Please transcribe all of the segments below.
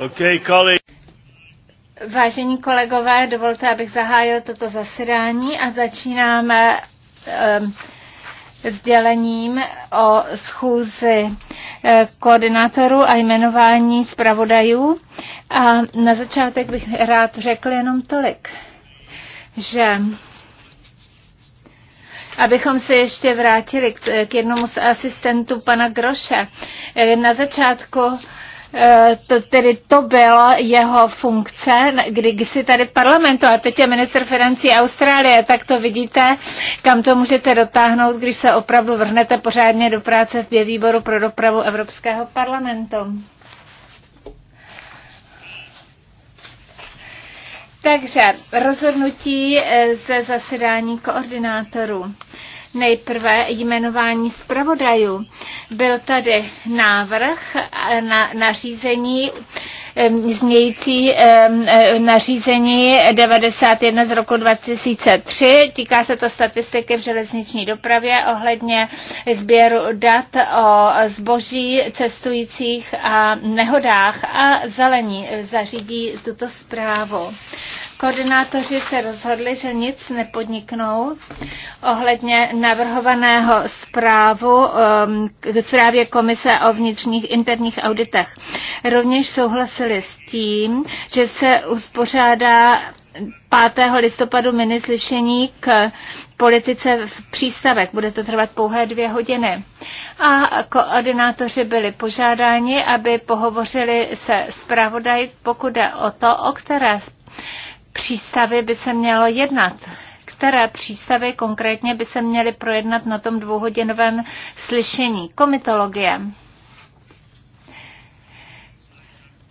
Okay, colleague. Vážení kolegové, dovolte, abych zahájil toto zasedání a začínáme um, sdělením o schůzi eh, koordinátorů a jmenování zpravodajů. A na začátek bych rád řekl jenom tolik, že abychom se ještě vrátili k, k jednomu z asistentů pana Groše. Eh, na začátku Eh, tedy to byla jeho funkce, kdy, si tady parlamentu, a teď je minister financí Austrálie, tak to vidíte, kam to můžete dotáhnout, když se opravdu vrhnete pořádně do práce v výboru pro dopravu Evropského parlamentu. Takže rozhodnutí eh, ze zasedání koordinátorů. Nejprve jmenování zpravodajů. Byl tady návrh na nařízení znějící nařízení 91 z roku 2003. Týká se to statistiky v železniční dopravě ohledně sběru dat o zboží cestujících a nehodách a zelení zařídí tuto zprávu. Koordinátoři se rozhodli, že nic nepodniknou ohledně navrhovaného zprávu um, k zprávě Komise o vnitřních interních auditech. Rovněž souhlasili s tím, že se uspořádá 5. listopadu minislyšení k politice v přístavek. Bude to trvat pouhé dvě hodiny. A koordinátoři byli požádáni, aby pohovořili se zpravodaj, pokud jde o to, o které přístavy by se mělo jednat, které přístavy konkrétně by se měly projednat na tom dvouhodinovém slyšení. Komitologie.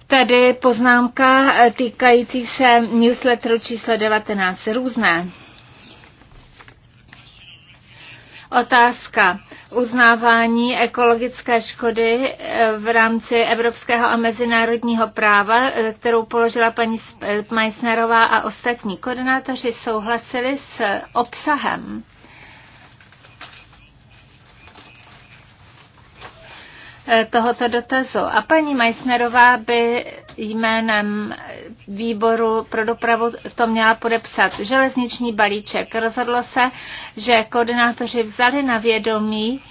Tady poznámka týkající se newsletteru číslo 19. Různé otázka uznávání ekologické škody eh, v rámci evropského a mezinárodního práva, eh, kterou položila paní eh, Meissnerová a ostatní koordinátoři souhlasili s obsahem tohoto dotazu. A paní Meissnerová by jménem výboru pro dopravu to měla podepsat. Železniční balíček. Rozhodlo se, že koordinátoři vzali na vědomí,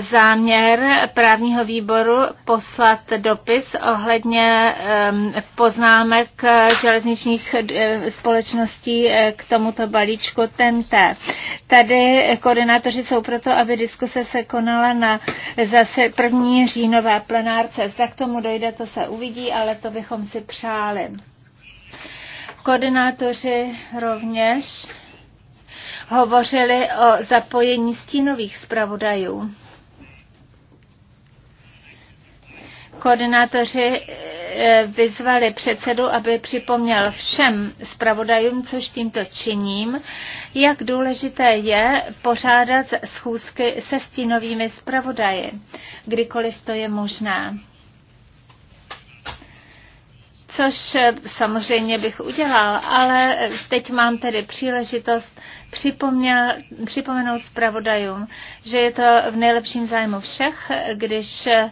záměr právního výboru poslat dopis ohledně poznámek železničních eh, společností eh, k tomuto balíčku TNT. Tady koordinátoři jsou proto, aby diskuse se konala na zase první říjnové plenárce. Zda k tomu dojde, to se uvidí, ale to bychom si přáli. Koordinátoři rovněž hovořili o zapojení stínových zpravodajů. Koordinátoři eh, vyzvali předsedu, aby připomněl všem zpravodajům, což tímto činím, jak důležité je pořádat schůzky se stínovými zpravodaji, kdykoliv to je možné což eh, samozřejmě bych udělal, ale eh, teď mám tedy příležitost připomenout zpravodajům, že je to v nejlepším zájmu všech, když eh,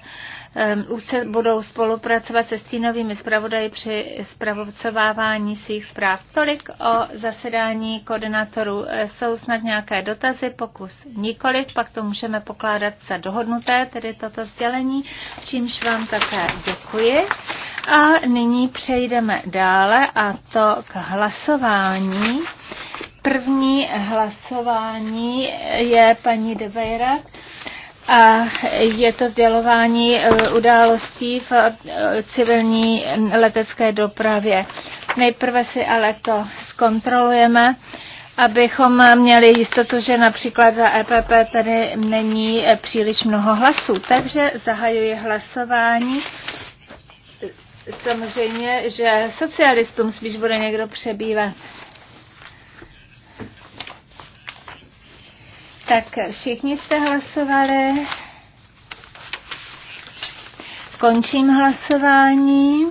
se budou spolupracovat se stínovými zpravodaji při zpravovcovávání svých zpráv. Tolik o zasedání koordinátorů. Jsou snad nějaké dotazy, pokus nikoliv, pak to můžeme pokládat za dohodnuté, tedy toto sdělení, čímž vám také děkuji. A nyní přejdeme dále a to k hlasování. První hlasování je paní De Veyrac a je to sdělování e, událostí v e, civilní letecké dopravě. Nejprve si ale to zkontrolujeme, abychom měli jistotu, že například za EPP tady není e, příliš mnoho hlasů. Takže zahajuji hlasování samozřejmě, že socialistům spíš bude někdo přebývat. Tak všichni jste hlasovali. Končím hlasování.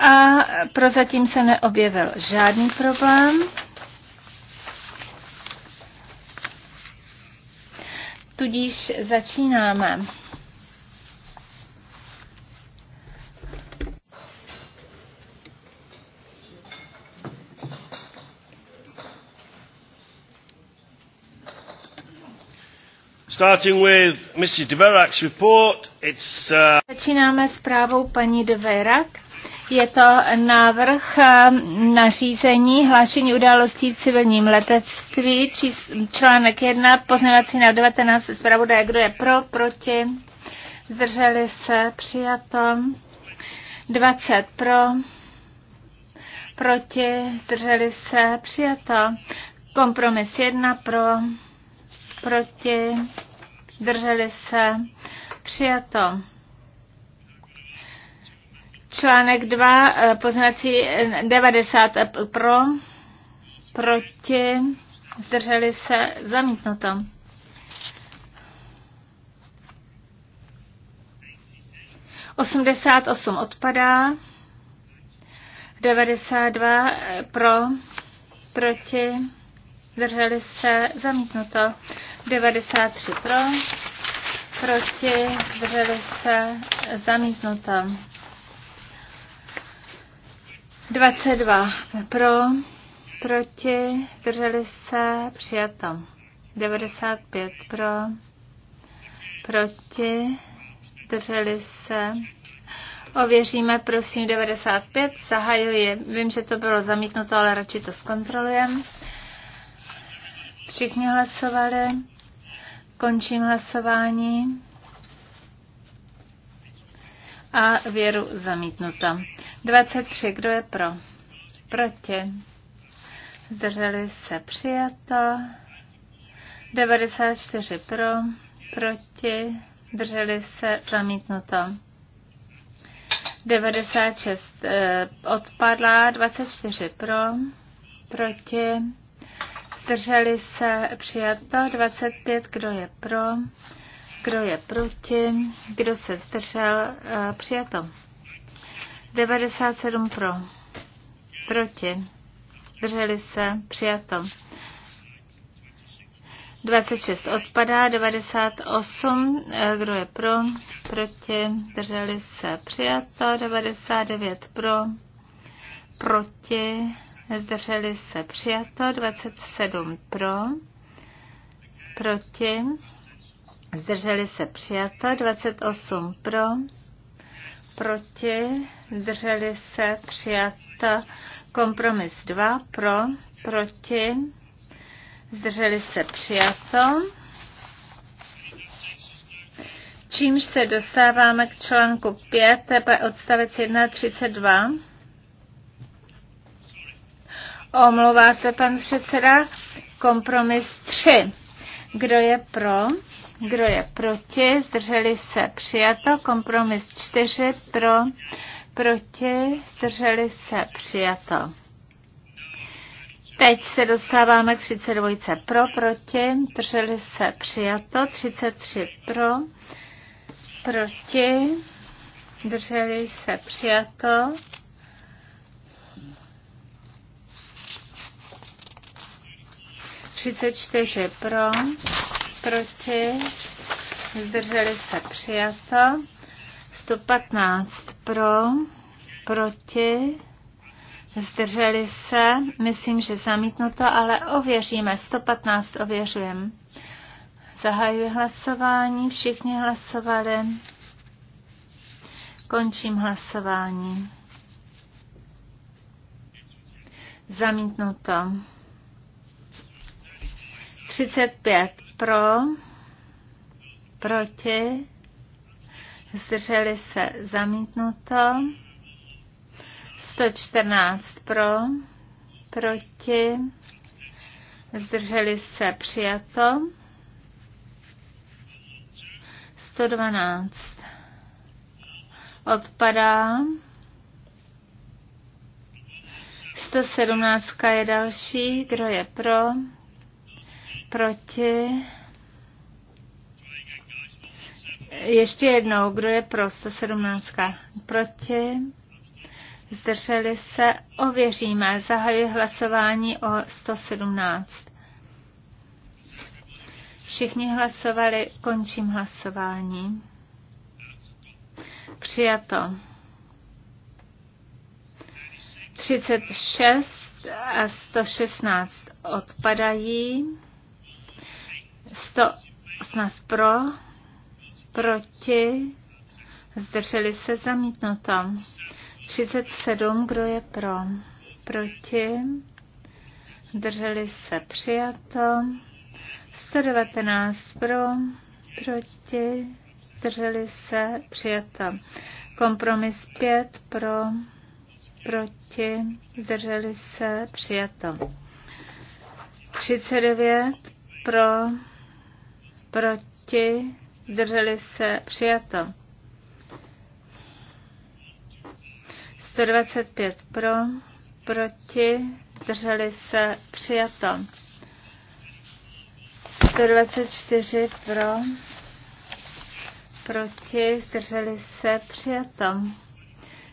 A prozatím se neobjevil žádný problém. Tudíž začínáme. Starting with Mrs. Verac's report, it's, uh... Začínáme právou paní Verac. Je to návrh eh, nařízení hlášení událostí v civilním letectví, či, článek 1, poznávací na 19, zpravodaje, kdo je pro, proti, zdrželi se, přijato, 20 pro, proti, zdrželi se, přijato, kompromis 1 pro, proti, zdrželi se, přijato. Článek 2, poznací 90 pro, proti, zdrželi se, zamítnuto. osm odpadá, devadesát dva eh, pro, proti, zdrželi se, zamítnuto. 93 pro, proti, zdrželi se, zamítnuto. 22 pro, proti, zdrželi se, přijato. 95 pro, proti, zdrželi se. Ověříme, prosím, 95. Zahajuji. Vím, že to bylo zamítnuto, ale radši to zkontrolujeme. Všichni hlasovali. Končím hlasování. A věru zamítnuto. 23. Kdo je pro? Proti. Zdrželi se přijato. 94 pro. Proti. Drželi se zamítnuto. 96 eh, odpadla. 24 pro. Proti zdrželi se, přijato. 25, kdo je pro, kdo je proti, kdo se zdržel, eh, přijato. 97 pro, proti, zdrželi se, přijato. 26 odpadá, 98, eh, kdo je pro, proti, drželi se přijato, 99 pro, proti, zdrželi se přijato, 27 pro, proti, zdrželi se přijato, 28 pro, proti, zdrželi se přijato, kompromis 2 pro, proti, zdrželi se přijato. Čímž se dostáváme k článku 5, odstavec 1.32. Omlouvá se pan předseda. Kompromis 3. Kdo je pro? Kdo je proti? Zdrželi se přijato. Kompromis 4 pro, proti, zdrželi se přijato. Teď se dostáváme k 32 pro, proti, Zdrželi se přijato, 33 pro, proti, Zdrželi se přijato, 34 pro, proti, zdrželi se přijato. 115 pro, proti, zdrželi se, myslím, že zamítnuto, ale ověříme. 115 ověřujem. Zahajuji hlasování, všichni hlasovali. Končím hlasování. Zamítnuto. 35 pro, proti, zdrželi se zamítnuto, 114 pro, proti, zdrželi se přijato, 112 odpadá, 117 je další, kdo je pro, Proti? Ještě jednou, kdo je pro 117? Proti? Zdrželi se? Ověříme. Zahajuji hlasování o 117. Všichni hlasovali, končím hlasování. Přijato. 36 a 116 odpadají. To nás pro, proti, zdrželi se zamítnuto. 37, kdo je pro, proti, zdrželi se přijato. 119 pro, proti, zdrželi se přijato. Kompromis 5 pro, proti, zdrželi se přijato. 39 pro, proti, drželi se, přijato. 125 pro, proti, drželi se, přijato. 124 pro, proti, drželi se, přijato.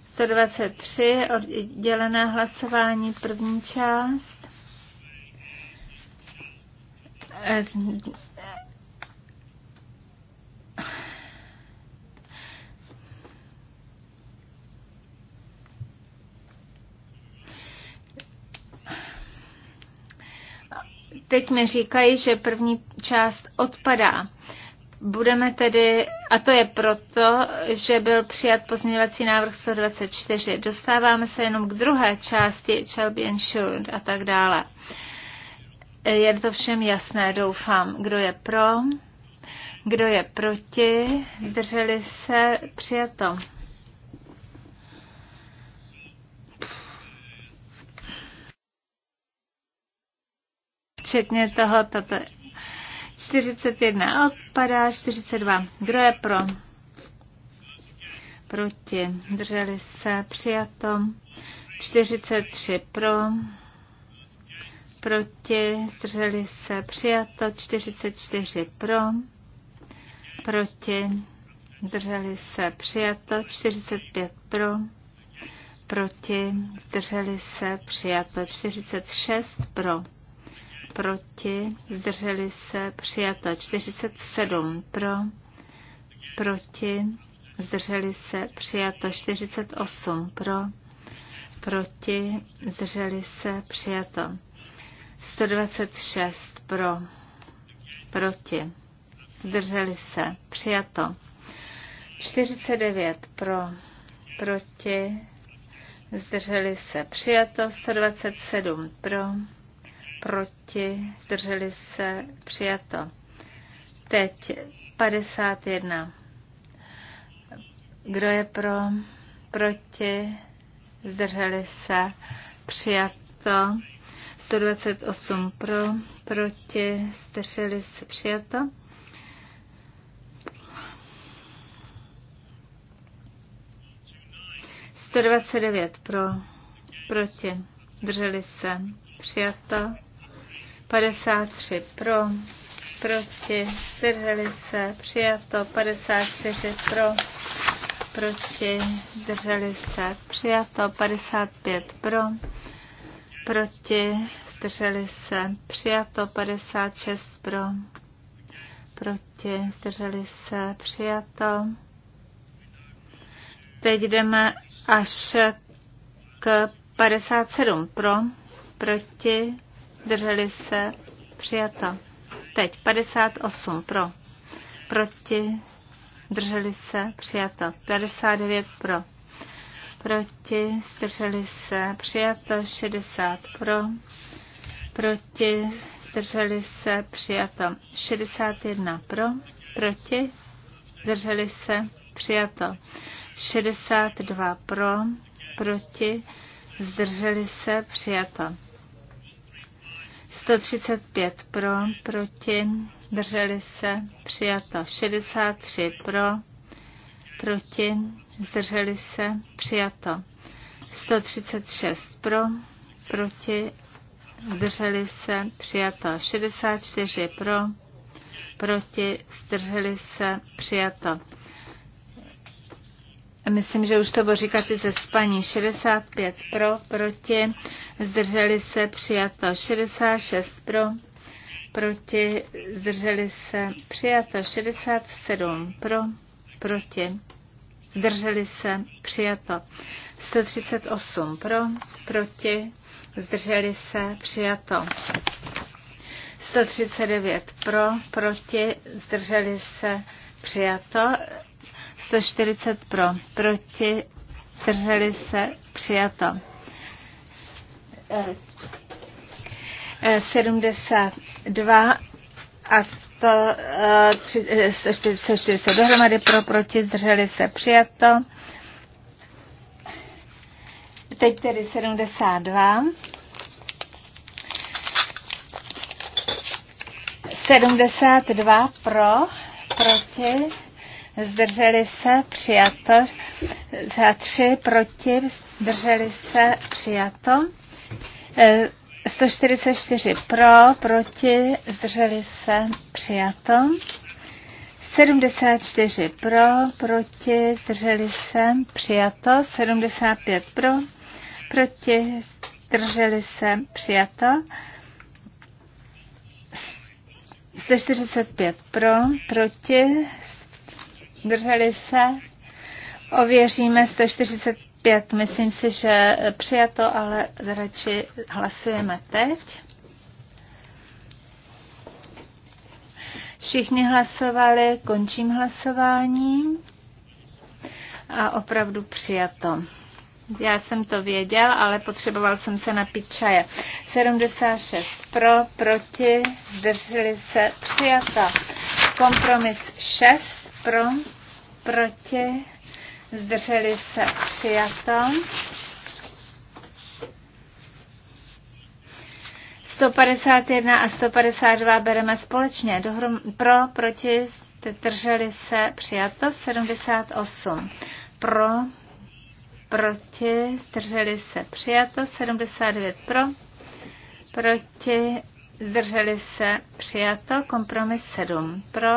123, oddělené hlasování, první část teď mi říkají, že první část odpadá. Budeme tedy, a to je proto, že byl přijat pozměňovací návrh 124. Dostáváme se jenom k druhé části shall be insured a tak dále. Je to všem jasné, doufám. Kdo je pro? Kdo je proti? Zdrželi se? Přijato. včetně toho, tato 41 odpadá, 42. Kdo je pro? Proti. Drželi se. Přijato. 43 pro. Proti. Drželi se. Přijato. 44 pro. Proti. Drželi se. Přijato. 45 pro. Proti. Drželi se. Přijato. 46 pro proti, zdrželi se, přijato 47 pro, proti, zdrželi se, přijato 48 pro, proti, zdrželi se, přijato 126 pro, proti, zdrželi se, přijato 49 pro, proti, zdrželi se, přijato 127 pro, proti, zdrželi se, přijato. Teď 51. Kdo je pro, proti, zdrželi se, přijato. 128 pro, proti, zdrželi se, přijato. Sto dvacet devět pro, proti, drželi se, přijato. 53 pro, proti, zdrželi se, přijato, 54 pro, proti, zdrželi se, přijato, 55 pro, proti, zdrželi se, přijato, 56 pro, proti, zdrželi se, přijato. Teď jdeme až k 57 pro, proti, Drželi se. Přijato. Teď 58 pro. Proti. Drželi se. Přijato. 59 pro. Proti. drželi se. Přijato. 60 pro. Proti. drželi se. Přijato. 61 pro. Proti. drželi se. Přijato. 62 pro. Proti. Zdrželi se. Přijato. 135 pro, proti, zdrželi se, přijato. 63 pro, proti, zdrželi se, přijato. 136 pro, proti, zdrželi se, přijato. 64 pro, proti, zdrželi se, přijato. Myslím, že už to bylo říkat i ze spaní. 65 pro, proti, zdrželi se, přijato 66 pro, proti, zdrželi se, přijato 67 pro, proti, zdrželi se, přijato 138 pro, proti, zdrželi se, přijato 139 pro, proti, zdrželi se, přijato 140 pro, proti, zdrželi se, přijato. 72 eh, eh, a 140 eh, dohromady pro, proti, zdrželi se, přijato. Teď tedy 72. 72 pro, proti, zdrželi se, přijato. Za tři proti, zdrželi se, přijato. 144 e, pro, proti, zdrželi se, přijato. 74 pro, proti, zdrželi se, přijato. 75 pro, proti, zdrželi se, přijato. 145 pro, proti, Drželi se? Ověříme 145. Myslím si, že přijato, ale radši hlasujeme teď. Všichni hlasovali, končím hlasování a opravdu přijato. Já jsem to věděl, ale potřeboval jsem se napít čaje. 76 pro, proti, zdrželi se, přijata. Kompromis 6 pro, proti, zdrželi se přijato. 151 a 152 bereme společně. Dohrom, pro, proti, zdrželi se přijato. 78 pro, proti, zdrželi se přijato. 79 pro, proti, zdrželi se přijato. Kompromis 7 pro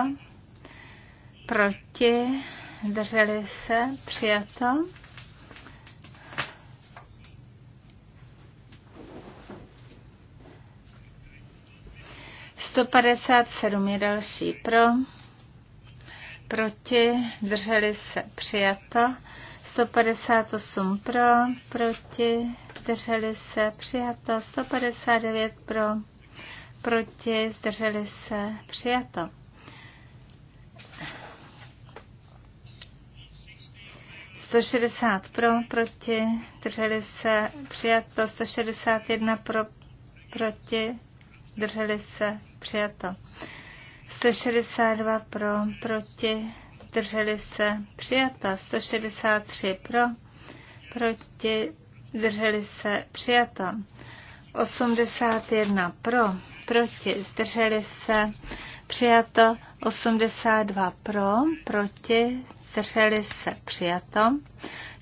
proti, drželi se, přijato. Sto padesát sedm je další pro, proti, drželi se, přijato. 158 pro, proti, drželi se, přijato. 159 pro, proti, zdrželi se, přijato. 160 pro, proti, drželi se, přijato, 161 pro, proti, drželi se, přijato. 162 pro, proti, drželi se, přijato. 163 pro, proti, drželi se, přijato. 81 pro, proti, zdrželi se, přijato. 82 pro, proti, zdrželi se přijato.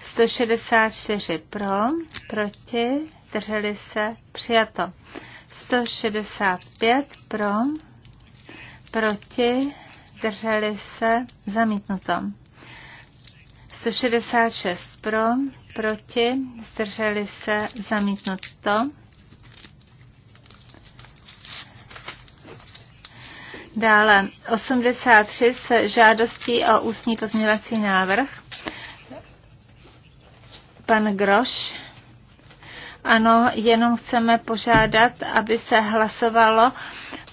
164 pro, proti, zdrželi se přijato. 165 pro, proti, zdrželi se zamítnuto. 166 pro, proti, zdrželi se zamítnuto. Dále 83 se žádostí o ústní pozměňovací návrh. Pan Groš. Ano, jenom chceme požádat, aby se hlasovalo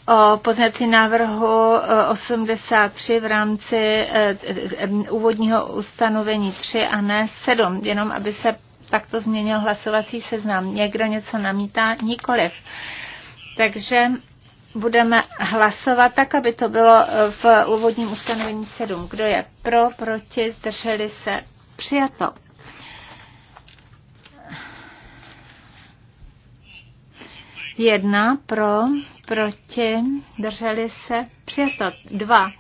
o poznací návrhu 83 e, v rámci e, e, úvodního ustanovení 3 a ne 7, jenom aby se takto změnil hlasovací seznam. Někdo něco namítá? Nikoliv. Takže budeme hlasovat tak, aby to bylo e, v úvodním ustanovení 7. Kdo je pro, proti, zdrželi se, přijato. Jedna pro, proti, drželi se, přijato. Dva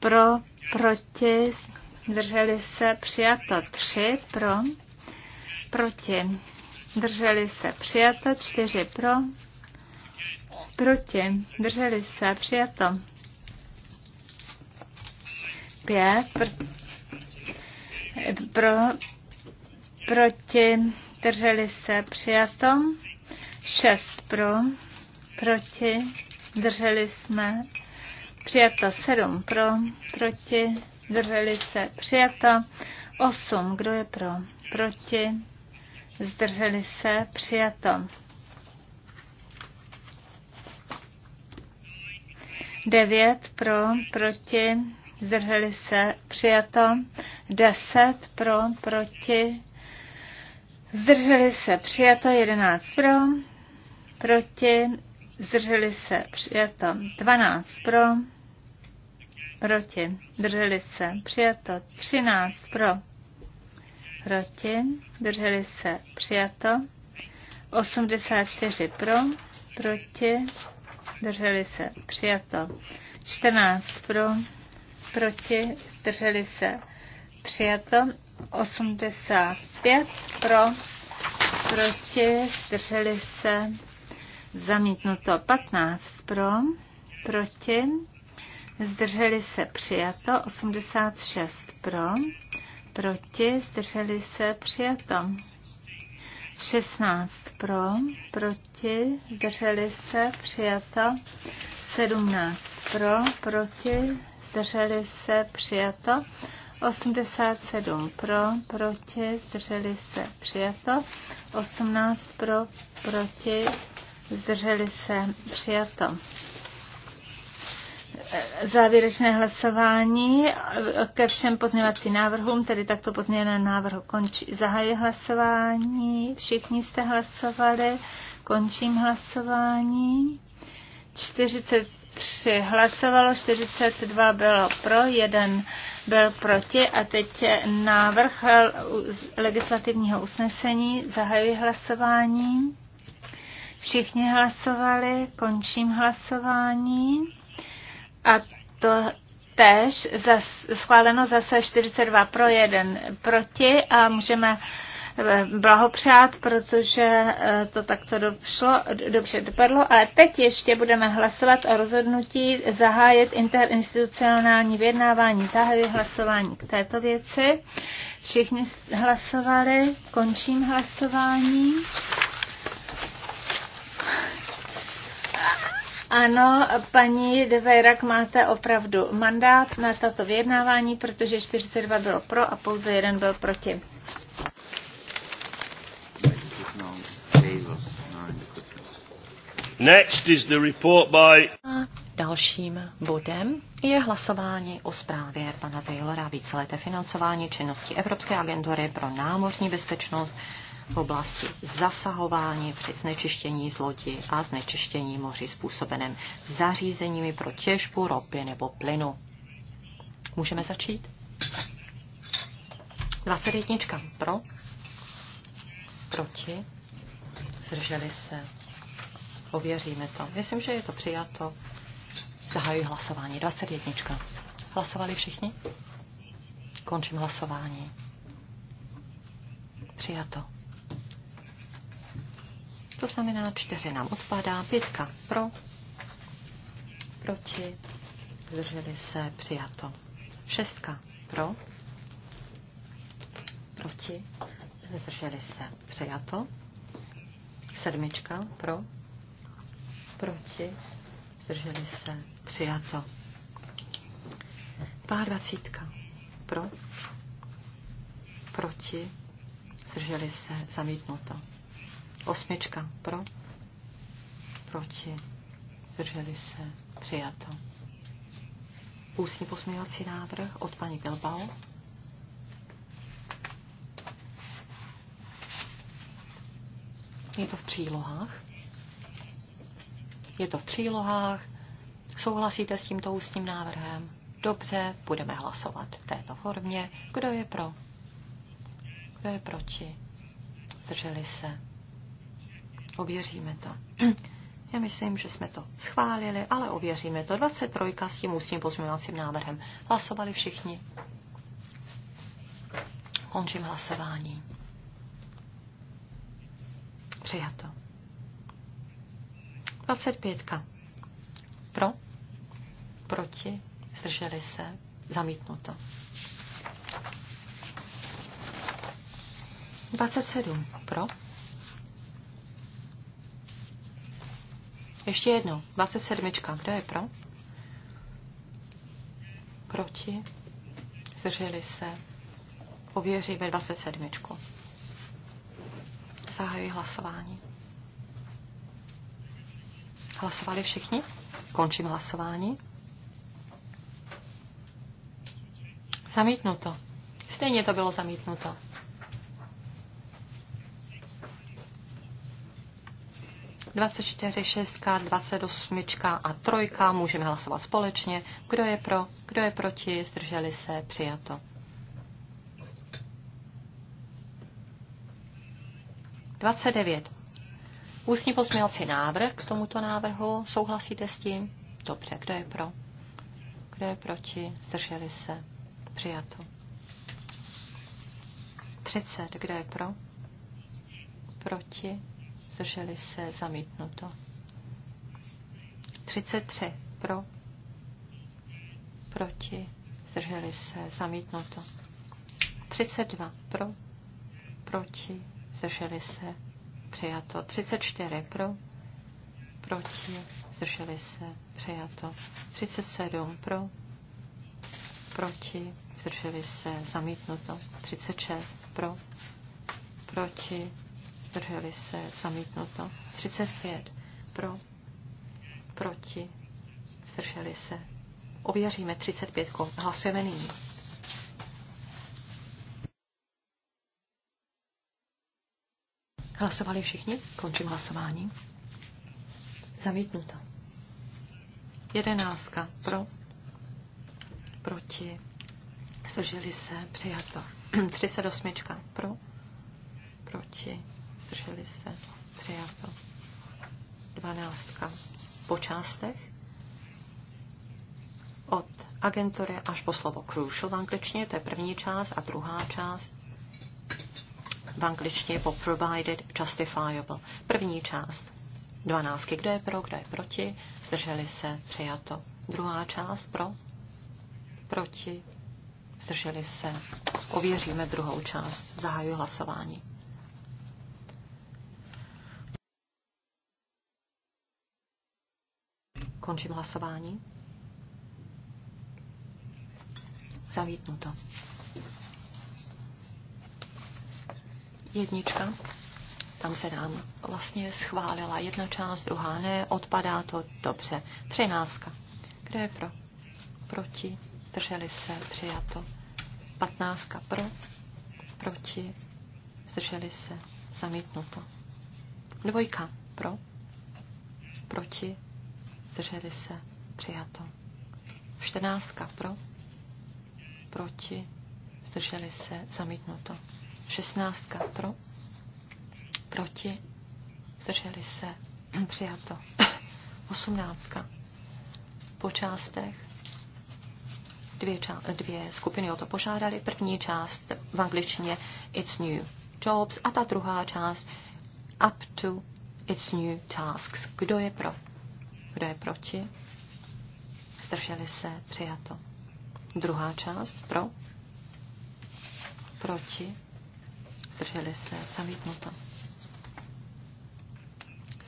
pro, proti, drželi se, přijato. Tři pro, proti, drželi se, přijato. Čtyři pro, Proti. Drželi se. Přijato. Pět. Pr- pro, proti. Drželi se. Přijato. Šest pro. Proti. Drželi jsme. Přijato. Sedm pro. Proti. Drželi se. Přijato. Osm. Kdo je pro? Proti. Zdrželi se. Přijato. 9 pro, proti, zdrželi se, přijato. 10 pro, proti, zdrželi se, přijato. 11 pro, proti, zdrželi se, přijato. 12 pro, proti, drželi se, přijato. 13 pro, proti, drželi se, přijato. 84 pro, proti, zdrželi se, přijato. 14 pro, proti, zdrželi se, přijato. 85 pro, proti, zdrželi se, zamítnuto. 15 pro, proti, zdrželi se, přijato. 86 pro, proti, zdrželi se, přijato. 16 pro, proti, zdrželi se, přijato. 17 pro, proti, zdrželi se, přijato. 87 pro, proti, zdrželi se, přijato. 18 pro, proti, zdrželi se, přijato závěrečné hlasování ke všem pozměňovacím návrhům, tedy takto pozměněné návrhu končí. Zahají hlasování, všichni jste hlasovali, končím hlasování. 43 hlasovalo, 42 bylo pro, jeden byl proti a teď návrh legislativního usnesení. Zahajuji hlasování. Všichni hlasovali, končím hlasování. A to tež zas, schváleno zase 42 pro 1 proti a můžeme eh, blahopřát, protože eh, to takto došlo, dobře dopadlo, ale teď ještě budeme hlasovat o rozhodnutí zahájit interinstitucionální vyjednávání, zahájit hlasování k této věci. Všichni hlasovali, končím hlasování. Ano, paní De Veyrak, máte opravdu mandát na tato vyjednávání, protože 42 bylo pro a pouze jeden byl proti. Next is the report by... A dalším bodem je hlasování o zprávě pana Taylora víceleté financování činnosti Evropské agentury pro námořní bezpečnost v oblasti zasahování při znečištění z lodi a znečištění moři způsobeném zařízeními pro těžbu ropy nebo plynu. Můžeme začít? 21. Pro? Proti? Zdrželi se? Ověříme to. Myslím, že je to přijato. Zahajuji hlasování. 21. Hlasovali všichni? Končím hlasování. Přijato. To znamená, čtyři nám odpadá, pětka pro, proti, zdrželi se, přijato. Šestka pro, proti, zdrželi se, přijato. Sedmička pro, proti, zdrželi se, přijato. Pár dvacítka pro, proti, zdrželi se, zamítnuto. Osmička pro, proti, zdrželi se, přijato. Ústní posměvací návrh od paní Bilbao. Je to v přílohách. Je to v přílohách. Souhlasíte s tímto ústním návrhem? Dobře, budeme hlasovat v této formě. Kdo je pro? Kdo je proti? Drželi se. Ověříme to. Já myslím, že jsme to schválili, ale ověříme to. 23 s tím ústním pozměňovacím návrhem. Hlasovali všichni. Končím hlasování. Přijato. 25. Pro? Proti? Zdrželi se? Zamítnuto. 27. Pro? Ještě jednou. 27. Kdo je pro? Proti? Zdrželi se. Ověříme 27. Zahajuji hlasování. Hlasovali všichni? Končím hlasování. Zamítnuto. Stejně to bylo zamítnuto. 24, 6, 28 a 3. Můžeme hlasovat společně. Kdo je pro, kdo je proti, zdrželi se, přijato. 29. Ústní pozměňovací návrh k tomuto návrhu. Souhlasíte s tím? Dobře, kdo je pro? Kdo je proti? Zdrželi se. Přijato. 30. Kdo je pro? Proti? zdrželi se, zamítnuto. 33 pro, proti, zdrželi se, zamítnuto. 32 pro, proti, zdrželi se, přijato. 34 pro, proti, zdrželi se, přijato. 37 pro, proti, zdrželi se, zamítnuto. 36 pro, proti, zdrželi se, zamítnuto. 35 pro, proti, zdrželi se. Ověříme 35. Hlasujeme nyní. Hlasovali všichni? Končím hlasování. Zamítnuto. Jedenáctka pro, proti, zdrželi se, přijato. 38 pro, proti, drželi se, přijato. Dvanáctka po částech od agentury až po slovo crucial v angličtině, to je první část a druhá část v angličtině po provided justifiable. První část dvanáctky, kdo je pro, kdo je proti, zdrželi se, přijato. Druhá část pro, proti, zdrželi se. Ověříme druhou část. Zahajuji hlasování. Končím hlasování. Zavítnuto. Jednička. Tam se nám vlastně schválila jedna část, druhá ne, odpadá to, dobře. Třináctka. Kdo je pro? Proti. Drželi se, přijato. Patnáctka pro, proti, zdrželi se, zamítnuto. Dvojka pro, proti, zdrželi se, přijato. 14 pro, proti, zdrželi se, zamítnuto. 16 pro, proti, zdrželi se, přijato. 18 po částech, dvě, ča- dvě skupiny o to požádali. První část v angličtině It's New Jobs a ta druhá část Up to It's New Tasks. Kdo je pro? Kdo je proti? Zdrželi se? Přijato. Druhá část pro? Proti? Zdrželi se? Zamítnuto.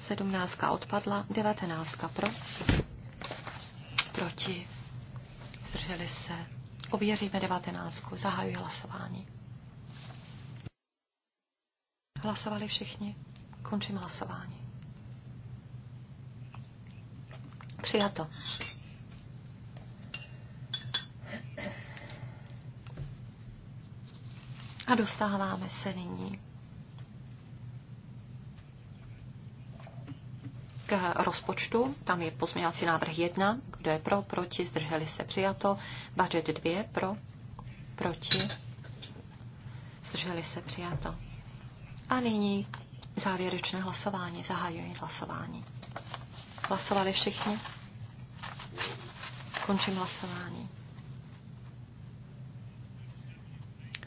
Sedmnáctka odpadla, devatenáctka pro? Proti? Zdrželi se? Ověříme devatenáctku. Zahajuji hlasování. Hlasovali všichni. Končím hlasování. Přijato. A dostáváme se nyní k rozpočtu. Tam je pozměňovací návrh 1. Kdo je pro, proti, zdrželi se, přijato. Budget 2. Pro, proti, zdrželi se, přijato. A nyní závěrečné hlasování. Zahajuji hlasování. Hlasovali všichni? Končím hlasování.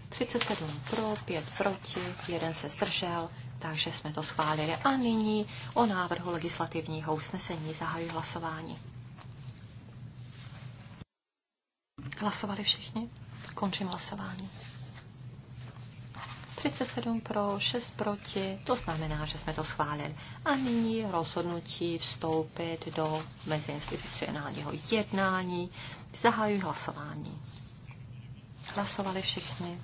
37 pro, 5 proti, Jeden se zdržel, takže jsme to schválili. A nyní o návrhu legislativního usnesení zahajuji hlasování. Hlasovali všichni? Končím hlasování. 37 pro, 6 proti, to znamená, že jsme to schválili. A nyní rozhodnutí vstoupit do meziinstitucionálního jednání. Zahajuji hlasování. Hlasovali všichni.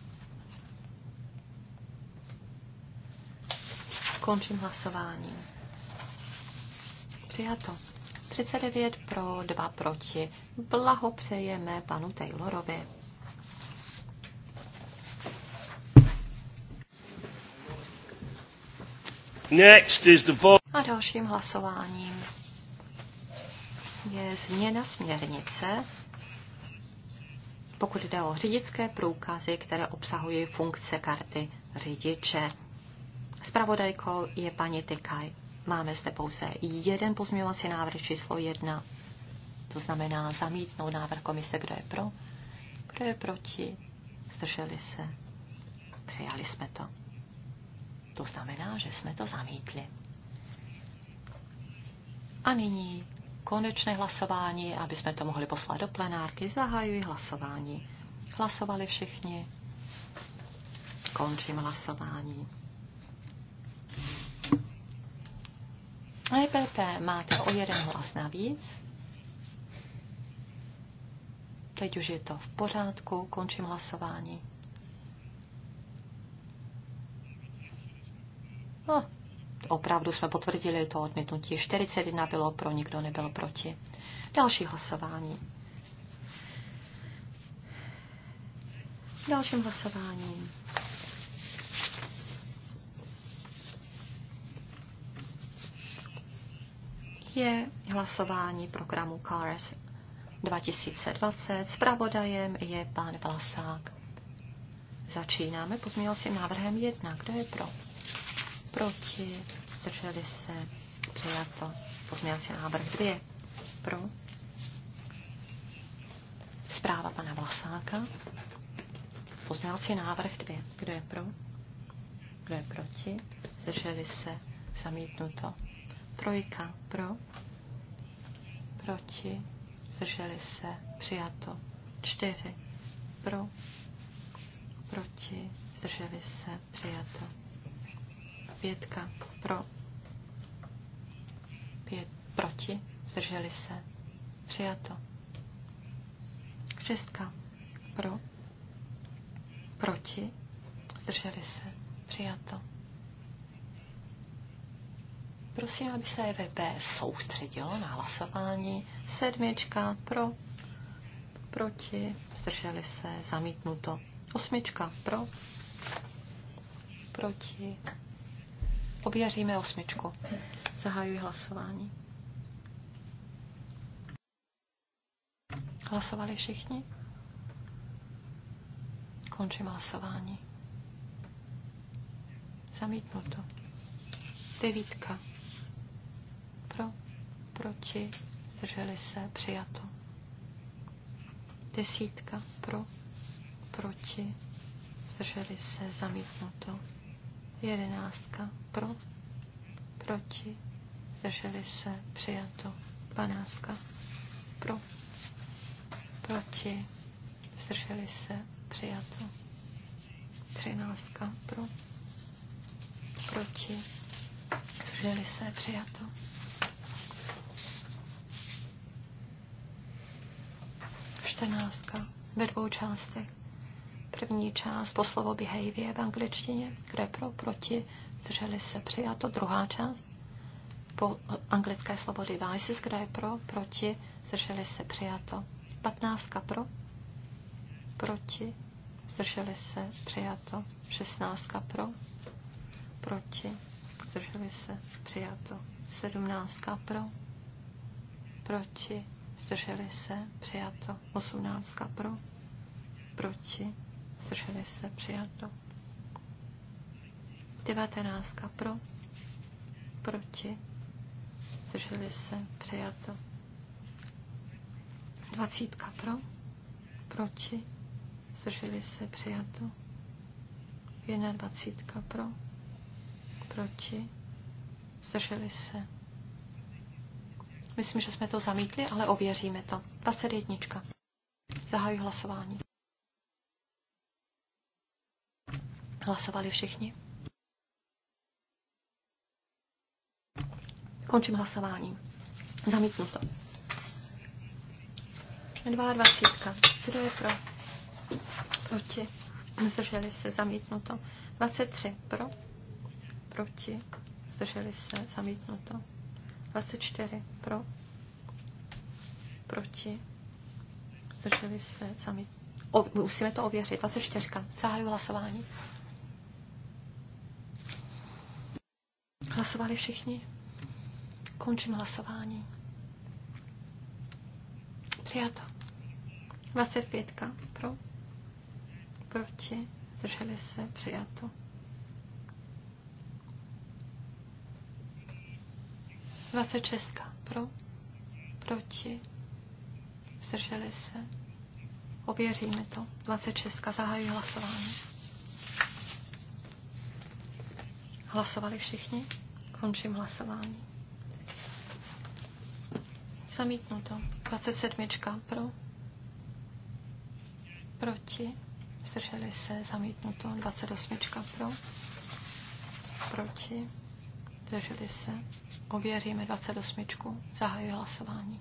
Končím hlasování. Přijato. 39 pro, 2 proti. Blahopřejeme panu Taylorovi. Next is the vote. A dalším hlasováním je změna směrnice, pokud jde o řidičské průkazy, které obsahují funkce karty řidiče. Spravodajkou je paní Tykaj. Máme zde pouze jeden pozměňovací návrh číslo jedna. To znamená zamítnout návrh komise, kdo je pro, kdo je proti. Zdrželi se. Přijali jsme to. To znamená, že jsme to zamítli. A nyní konečné hlasování, aby jsme to mohli poslat do plenárky. Zahajuji hlasování. Hlasovali všichni. Končím hlasování. EPP máte o jeden hlas navíc. Teď už je to v pořádku, končím hlasování. No, opravdu jsme potvrdili to odmítnutí. 41 bylo pro, nikdo nebyl proti. Další hlasování. Dalším hlasováním. je hlasování programu CARS 2020. Spravodajem je pan Vlasák. Začínáme pozměňovacím návrhem 1. Kdo je pro? proti, zdrželi se, přijato. si návrh Dvě. pro. Zpráva pana Vlasáka. si návrh dvě. kdo je pro, kdo je proti, zdrželi se, zamítnuto. Trojka, pro, proti, zdrželi se, přijato. Čtyři, pro, proti, zdrželi se, přijato. Pětka pro. Pět proti. Zdrželi se. Přijato. Šestka pro. Proti. Zdrželi se. Přijato. Prosím, aby se EVP soustředilo na hlasování. Sedmička pro, proti, zdrželi se, zamítnuto. Osmička pro, proti, Ověříme osmičku. Zahajuji hlasování. Hlasovali všichni? Končím hlasování. Zamítnuto. Devítka. Pro, proti, zdrželi se, přijato. Desítka. Pro, proti, zdrželi se, zamítnuto. Jedenáctka pro, proti, zdrželi se, přijato. Dvanáctka pro, proti, zdrželi se, přijato. Třináctka pro, proti, zdrželi se, přijato. Čtrnáctka ve dvou částech. První část po slovo behavior v angličtině. kde je pro, proti, zřeli se přijato. Druhá část po anglické slovo devices. kde je pro, proti, zřeli se přijato. Patnáctka pro, proti, zdrželi se přijato. Šestnáctka pro, proti, zdrželi se přijato. Sedmnáctka pro, proti, zdrželi se přijato. Osmnáctka pro, proti, zdrželi se, přijato. Devatenáctka pro, proti, zdrželi se, přijato. Dvacítka pro, proti, zdrželi se, přijato. dvacítka pro, proti, zdrželi se. Myslím, že jsme to zamítli, ale ověříme to. 21. Zahajuji hlasování. Hlasovali všichni? Končím hlasování. Zamítnuto. 22. Kdo je pro? Proti. Zdrželi se. Zamítnuto. 23. Pro? Proti. Zdrželi se. Zamítnuto. 24. Pro? Proti. Zdrželi se. Zamítnuto. O, musíme to ověřit. 24. Zahajuji hlasování. Hlasovali všichni? Končím hlasování. Přijato. 25. Pro. Proti. Zdrželi se. Přijato. čestka Pro. Proti. Zdrželi se. Ověříme to. 26. Zahajuji hlasování. Hlasovali všichni? Končím hlasování. Zamítnuto. 27. Pro. Proti. Zdrželi se. Zamítnuto. 28. Pro. Proti. Zdrželi se. Ověříme 28. Zahajuji hlasování.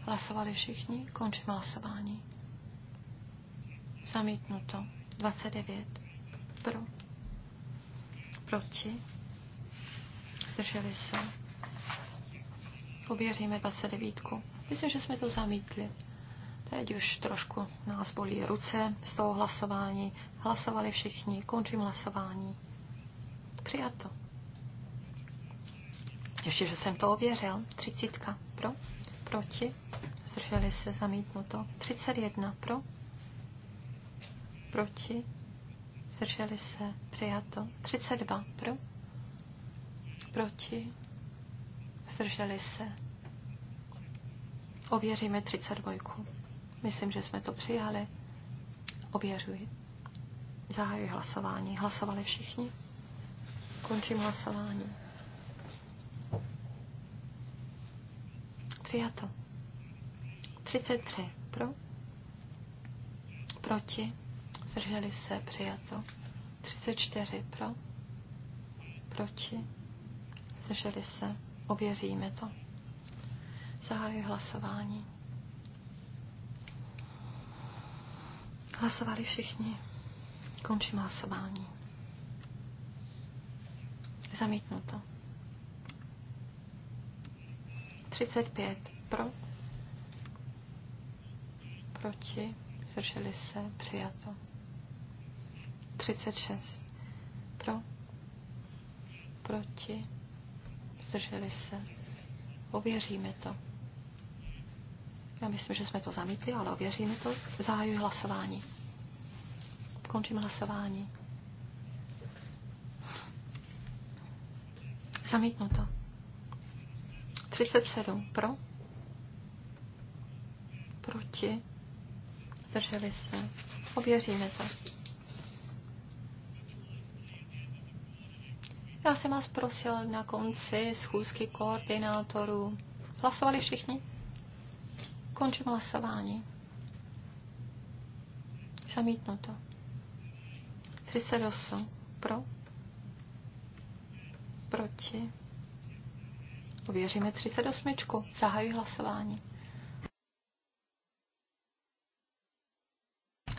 Hlasovali všichni. Končím hlasování. Zamítnuto. 29. Pro. Proti. Zdrželi se. Ověříme 29. Myslím, že jsme to zamítli. Teď už trošku nás bolí ruce z toho hlasování. Hlasovali všichni. Končím hlasování. Přijato. Ještě, že jsem to ověřil. 30 pro, proti, zdrželi se, zamítnuto. 31 pro, proti, zdrželi se, přijato. 32 pro, proti, zdrželi se. Ověříme 32. Myslím, že jsme to přijali. Ověřuji. Zahajuji hlasování. Hlasovali všichni. Končím hlasování. Přijato. 33 pro, proti, zdrželi se, přijato. 34 pro, proti, zdrželi se, ověříme to. Zahajuji hlasování. Hlasovali všichni. Končím hlasování. Zamítnuto. 35 pro, proti, zdrželi se, přijato. 36. Pro. Proti. Zdrželi se. Ověříme to. Já myslím, že jsme to zamítli, ale ověříme to. Zahajuji hlasování. Končím hlasování. Zamítnuto. 37 pro. Proti. Zdrželi se. Ověříme to. Já jsem vás prosil na konci schůzky koordinátorů. Hlasovali všichni? Končím hlasování. to. 38. Pro. Proti. Uvěříme 38. Zahajuji hlasování.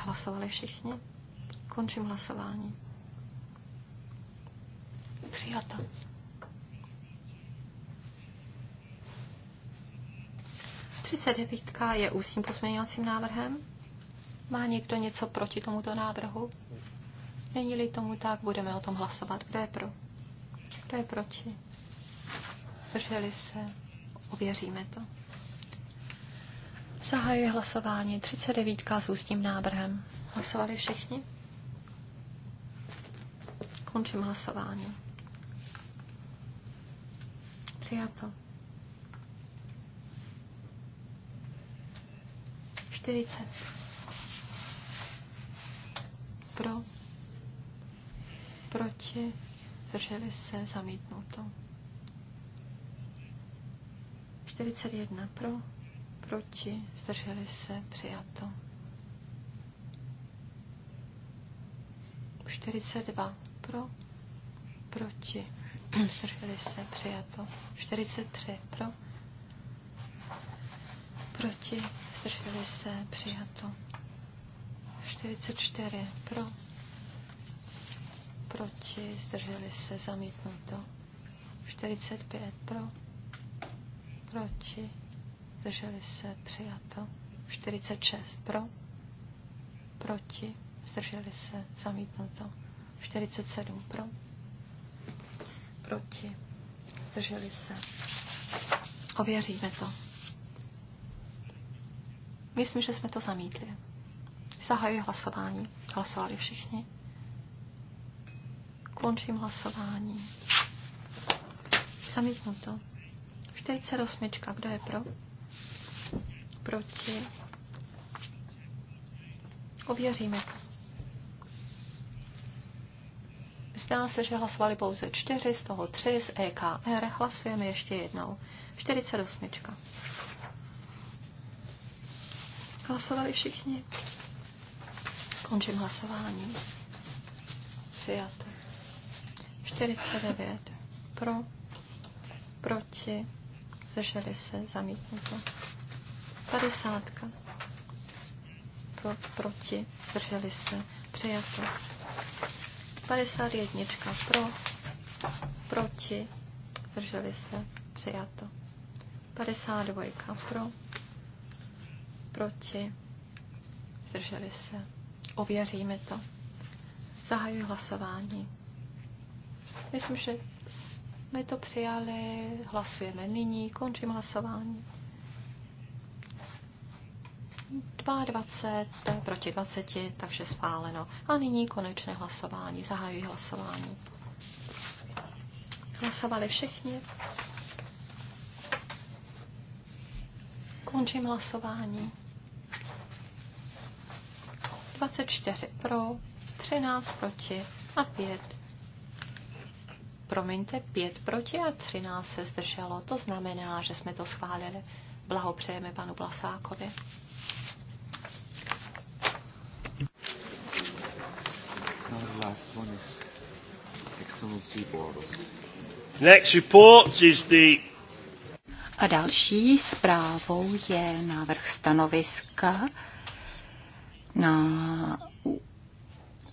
Hlasovali všichni? Končím hlasování. Přijata. Třicet devítka je ústním pozměňovacím návrhem. Má někdo něco proti tomuto návrhu? Není-li tomu tak, budeme o tom hlasovat. Kdo je pro? Kdo je proti? Drželi se? Ověříme to. Zahajuji hlasování 39 s ústním návrhem. Hlasovali všichni? Končím hlasování. Přijato. 40. Pro. Proti. Zdrželi se. Zamítnuto. 41. Pro. Proti. Zdrželi se. Přijato. 42. Pro. Proti Zdrželi se, přijato. 43 pro. Proti, zdrželi se, přijato. 44 pro. Proti, zdrželi se, zamítnuto. 45 pro. Proti, zdrželi se, přijato. 46 pro. Proti, zdrželi se, zamítnuto. 47 pro Proti. Zdrželi se. Ověříme to. Myslím, že jsme to zamítli. Zahajuji hlasování. Hlasovali všichni. Končím hlasování. to. 48. Kdo je pro? Proti. Ověříme to. Zdá se, že hlasovali pouze čtyři, z toho tři z EKR. Hlasujeme ještě jednou. 48. Hlasovali všichni. Končím hlasování. Přijato. 49. Pro. Proti. Zdrželi se. Zamítnuto. 50. Pro, proti. Zdrželi se. Přijato. 51 pro, proti, zdrželi se, přijato. 52 pro, proti, zdrželi se. Ověříme to. Zahajuji hlasování. Myslím, že jsme to přijali, hlasujeme nyní, končím hlasování. 22 proti 20, takže spáleno. A nyní konečné hlasování. Zahajuji hlasování. Hlasovali všichni. Končím hlasování. 24 pro, 13 proti a 5. Promiňte, 5 proti a 13 se zdrželo. To znamená, že jsme to schválili. Blahopřejeme panu Blasákovi. the last one is external sea borders. Next report is the a další zprávou je návrh stanoviska na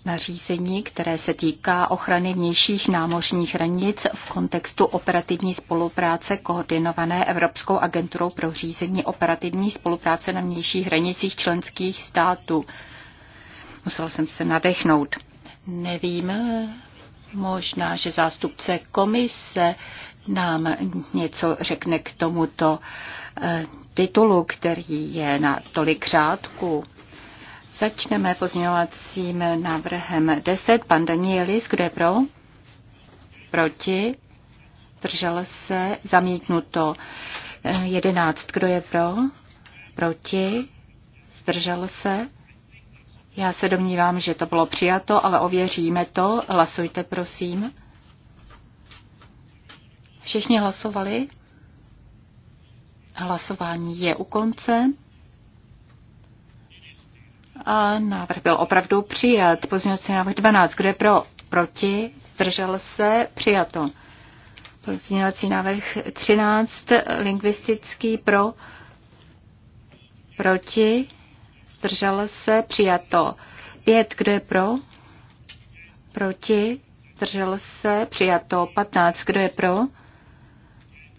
nařízení, které se týká ochrany vnějších námořních hranic v kontextu operativní spolupráce koordinované Evropskou agenturou pro řízení operativní spolupráce na vnějších hranicích členských států. Musel jsem se nadechnout. Nevím, možná, že zástupce komise nám něco řekne k tomuto eh, titulu, který je na tolik řádku. Začneme pozměňovacím návrhem 10. Pan Danielis, kdo je pro? Proti? Držel se? Zamítnuto. 11. Eh, kdo je pro? Proti? Zdržel se? Já se domnívám, že to bylo přijato, ale ověříme to. Hlasujte, prosím. Všichni hlasovali? Hlasování je u konce. A návrh byl opravdu přijat. Pozměňovací návrh 12. Kdo je pro? Proti? Zdržel se? Přijato. Pozměňovací návrh 13. Lingvistický pro? Proti? zdržel se, přijato. Pět, kdo je pro? Proti, zdržel se, přijato. Patnáct, kdo je pro?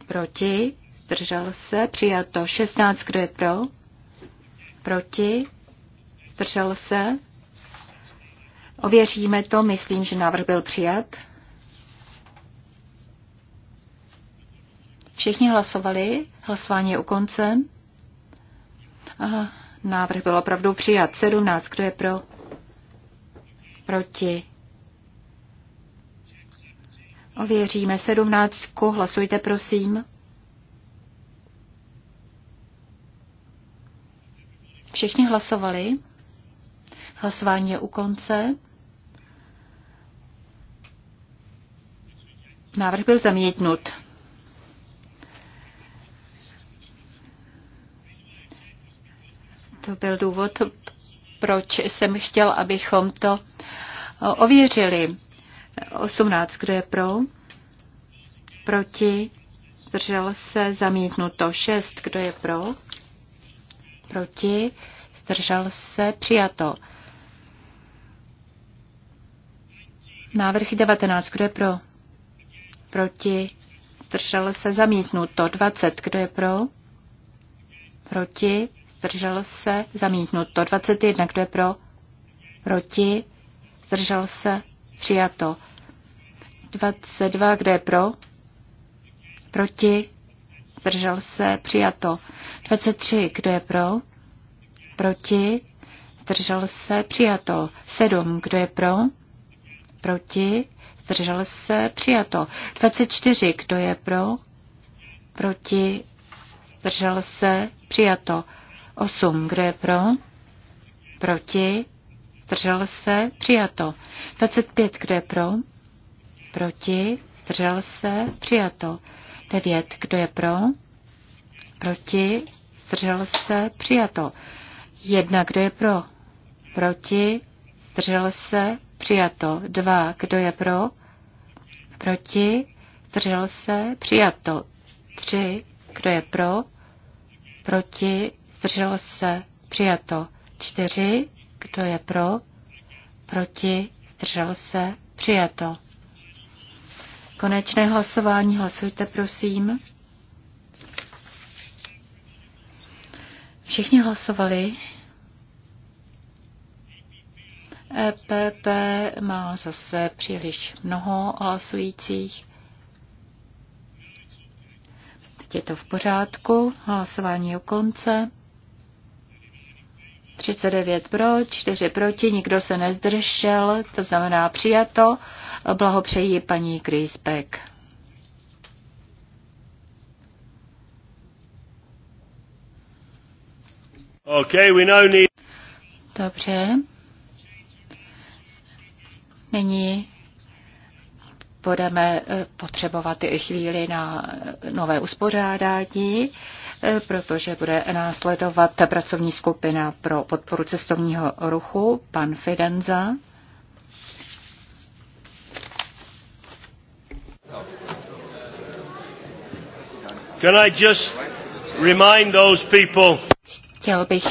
Proti, zdržel se, přijato. Šestnáct, kdo je pro? Proti, zdržel se. Ověříme to, myslím, že návrh byl přijat. Všichni hlasovali, hlasování je u konce. Aha. Návrh byl opravdu přijat. 17. Kdo je pro? Proti? Ověříme 17. Hlasujte, prosím. Všichni hlasovali. Hlasování je u konce. Návrh byl zamítnut. To byl důvod, proč jsem chtěl, abychom to ověřili. 18, kdo je pro? Proti? Zdržel se zamítnuto. 6, kdo je pro? Proti? Zdržel se přijato. Návrh 19, kdo je pro? Proti? Zdržel se zamítnuto. 20, kdo je pro? Proti? zdržel se, zamítnuto. 21, kdo je pro, proti, zdržel se, přijato. 22, kdo je pro, proti, zdržel se, přijato. 23, kdo je pro, proti, zdržel se, přijato. 7, kdo je pro, proti, zdržel se, přijato. 24, kdo je pro, proti, zdržel se, přijato. 8. Kdo je pro? Proti? Zdržel se? Přijato. 25. Kdo je pro? Proti? Zdržel se? Přijato. 9. Kdo je pro? Proti? Zdržel se? Přijato. 1. Kdo je pro? Proti? Zdržel se? Přijato. 2. Kdo je pro? Proti? Zdržel se? Přijato. 3. Kdo je pro? Proti? Zdrželo se, přijato. 4, kdo je pro, proti, Zdrželo se, přijato. Konečné hlasování, hlasujte prosím. Všichni hlasovali. EPP má zase příliš mnoho hlasujících. Teď je to v pořádku. Hlasování je u konce. 39 pro, 4 proti, nikdo se nezdržel, to znamená přijato. Blahopřeji paní Grisbeck. Okay, we now need... Dobře. Nyní budeme eh, potřebovat i chvíli na eh, nové uspořádání protože bude následovat pracovní skupina pro podporu cestovního ruchu, pan Fidenza. Can I just remind those people? Chtěl bych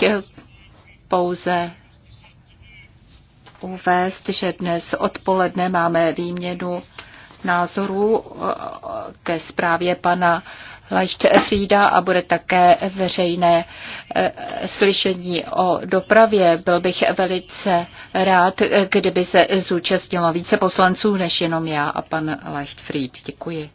pouze uvést, že dnes odpoledne máme výměnu názorů ke zprávě pana Frida a bude také veřejné eh, slyšení o dopravě. Byl bych velice rád, eh, kdyby se zúčastnilo více poslanců než jenom já a pan Fried. Děkuji.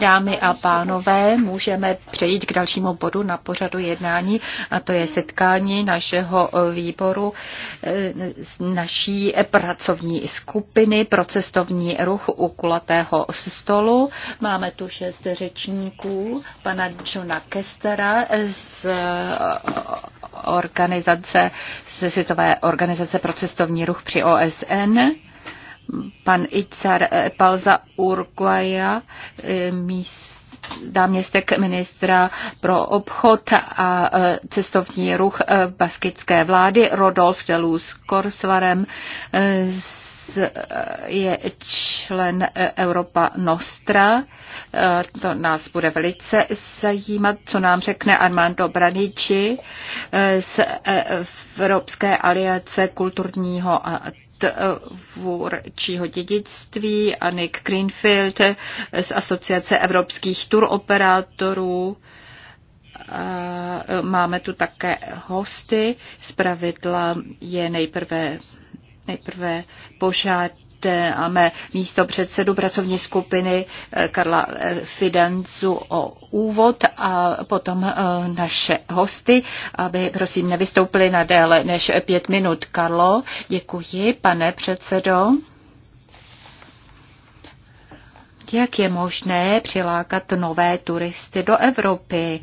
Dámy a pánové, můžeme přejít k dalšímu bodu na pořadu jednání, a to je setkání našeho výboru eh, z naší pracovní skupiny pro cestovní ruch u kulatého stolu. Máme tu šest řečníků, pana Johna Kestera z eh, organizace, ze Světové organizace pro cestovní ruch při OSN, pan Icar eh, Palza Urquaja, eh, náměstek ministra pro obchod a eh, cestovní ruch baskické vlády Rodolf Delů s Korsvarem je člen Europa Nostra. To nás bude velice zajímat, co nám řekne Armando Branici z Evropské aliance kulturního a tvůrčího dědictví a Nick Greenfield z Asociace evropských turoperátorů. E, máme tu také hosty. Zpravidla je nejprve, nejprve požád máme místo předsedu pracovní skupiny eh, Karla eh, Fidanzu o úvod a potom eh, naše hosty, aby prosím nevystoupili na déle než pět minut. Karlo, děkuji, pane předsedo. Jak je možné přilákat nové turisty do Evropy?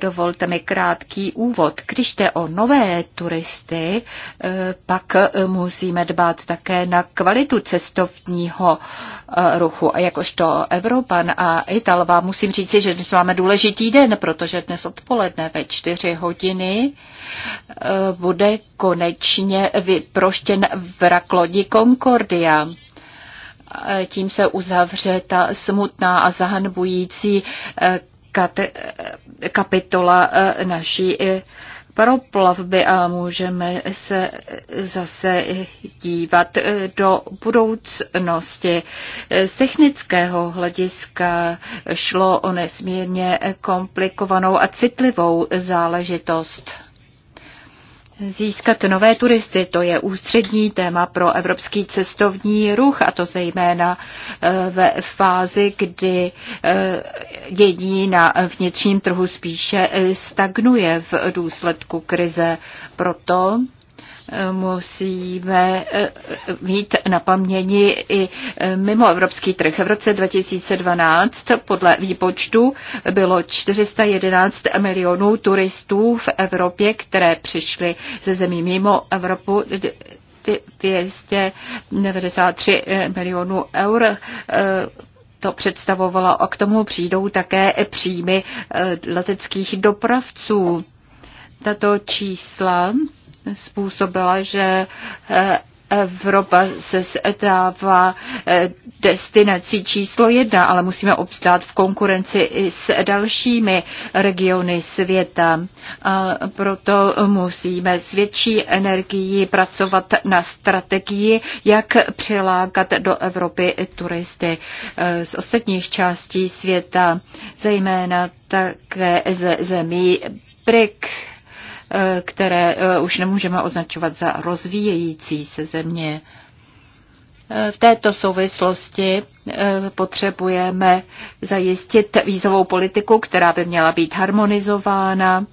Dovolte mi krátký úvod. Když jde o nové turisty, eh, pak eh, musíme dbát také na kvalitu cestovního eh, ruchu. A jakožto Evropan a Ital vám musím říci, že dnes máme důležitý den, protože dnes odpoledne ve čtyři hodiny bude konečně vyproštěn vrak lodi Concordia tím se uzavře ta smutná a zahanbující kate, kapitola eh, naší eh, paroplavby a můžeme se zase dívat eh, do budoucnosti. Z technického hlediska šlo o nesmírně komplikovanou a citlivou záležitost získat nové turisty. To je ústřední téma pro evropský cestovní ruch a to zejména e, ve fázi, kdy e, dění na vnitřním trhu spíše stagnuje v důsledku krize. Proto musíme eh, eh, mít na paměti i eh, mimo evropský trh. V roce 2012 podle výpočtu bylo 411 milionů turistů v Evropě, které přišli ze zemí mimo Evropu. 293 milionů eur to představovalo a k tomu přijdou také příjmy leteckých dopravců. Tato čísla způsobila, že eh, Evropa se dává eh, destinací číslo jedna, ale musíme obstát v konkurenci i s dalšími regiony světa. A proto musíme s větší energií pracovat na strategii, jak přilákat do Evropy turisty eh, z ostatních částí světa, zejména také ze zemí BRICS Eh, které eh, už nemůžeme označovat za rozvíjející se země. Eh, v této souvislosti potřebujeme zajistit vízovou politiku, která by měla být harmonizována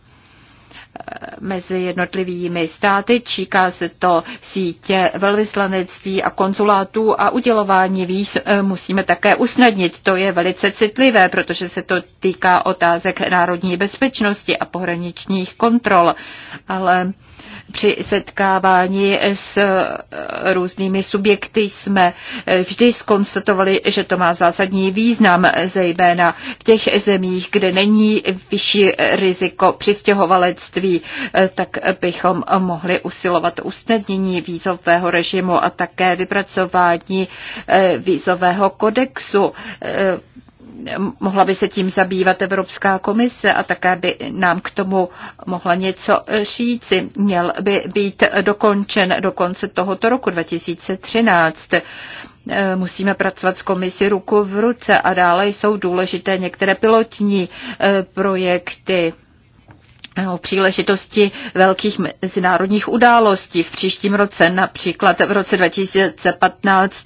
mezi jednotlivými státy. Číká se to sítě velvyslanectví a konzulátů a udělování víz e, musíme také usnadnit. To je velice citlivé, protože se to týká otázek národní bezpečnosti a pohraničních kontrol. Ale při setkávání s eh, různými subjekty jsme eh, vždy skonstatovali, že to má zásadní význam, zejména v těch zemích, kde není vyšší riziko přistěhovalectví, eh, tak bychom mohli usilovat o usnadnění vízového režimu a také vypracování vízového kodexu mohla by se tím zabývat Evropská komise a také by nám k tomu mohla něco říci. Měl by být dokončen do konce tohoto roku 2013 musíme pracovat s komisí ruku v ruce a dále jsou důležité některé pilotní eh, projekty o příležitosti velkých mezinárodních událostí v příštím roce, například v roce 2015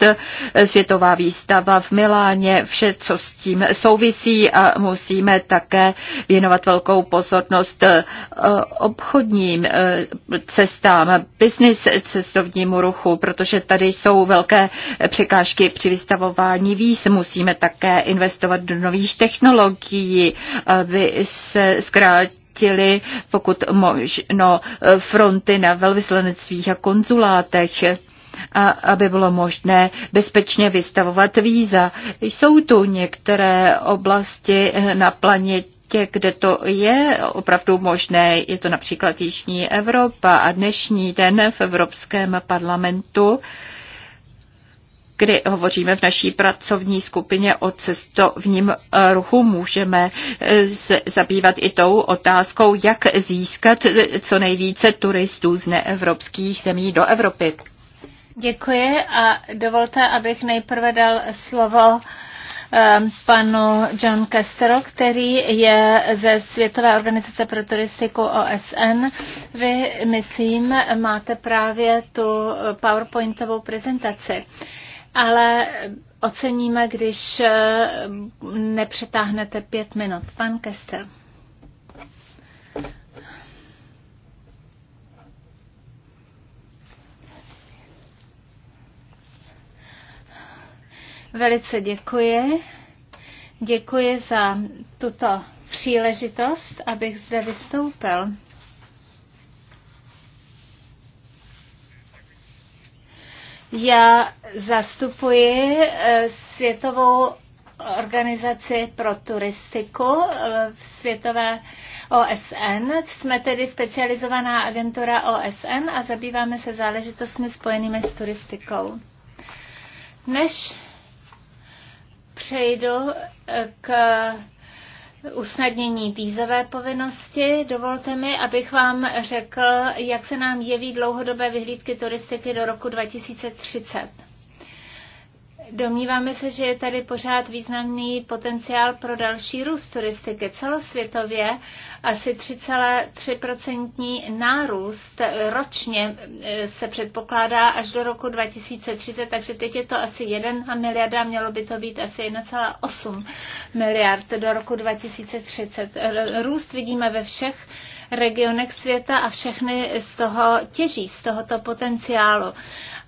světová výstava v Miláně, vše, co s tím souvisí a musíme také věnovat velkou pozornost eh, obchodním eh, cestám, business cestovnímu ruchu, protože tady jsou velké překážky při vystavování víz. Musíme také investovat do nových technologií, aby se zkrátili zajistili pokud možno fronty na velvyslanectvích a konzulátech a aby bylo možné bezpečně vystavovat víza. Jsou tu některé oblasti na planetě, kde to je opravdu možné. Je to například Jižní Evropa a dnešní den v Evropském parlamentu kdy hovoříme v naší pracovní skupině o cestovním eh, ruchu, můžeme eh, se zabývat i tou otázkou, jak získat eh, co nejvíce turistů z neevropských zemí do Evropy. Děkuji a dovolte, abych nejprve dal slovo panu John Kestero, který je ze Světové organizace pro turistiku OSN. Vy, myslím, máte právě tu PowerPointovou prezentaci ale oceníme, když eh, nepřetáhnete pět minut. Pan Kester. Velice děkuji. Děkuji za tuto příležitost, abych zde vystoupil. Já zastupuji eh, Světovou organizaci pro turistiku eh, Světové OSN. Jsme tedy specializovaná agentura OSN a zabýváme se záležitostmi spojenými s turistikou. Než přejdu eh, k usnadnění vízové povinnosti. Dovolte mi, abych vám řekl, jak se nám jeví dlouhodobé vyhlídky turistiky do roku 2030. Domníváme se, že je tady pořád významný potenciál pro další růst turistiky celosvětově. Asi 3,3% nárůst ročně e, se předpokládá až do roku 2030, takže teď je to asi 1 miliarda, mělo by to být asi 1,8 miliard do roku 2030. E, růst vidíme ve všech regionech světa a všechny z toho těží, z tohoto potenciálu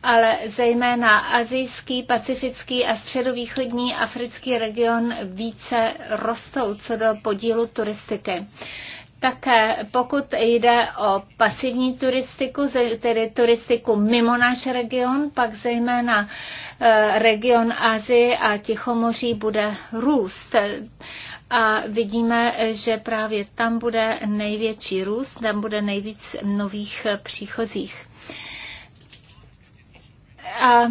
ale zejména azijský, pacifický a středovýchodní africký region více rostou co do podílu turistiky. Také pokud jde o pasivní turistiku, tedy turistiku mimo náš region, pak zejména eh, region Azie a Tichomoří bude růst. A vidíme, že právě tam bude největší růst, tam bude nejvíc nových eh, příchozích. A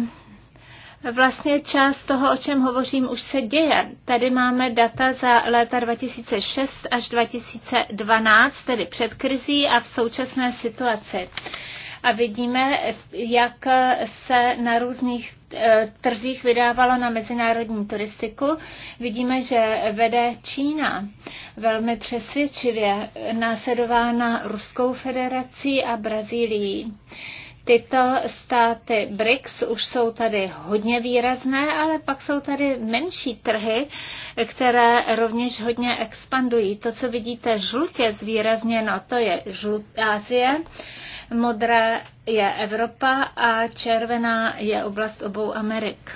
Vlastně část toho, o čem hovořím, už se děje. Tady máme data za léta 2006 až 2012, tedy před krizí a v současné situaci. A vidíme, jak se na různých eh, trzích vydávalo na mezinárodní turistiku. Vidíme, že vede Čína velmi přesvědčivě, následována Ruskou federací a Brazílií. Tyto státy BRICS už jsou tady hodně výrazné, ale pak jsou tady menší trhy, které rovněž hodně expandují. To, co vidíte žlutě zvýrazněno, to je žlut Asie, modrá je Evropa a červená je oblast obou Amerik.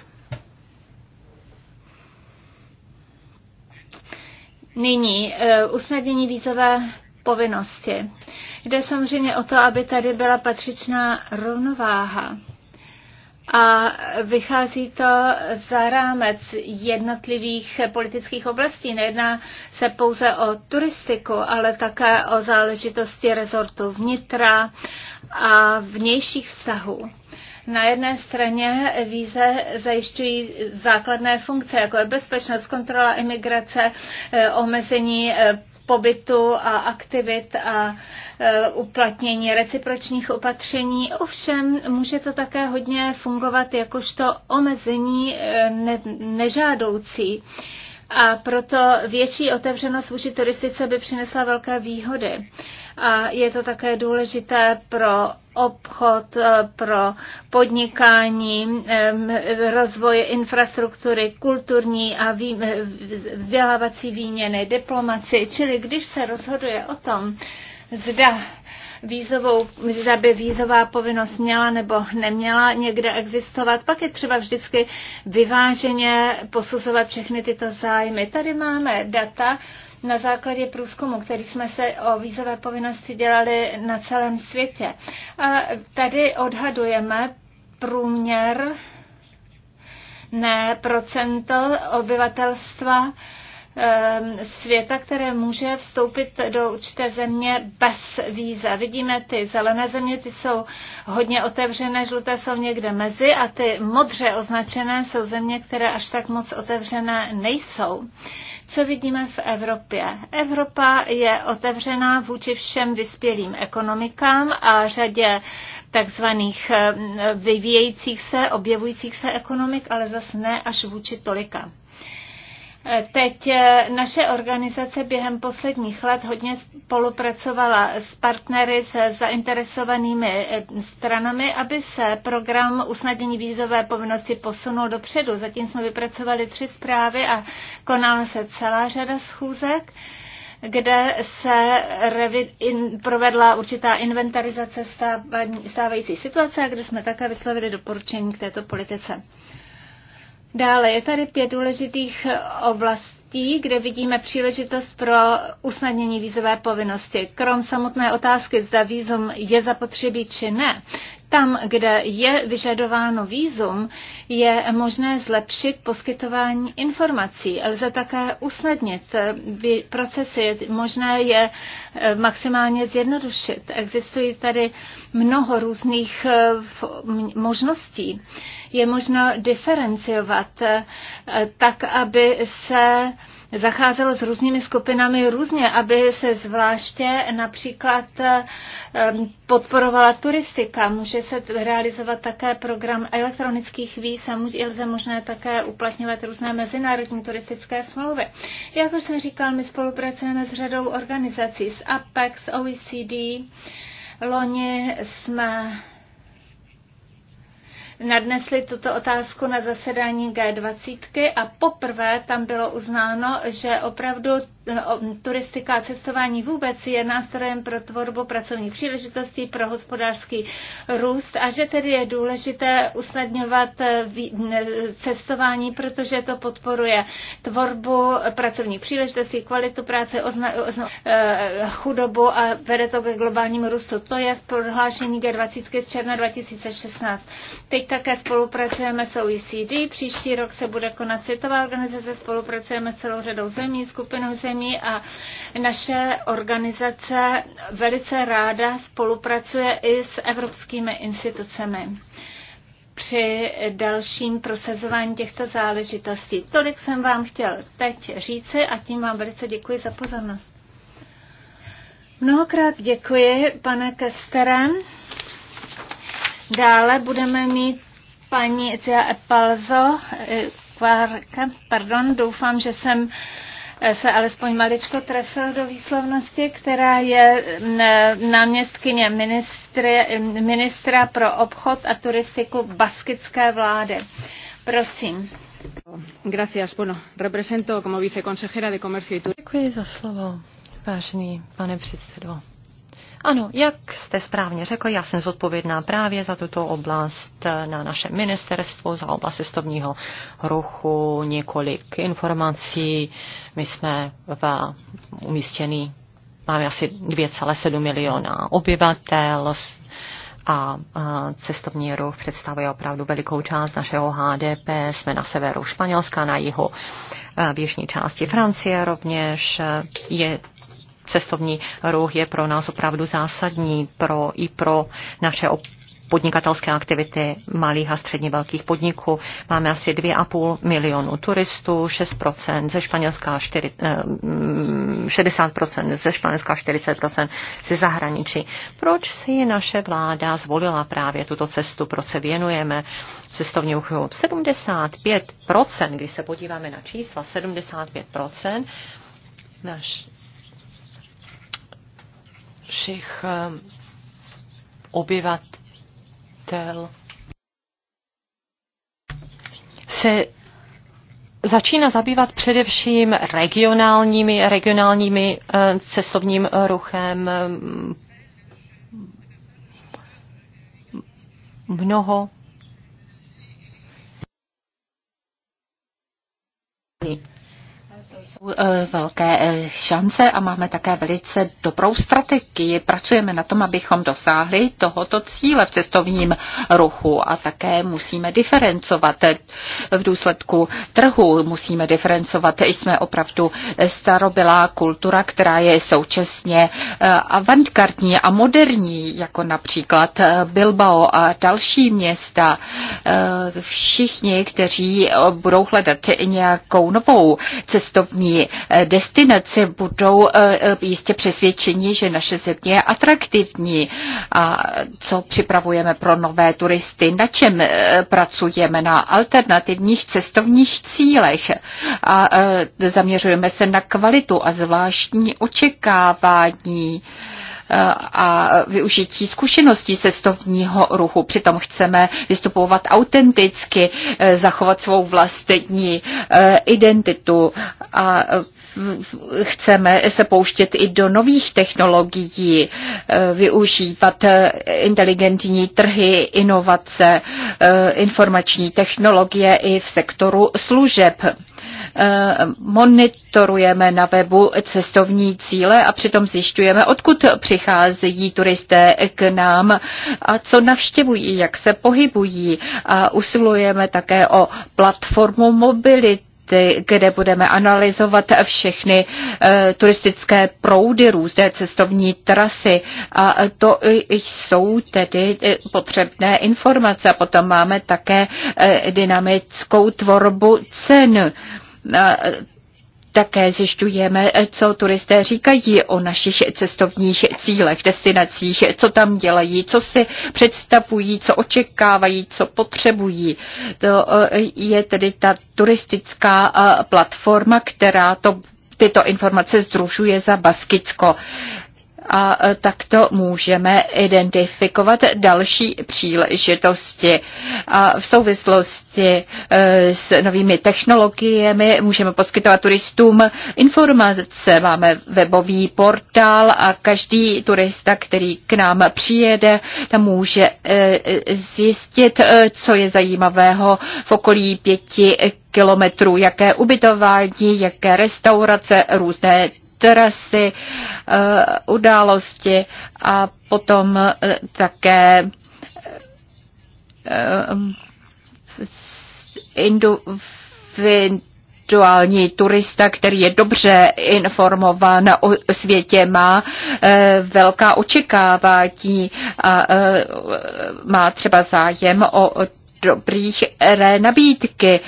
Nyní eh, usnadnění vízové povinnosti. Jde samozřejmě o to, aby tady byla patřičná rovnováha. A vychází to za rámec jednotlivých politických oblastí. Nejedná se pouze o turistiku, ale také o záležitosti rezortu vnitra a vnějších vztahů. Na jedné straně víze zajišťují základné funkce, jako je bezpečnost, kontrola imigrace, eh, omezení eh, pobytu a aktivit a Eh, uplatnění recipročních opatření. Ovšem může to také hodně fungovat jakožto omezení eh, ne- nežádoucí. A proto větší otevřenost vůči turistice by přinesla velké výhody. A je to také důležité pro obchod, eh, pro podnikání, rozvoj infrastruktury, kulturní a vzdělávací výměny, diplomaci. Čili když se rozhoduje o tom, zda vízovou, zda by vízová povinnost měla nebo neměla někde existovat. Pak je třeba vždycky vyváženě posuzovat všechny tyto zájmy. Tady máme data, na základě průzkumu, který jsme se o vízové povinnosti dělali na celém světě. A tady odhadujeme průměr ne procento obyvatelstva Ehm, světa, které může vstoupit do určité země bez víza. Vidíme ty zelené země, ty jsou hodně otevřené, žluté jsou někde mezi a ty modře označené jsou země, které až tak moc otevřené nejsou co vidíme v Evropě. Evropa je otevřená vůči všem vyspělým ekonomikám a řadě takzvaných ehm, vyvíjejících se, objevujících se ekonomik, ale zase ne až vůči tolika. Teď eh, naše organizace během posledních let hodně spolupracovala s partnery, se zainteresovanými eh, stranami, aby se program usnadnění vízové povinnosti posunul dopředu. Zatím jsme vypracovali tři zprávy a konala se celá řada schůzek kde se provedla určitá inventarizace stávající situace a kde jsme také vyslovili doporučení k této politice. Dále je tady pět důležitých oblastí kde vidíme příležitost pro usnadnění vízové povinnosti. Krom samotné otázky, zda vízum je zapotřebí či ne, tam, kde je vyžadováno výzum, je možné zlepšit poskytování informací. Lze také usnadnit eh, procesy, možné je eh, maximálně zjednodušit. Existují tady mnoho různých eh, možností. Je možno diferenciovat tak, aby se zacházelo s různými skupinami různě, aby se zvláště například podporovala turistika. Může se realizovat také program elektronických víz a lze možné také uplatňovat různé mezinárodní turistické smlouvy. Jak už jsem říkal, my spolupracujeme s řadou organizací, s APEX, OECD, Loni jsme nadnesli tuto otázku na zasedání G20 a poprvé tam bylo uznáno, že opravdu turistika a cestování vůbec je nástrojem pro tvorbu pracovních příležitostí, pro hospodářský růst a že tedy je důležité usnadňovat e, cestování, protože to podporuje tvorbu pracovních příležitostí, kvalitu práce, ozna, ozna, e, chudobu a vede to ke globálnímu růstu. To je v prohlášení G20 z června 2016. Teď také spolupracujeme s OECD. Příští rok se bude konat Světová organizace, spolupracujeme s celou řadou zemí, skupinou zemí zemí a naše organizace velice ráda spolupracuje i s evropskými institucemi při dalším prosazování těchto záležitostí. Tolik jsem vám chtěl teď říci a tím vám velice děkuji za pozornost. Mnohokrát děkuji, pane Kestere. Dále budeme mít paní Icia Epalzo, eh, Kvárka, pardon, doufám, že jsem se alespoň maličko trefil do výslovnosti, která je mm, e, náměstkyně ministry, mm, ministra pro obchod a turistiku baskické vlády. Prosím. Gracias. Bueno, represento como viceconsejera de Comercio y Turismo. Děkuji za slovo, vážný pane předsedo. Ano, jak jste správně řekl, já jsem zodpovědná právě za tuto oblast eh, na našem ministerstvu, za oblast cestovního ruchu, několik informací. My jsme v umístěný, máme asi 2,7 miliona obyvatel a cestovní ruch představuje opravdu velikou část našeho HDP. Jsme na severu Španělska, na jihu eh, v jižní části Francie rovněž. Eh, je cestovní ruch je pro nás opravdu zásadní pro, i pro naše podnikatelské aktivity malých a středně velkých podniků. Máme asi 2,5 milionu turistů, 6% ze Španělska, 4, 60% eh, mm, ze Španělska, 40% ze zahraničí. Proč si naše vláda zvolila právě tuto cestu? Proč se věnujeme cestovní uchylu? 75%, když se podíváme na čísla, 75% naš, všech ehm, obyvatel se začíná zabývat především regionálními, regionálními ehm, cestovním eh, ruchem. Mnoho jsou eh, velké eh, šance a máme také velice dobrou strategii. Pracujeme na tom, abychom dosáhli tohoto cíle v cestovním ruchu a také musíme diferencovat eh, v důsledku trhu. Musíme diferencovat, jsme opravdu starobylá kultura, která je současně avantgardní a moderní, jako například Bilbao a další města. Všichni, kteří budou hledat nějakou novou cestovní první eh, destinaci budou eh, eh, jistě přesvědčeni, že naše země je atraktivní. A co připravujeme pro nové turisty, na čem pracujeme, na alternativních cestovních cílech. A zaměřujeme se na kvalitu a zvláštní očekávání a využití zkušeností cestovního ruchu. Přitom chceme vystupovat autenticky, eh, zachovat svou vlastní eh, identitu a eh, chceme se pouštět i do nových technologií, využívat inteligentní trhy, inovace, informační technologie i v sektoru služeb. Eh, monitorujeme na webu cestovní cíle a přitom zjišťujeme, odkud přicházejí turisté k nám a co navštěvují, jak se pohybují. A usilujeme také o platformu mobility kde budeme analyzovat všechny eh, turistické proudy, různé cestovní trasy. A to jsou tedy eh, potřebné informace. A potom máme také dynamickou tvorbu cen. E, také zjišťujeme, e, co turisté říkají o našich cestovních cílech, destinacích, co tam dělají, co si představují, co očekávají, co potřebují. To e, je tedy ta turistická platforma, která to, tyto informace združuje za Baskicko a e, takto můžeme identifikovat další příležitosti. A v souvislosti e, s novými technologiemi můžeme poskytovat turistům informace. Máme webový portál a každý turista, který k nám přijede, tam může e, zjistit, co je zajímavého v okolí pěti kilometrů, jaké ubytování, jaké restaurace, různé trasy, eh, události a potom eh, také eh, individuální turista, který je dobře informován o světě, má velká očekávání a má třeba zájem o dobrých nabídky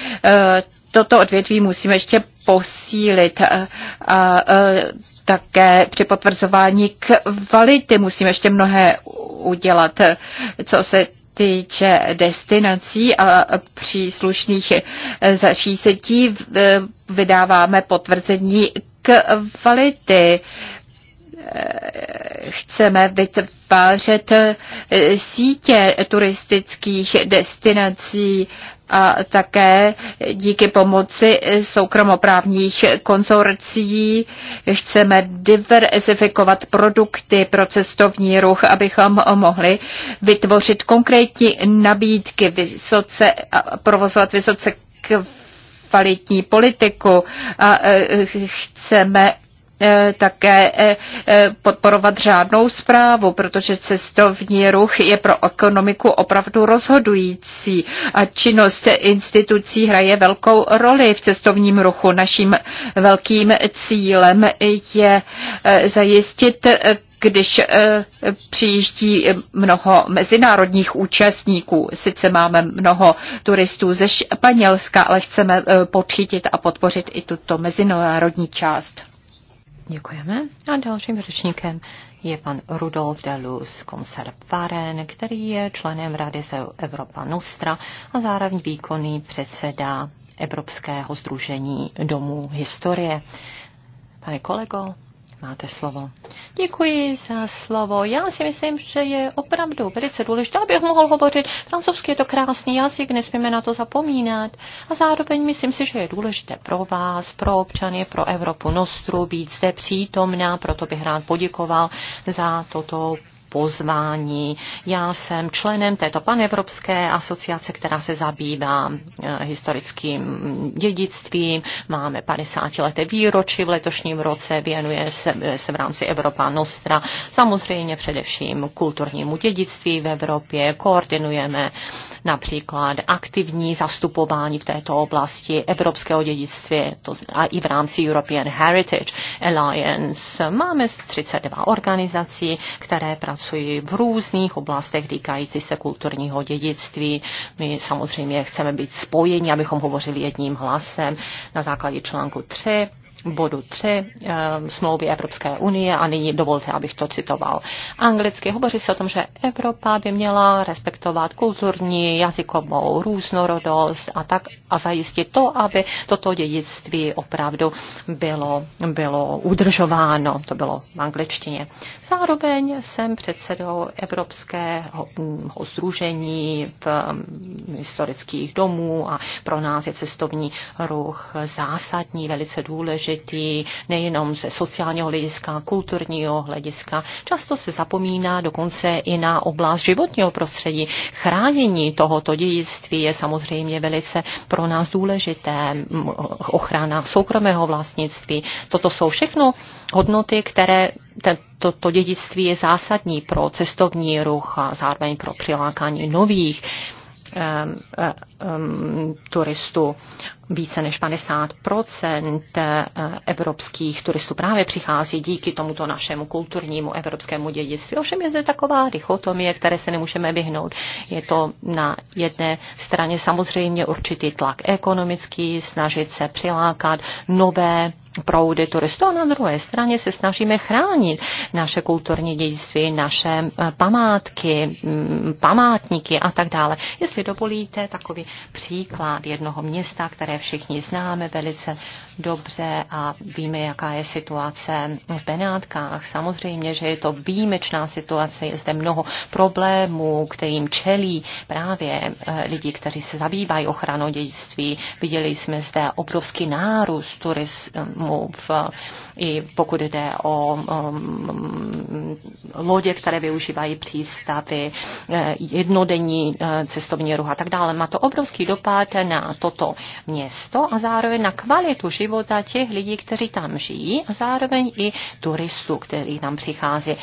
toto odvětví musíme ještě posílit. A, a, také při potvrzování kvality musíme ještě mnohé udělat, co se týče destinací a příslušných zařízení vydáváme potvrzení kvality. Chceme vytvářet sítě turistických destinací a také díky pomoci soukromoprávních konzorcí chceme diversifikovat produkty pro cestovní ruch, abychom mohli vytvořit konkrétní nabídky, vysoce, provozovat vysoce kvalitní politiku a eh, chceme Eh, také eh, eh, podporovat řádnou zprávu, protože cestovní ruch je pro ekonomiku opravdu rozhodující a činnost institucí hraje velkou roli v cestovním ruchu. Naším velkým cílem je zajistit když přijíždí mnoho mezinárodních účastníků. Sice máme mnoho turistů ze Španělska, ale chceme podchytit a podpořit i tuto mezinárodní část. Děkujeme. A dalším řečníkem je pan Rudolf Delus Conservaren, který je členem Rady se Evropa Nostra a zároveň výkonný předseda Evropského združení domů historie. Pane kolego, máte slovo. Děkuji za slovo. Já si myslím, že je opravdu velice důležité, abych mohl hovořit. Francouzsky je to krásný jazyk, nesmíme na to zapomínat. A zároveň myslím si, že je důležité pro vás, pro občany, pro Evropu Nostru být zde přítomná, proto bych rád poděkoval za toto pozvání. Já jsem členem této panevropské asociace, která se zabývá eh, historickým dědictvím. Máme 50 leté výročí v letošním roce, věnuje se, eh, se v rámci Evropa Nostra, samozřejmě především kulturnímu dědictví v Evropě, koordinujeme například aktivní zastupování v této oblasti evropského dědictví to a i v rámci European Heritage Alliance. Máme 32 organizací, které pracují v různých oblastech týkající se kulturního dědictví. My samozřejmě chceme být spojeni, abychom hovořili jedním hlasem na základě článku 3 bodu 3 eh, smlouvy Evropské unie a nyní dovolte, abych to citoval anglicky. Hovoří se o tom, že Evropa by měla respektovat kulturní, jazykovou různorodost a tak a zajistit to, aby toto dědictví opravdu bylo, bylo udržováno. To bylo v angličtině. Zároveň jsem předsedou Evropského združení v mm, historických domů a pro nás je cestovní ruch zásadní, velice důležitý důležitý nejenom ze sociálního hlediska, kulturního hlediska. Často se zapomíná dokonce i na oblast životního prostředí. Chránění tohoto dědictví je samozřejmě velice pro nás důležité. Ochrana soukromého vlastnictví. Toto jsou všechno hodnoty, které toto to dědictví je zásadní pro cestovní ruch a zároveň pro přilákání nových uh, Ehm, ehm, turistů. Více než 50 eh, evropských turistů právě přichází díky tomuto našemu kulturnímu evropskému dědictví. Ovšem je zde taková dichotomie, které se nemůžeme vyhnout. Je to na jedné straně samozřejmě určitý tlak ekonomický, snažit se přilákat nové proudy turistů a na druhé straně se snažíme chránit naše kulturní dědictví, naše eh, památky, mm, památníky a tak dále. Jestli dovolíte, takový příklad jednoho města, které všichni známe velice dobře a víme, jaká je situace v Benátkách. Samozřejmě, že je to výjimečná situace, je zde mnoho problémů, kterým čelí právě eh, lidi, kteří se zabývají ochranou dědictví. Viděli jsme zde obrovský nárůst turistů smluv, i pokud jde o um, lodě, které využívají přístavy, eh, jednodenní eh, cestovní ruch a tak dále. Má to obrovský dopad na toto město a zároveň na kvalitu života těch lidí, kteří tam žijí a zároveň i turistů, který tam přichází.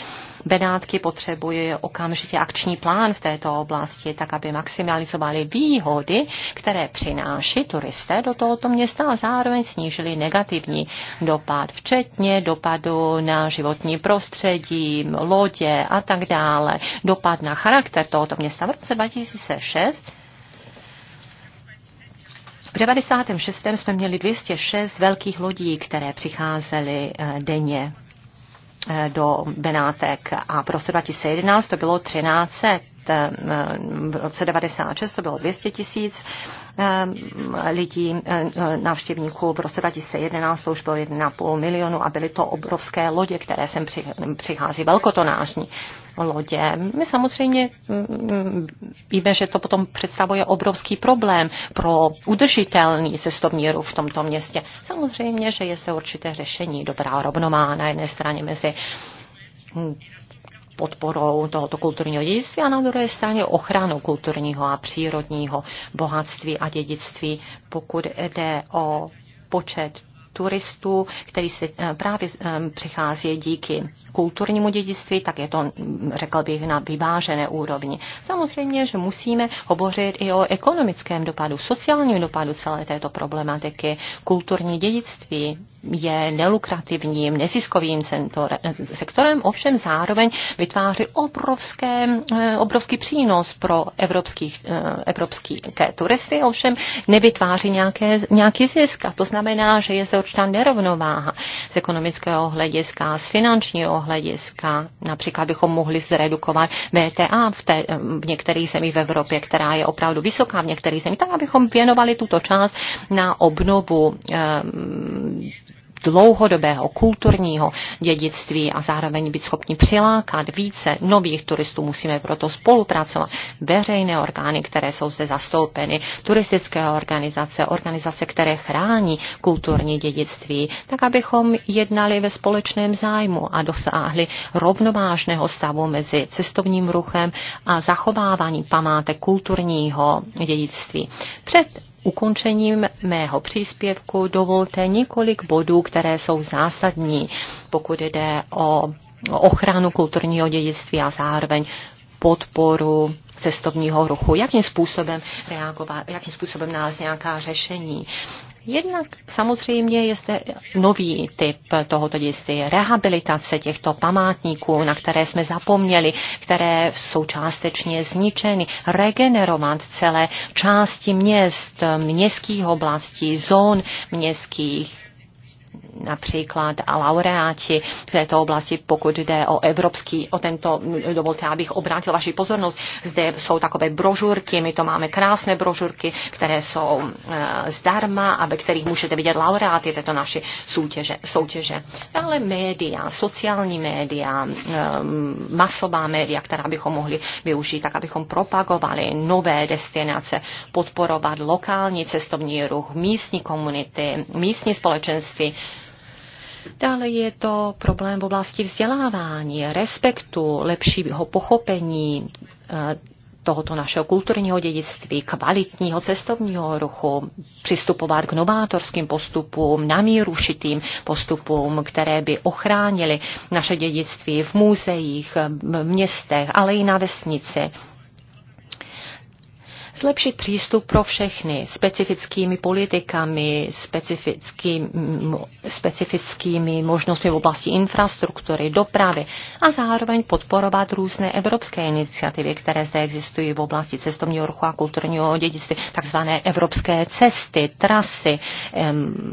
Benátky potřebují okamžitě akční plán v této oblasti, tak aby maximalizovali výhody, které přináší turisté do tohoto města a zároveň snížili negativní dopad, včetně dopadu na životní prostředí, lodě a tak dále, dopad na charakter tohoto města. V roce 2006 v 96. jsme měli 206 velkých lodí, které přicházely eh, denně do Benátek a v roce 2011 to bylo 1300 Eh, v roce 96 to bylo 200 tisíc eh, lidí, eh, návštěvníků. V roce 2011 to už bylo 1,5 milionu a byly to obrovské lodě, které sem přichází, velkotonážní lodě. My samozřejmě mm, víme, že to potom představuje obrovský problém pro udržitelný cestovní ruch v tomto městě. Samozřejmě, že je zde určité řešení, dobrá rovnomá na jedné straně mezi podporou tohoto kulturního dědictví a na druhé straně ochranu kulturního a přírodního bohatství a dědictví, pokud jde o počet turistů, který se eh, právě eh, přichází díky kulturnímu dědictví, tak je to, mm, řekl bych, na vyvážené úrovni. Samozřejmě, že musíme hovořit i o ekonomickém dopadu, sociálním dopadu celé této problematiky. Kulturní dědictví je nelukrativním, neziskovým sektorem, ovšem zároveň vytváří obrovské, eh, obrovský přínos pro evropských, eh, evropské turisty, ovšem nevytváří nějaké, nějaký zisk. A to znamená, že je zde určitá nerovnováha z ekonomického hlediska, z finančního hlediska. Například bychom mohli zredukovat VTA v, té, v některých zemích v Evropě, která je opravdu vysoká v některých zemích, tak abychom věnovali tuto část na obnovu um, dlouhodobého kulturního dědictví a zároveň být schopni přilákat více nových turistů. Musíme proto spolupracovat veřejné orgány, které jsou zde zastoupeny, turistické organizace, organizace, které chrání kulturní dědictví, tak abychom jednali ve společném zájmu a dosáhli rovnovážného stavu mezi cestovním ruchem a zachováváním památek kulturního dědictví. Před ukončením mého příspěvku dovolte několik bodů, které jsou zásadní, pokud jde o ochranu kulturního dědictví a zároveň podporu cestovního ruchu, jakým způsobem reagovat, jakým způsobem nás nějaká řešení. Jednak samozřejmě je zde nový typ tohoto dějství, rehabilitace těchto památníků, na které jsme zapomněli, které jsou částečně zničeny, regenerovat celé části měst, městských oblastí, zón městských, například a laureáti v této oblasti, pokud jde o evropský, o tento, dovolte, abych obrátil vaši pozornost, zde jsou takové brožurky, my to máme krásné brožurky, které jsou eh, zdarma a ve kterých můžete vidět laureáty této naší soutěže. soutěže. Dále média, sociální média, eh, masová média, která bychom mohli využít, tak abychom propagovali nové destinace, podporovat lokální cestovní ruch, místní komunity, místní společenství, Dále je to problém v oblasti vzdělávání, respektu, lepšího pochopení eh, tohoto našeho kulturního dědictví, kvalitního cestovního ruchu, přistupovat k novátorským postupům, namírušitým postupům, které by ochránily naše dědictví v muzeích, v městech, ale i na vesnici zlepšit přístup pro všechny specifickými politikami, specifickým, specifickými možnostmi v oblasti infrastruktury, dopravy a zároveň podporovat různé evropské iniciativy, které zde existují v oblasti cestovního ruchu a kulturního dědictví, takzvané evropské cesty, trasy,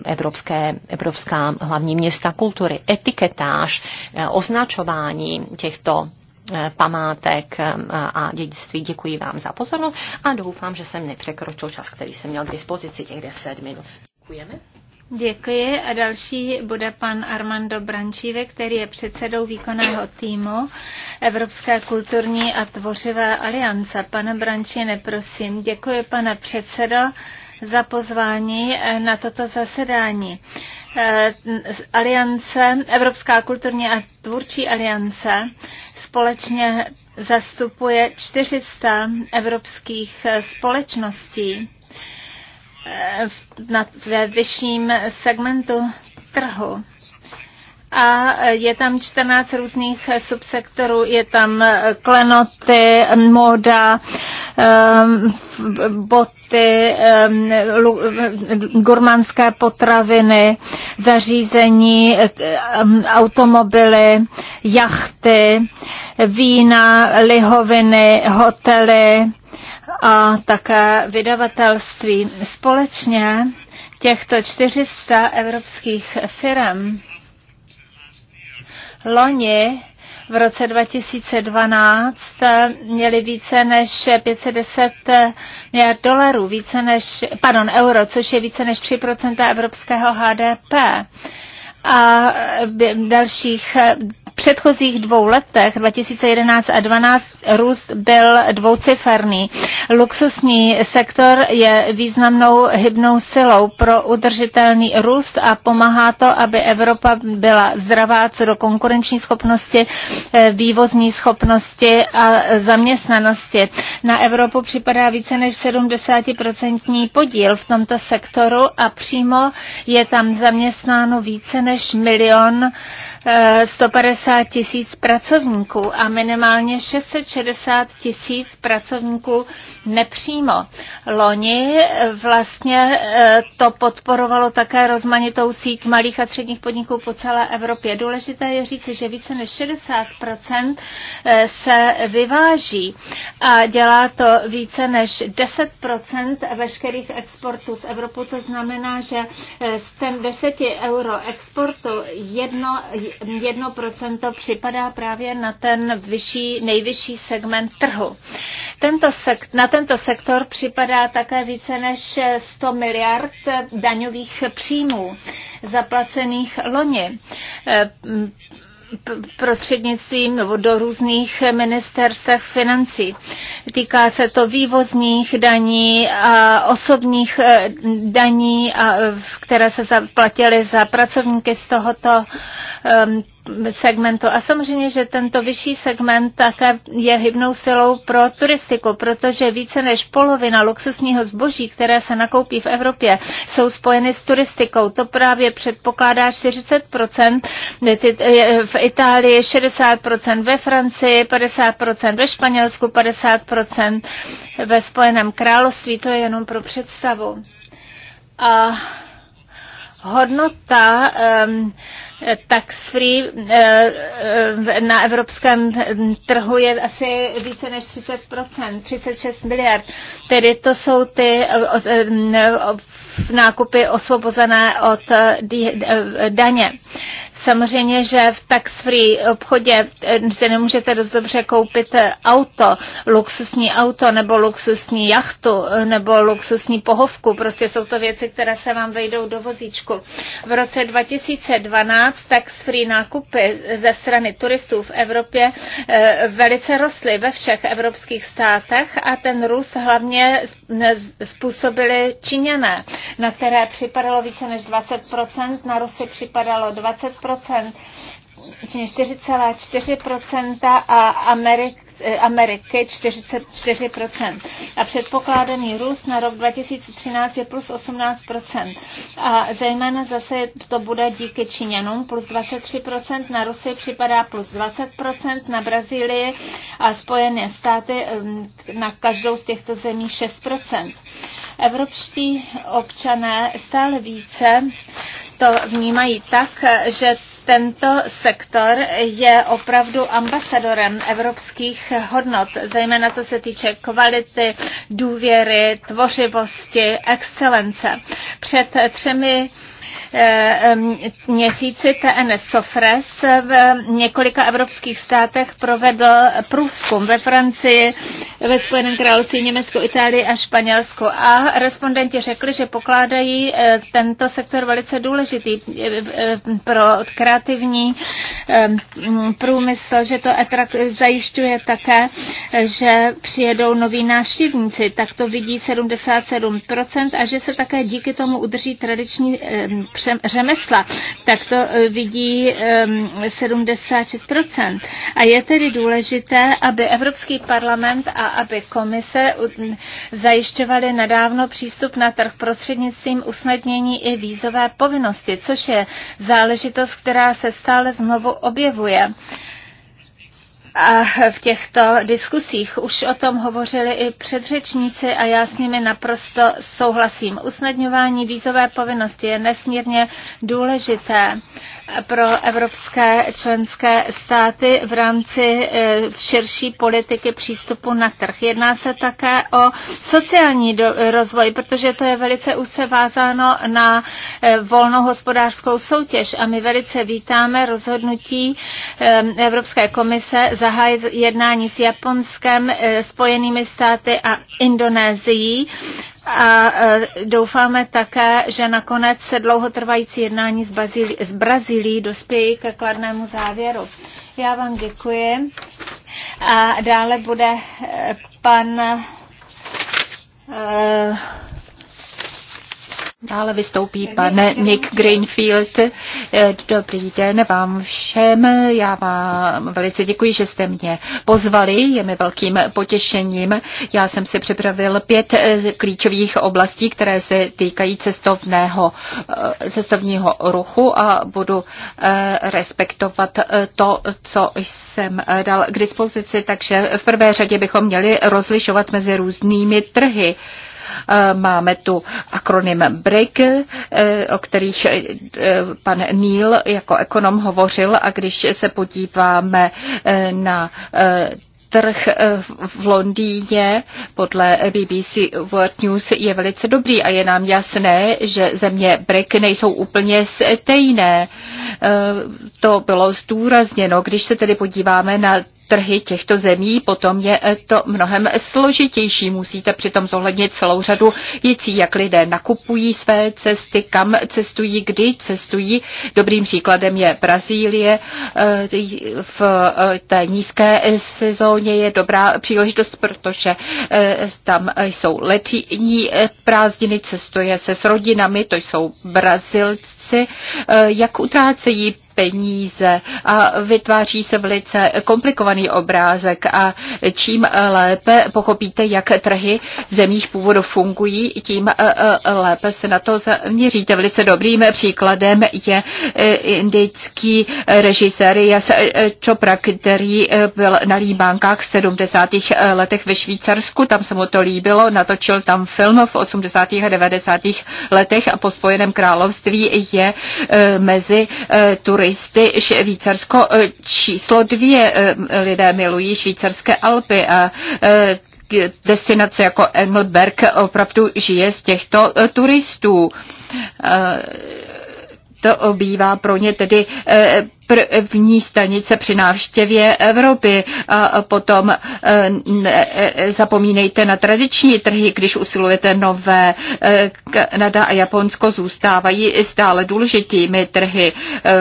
evropské, evropská hlavní města kultury, etiketáž, eh, označování těchto Eh, památek eh, a dědictví. Děkuji vám za pozornost a doufám, že jsem nepřekročil čas, který jsem měl k dispozici, těch 10 minut. Děkujeme. Děkuji a další bude pan Armando Brančíve, který je předsedou výkonného týmu Evropské kulturní a tvořivé aliance. Pane Brančine, prosím, děkuji pane předsedo za pozvání eh, na toto zasedání. Aliance, Evropská kulturní a tvůrčí aliance společně zastupuje 400 evropských společností eh, ve vyšším segmentu trhu a je tam 14 různých subsektorů, je tam klenoty, móda, Ehm, boty, ehm, gurmanské potraviny, zařízení, ehm, automobily, jachty, vína, lihoviny, hotely a také vydavatelství. Společně těchto 400 evropských firm loni v roce 2012 měli více než 510 miliard dolarů, více než, pardon, euro, což je více než 3 evropského HDP a dalších předchozích dvou letech, 2011 a 2012, růst byl dvouciferný. Luxusní sektor je významnou hybnou silou pro udržitelný růst a pomáhá to, aby Evropa byla zdravá co do konkurenční schopnosti, eh, vývozní schopnosti a zaměstnanosti. Na Evropu připadá více než 70% podíl v tomto sektoru a přímo je tam zaměstnáno více než milion uh, 150 tisíc pracovníků a minimálně 660 tisíc pracovníků nepřímo. Loni vlastně eh, to podporovalo také rozmanitou síť malých a středních podniků po celé Evropě. Důležité je říci, že více než 60 eh, se vyváží a dělá to více než 10 veškerých exportů z Evropy, co znamená, že eh, z ten 10 euro exportu jedno 1% připadá právě na ten vyšší, nejvyšší segment trhu. Tento sekt, na tento sektor připadá také více než 100 miliard daňových příjmů zaplacených loni. Eh, prostřednictvím nebo do různých ministerstev financí. Týká se to vývozních daní a osobních eh, daní, které se zaplatily za pracovníky z tohoto ehm, segmentu. A samozřejmě, že tento vyšší segment také je hybnou silou pro turistiku, protože více než polovina luxusního zboží, které se nakoupí v Evropě, jsou spojeny s turistikou. To právě předpokládá 40%, v Itálii 60%, ve Francii 50%, ve Španělsku 50%, ve Spojeném království, to je jenom pro představu. A hodnota um, tax free eh, eh, na evropském trhu je asi více než 30%, 36 miliard. Tedy to jsou ty eh, nákupy osvobozené od daně. Samozřejmě, že v tax-free obchodě eh, se nemůžete dost dobře koupit eh, auto, luxusní auto nebo luxusní jachtu eh, nebo luxusní pohovku. Prostě jsou to věci, které se vám vejdou do vozíčku. V roce 2012 tax-free nákupy ze strany turistů v Evropě velice rostly ve všech evropských státech a ten růst hlavně způsobili Číňané, na které připadalo více než 20%, na Rusy připadalo 20%, činí 4,4% a Amerik, Ameriky 44%. A předpokládaný růst na rok 2013 je plus 18%. A zejména zase to bude díky Číňanům plus 23%, na Rusy připadá plus 20%, na Brazílii a Spojené státy um, na každou z těchto zemí 6%. Evropští občané stále více to vnímají tak, že tento sektor je opravdu ambasadorem evropských hodnot, zejména co se týče kvality, důvěry, tvořivosti, excelence. Před třemi Eh, měsíci TN Sofres v několika evropských státech provedl průzkum ve Francii, ve Spojeném království, Německu, Itálii a Španělsku. A respondenti řekli, že pokládají eh, tento sektor velice důležitý eh, pro kreativní průmysl, že to zajišťuje také, že přijedou noví návštěvníci. Tak to vidí 77% a že se také díky tomu udrží tradiční řemesla, tak to e, vidí 76%. A je tedy důležité, aby Evropský parlament a aby komise zajišťovaly nadávno přístup na trh prostřednictvím usnadnění i vízové povinnosti, což je záležitost, která se stále znovu objevuje a v těchto diskusích. Už o tom hovořili i předřečníci a já s nimi naprosto souhlasím. Usnadňování vízové povinnosti je nesmírně důležité pro evropské členské státy v rámci eh, širší politiky přístupu na trh. Jedná se také o sociální rozvoj, protože to je velice úzce vázáno na eh, volnou hospodářskou soutěž a my velice vítáme rozhodnutí eh, Evropské komise zahájit jednání s Japonskem, eh, Spojenými státy a Indonésií. A eh, doufáme také, že nakonec se dlouhotrvající jednání z, Bazílí, s Brazílií dospějí ke kladnému závěru. Já vám děkuji. A dále bude eh, pan. Uh, Dále vystoupí pan Nick Greenfield. Dobrý den vám všem. Já vám velice děkuji, že jste mě pozvali. Je mi velkým potěšením. Já jsem si připravil pět eh, klíčových oblastí, které se týkají cestovného, eh, cestovního ruchu a budu eh, respektovat to, co jsem dal k dispozici. Takže v prvé řadě bychom měli rozlišovat mezi různými trhy. Máme tu akronym BRIC, eh, o kterých eh, pan Neil jako ekonom hovořil a když se podíváme eh, na trh v Londýně podle BBC World News je velice dobrý a je nám jasné, že země BRIC nejsou úplně stejné. To bylo zdůrazněno. Když se tedy podíváme na trhy těchto zemí, potom je to mnohem složitější. Musíte přitom zohlednit celou řadu věcí, jak lidé nakupují své cesty, kam cestují, kdy cestují. Dobrým příkladem je Brazílie. Eh, v eh, té nízké sezóně je dobrá příležitost, protože eh, tam jsou letní prázdniny, cestuje se s rodinami, to jsou Brazilci. Jak utrácejí peníze a vytváří se velice komplikovaný obrázek a čím lépe pochopíte, jak trhy zemích původu fungují, tím eh, eh, lépe se na to zaměříte. Velice dobrým příkladem je eh, indický režisér Jas Chopra, který byl na líbánkách v 70. letech ve Švýcarsku, tam se mu to líbilo, natočil tam film v 80. a 90. letech a po Spojeném království je mezi Tury turisty Švýcarsko e, číslo dvě. E, lidé milují švýcarské Alpy a e, destinace jako Engelberg opravdu žije z těchto turistů. To obývá pro ně tedy eh, první stanice při návštěvě Evropy. A potom eh, eh, zapomínejte na tradiční trhy, když usilujete nové. Kanada a Japonsko zůstávají stále důležitými trhy.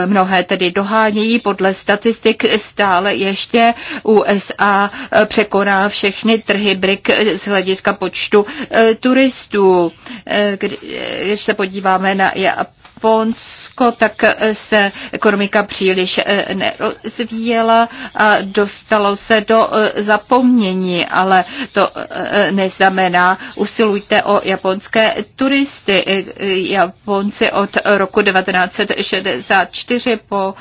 Mnohé tedy dohánějí podle statistik stále ještě USA překoná všechny trhy BRIC z hlediska počtu turistů. Když se podíváme na Japonsko, Japonsko, tak eh, se ekonomika příliš eh, nerozvíjela a dostalo se do eh, zapomnění, ale to neznamená, usilujte o japonské turisty. Japonci od roku 1964 po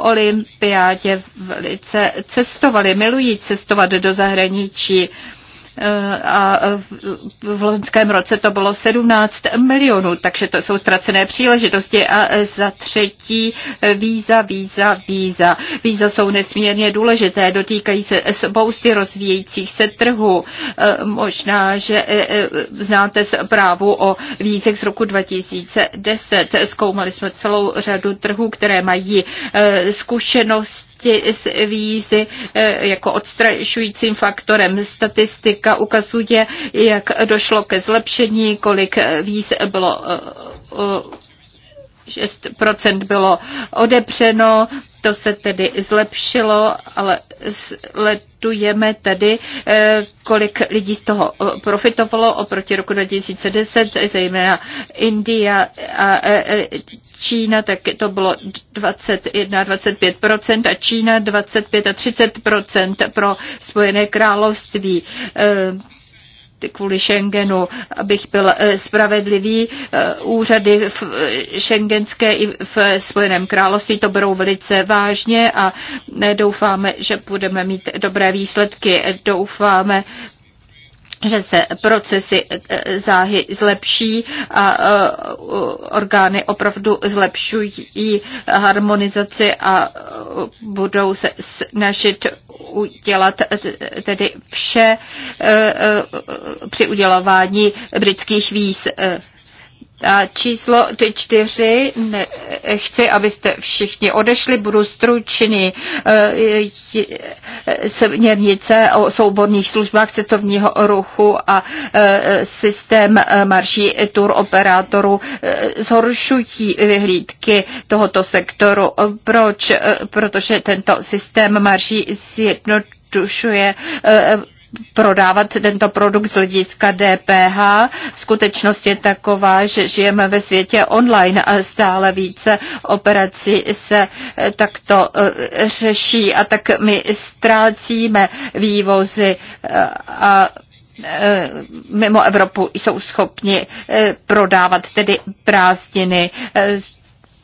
olympiádě velice cestovali, milují cestovat do zahraničí. Eh, a eh, v loňském roce to bylo 17 milionů, takže to jsou ztracené příležitosti. A eh, za třetí víza, víza, víza. Víza jsou nesmírně důležité, dotýkají se spousty rozvíjejících se trhů. Možná, že znáte zprávu o vízech z roku 2010. Zkoumali jsme celou řadu trhů, které mají zkušenost vízy eh, jako odstrašujícím faktorem. Statistika ukazuje, jak došlo ke zlepšení, kolik víz bylo eh, eh, 6% bylo odepřeno, to se tedy zlepšilo, ale sledujeme tedy, eh, kolik lidí z toho eh, profitovalo oproti roku 2010, zejména India a eh, Čína, tak to bylo 21 25% a Čína 25 a 30% pro Spojené království kvůli Schengenu, abych byl eh, spravedlivý. Eh, úřady v eh, šengenské i v Spojeném království to berou velice vážně a doufáme, že budeme mít dobré výsledky. Doufáme že se procesy e, záhy zlepší a e, orgány opravdu zlepšují harmonizaci a e, budou se snažit udělat tedy vše při udělování britských výz. A číslo čtyři, ne, chci, abyste všichni odešli, budu stručný. E, směrnice o souborných službách cestovního ruchu a e, systém e, marší tur operátorů zhoršují vyhlídky tohoto sektoru. Proč? Protože tento systém marší zjednodušuje prodávat tento produkt z hlediska DPH. Skutečnost je taková, že žijeme ve světě online a stále více operací se eh, takto eh, řeší a tak my ztrácíme vývozy eh, a mimo Evropu jsou schopni prodávat tedy prázdniny.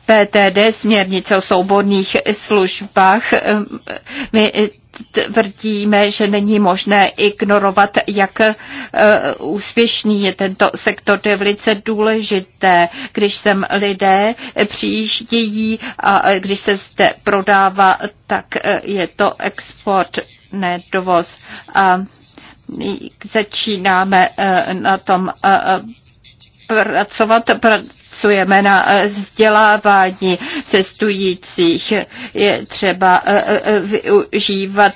PTD, směrnice o svobodných službách, my tvrdíme, že není možné ignorovat, jak e, úspěšný je tento sektor. To je velice důležité, když sem lidé přijíždějí a e, když se zde prodává, tak e, je to export, ne dovoz. A začínáme na tom pracovat, pracujeme na eh, vzdělávání cestujících. Je třeba eh, eh, využívat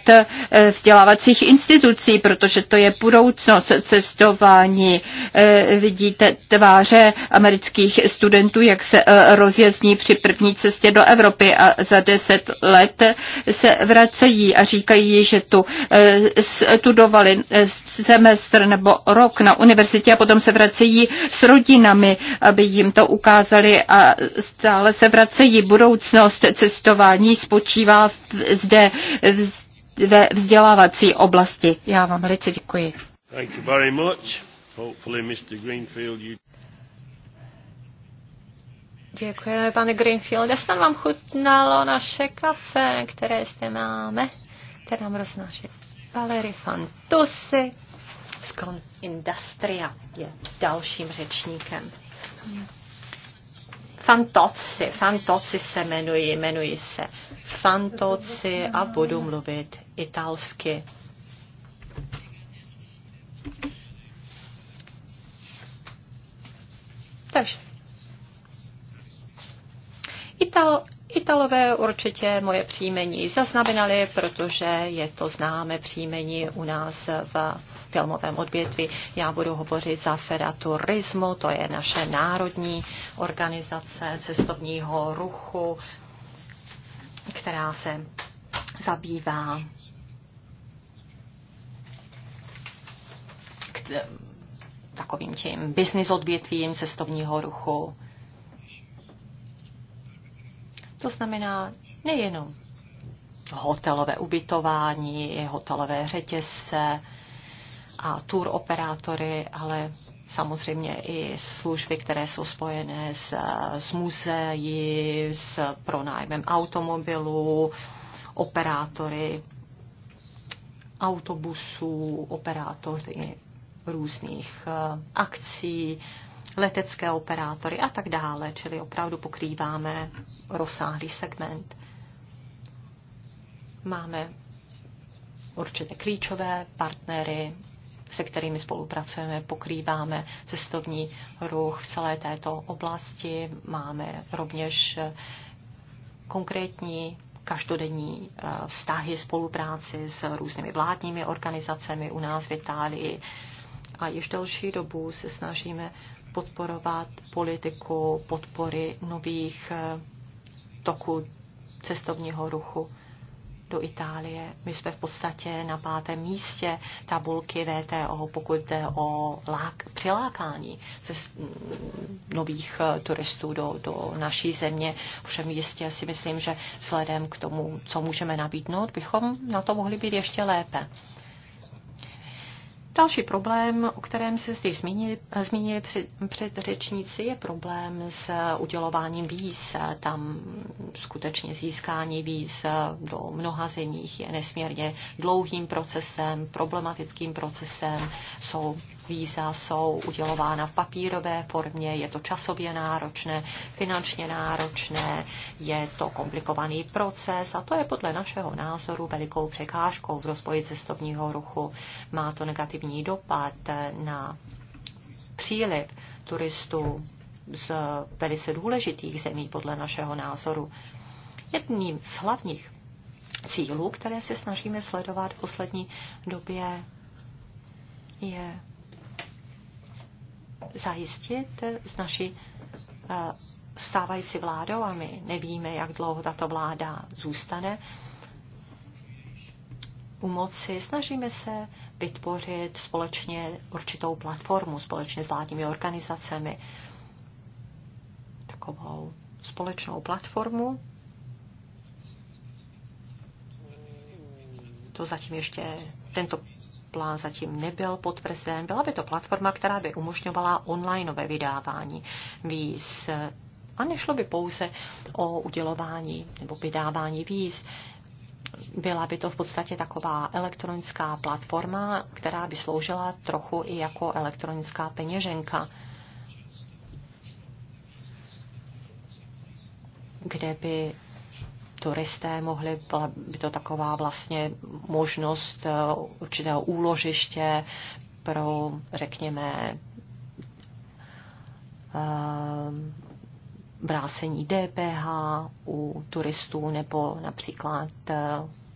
vzdělávacích institucí, protože to je budoucnost cestování. Vidíte tváře amerických studentů, jak se rozjezdní při první cestě do Evropy a za deset let se vracejí a říkají, že tu studovali semestr nebo rok na univerzitě a potom se vracejí s rodinami, aby jim to ukázali a stále se vracejí. Budoucnost cestování spočívá v, zde v, ve vzdělávací oblasti. Já vám velice děkuji. Thank you very much. Greenfield, Děkujeme, pane Greenfield. Snad vám chutnalo naše kafe, které zde máme, které nám roznáší Valery Fantusy. Skon Industria je dalším řečníkem. Fantoci, Fantoci se jmenuji, jmenuji se Fantoci a budu mluvit italsky. Takže. Ital, Italové určitě moje příjmení zaznamenali, protože je to známé příjmení u nás v filmovém odvětví. Já budu hovořit za Fera Turismo, to je naše národní organizace cestovního ruchu, která se zabývá takovým tím business odvětvím cestovního ruchu. To znamená nejenom hotelové ubytování, hotelové řetězce a tour operátory, ale samozřejmě i služby, které jsou spojené s, s muzeí, s pronájmem automobilů, operátory autobusů, operátory různých eh, akcí, letecké operátory a tak dále, čili opravdu pokrýváme rozsáhlý segment. Máme určité klíčové partnery, se kterými spolupracujeme, pokrýváme cestovní ruch v celé této oblasti. Máme rovněž eh, konkrétní každodenní eh, vztahy, spolupráci s různými vládními organizacemi u nás v Itálii. A již delší dobu se snažíme podporovat politiku podpory nových eh, toků cestovního ruchu do Itálie. My jsme v podstatě na pátém místě tabulky VTO, pokud jde o lák, přilákání ze mm, nových eh, turistů do, do naší země. Všem jistě si myslím, že vzhledem k tomu, co můžeme nabídnout, bychom na to mohli být ještě lépe. Další problém, o kterém se zde zmínili, zmínili před, řečníci, je problém s udělováním víz. Tam skutečně získání víz do mnoha zemích je nesmírně dlouhým procesem, problematickým procesem. Jsou víza jsou udělována v papírové formě, je to časově náročné, finančně náročné, je to komplikovaný proces a to je podle našeho názoru velikou překážkou v rozvoji cestovního ruchu. Má to negativní dopad na příliv turistů z velice důležitých zemí podle našeho názoru. Jedním z hlavních cílů, které se snažíme sledovat v poslední době, je zajistit s naší eh, stávající vládou a my nevíme, jak dlouho tato vláda zůstane u moci. Snažíme se vytvořit společně určitou platformu, společně s vládními organizacemi, takovou společnou platformu. To zatím ještě tento plán zatím nebyl potvrzen. Byla by to platforma, která by umožňovala onlineové vydávání víz. A nešlo by pouze o udělování nebo vydávání víz. Byla by to v podstatě taková elektronická platforma, která by sloužila trochu i jako elektronická peněženka. kde by turisté mohli, byla by to taková vlastně možnost eh, určitého úložiště pro, řekněme, eh, vrácení DPH u turistů nebo například eh,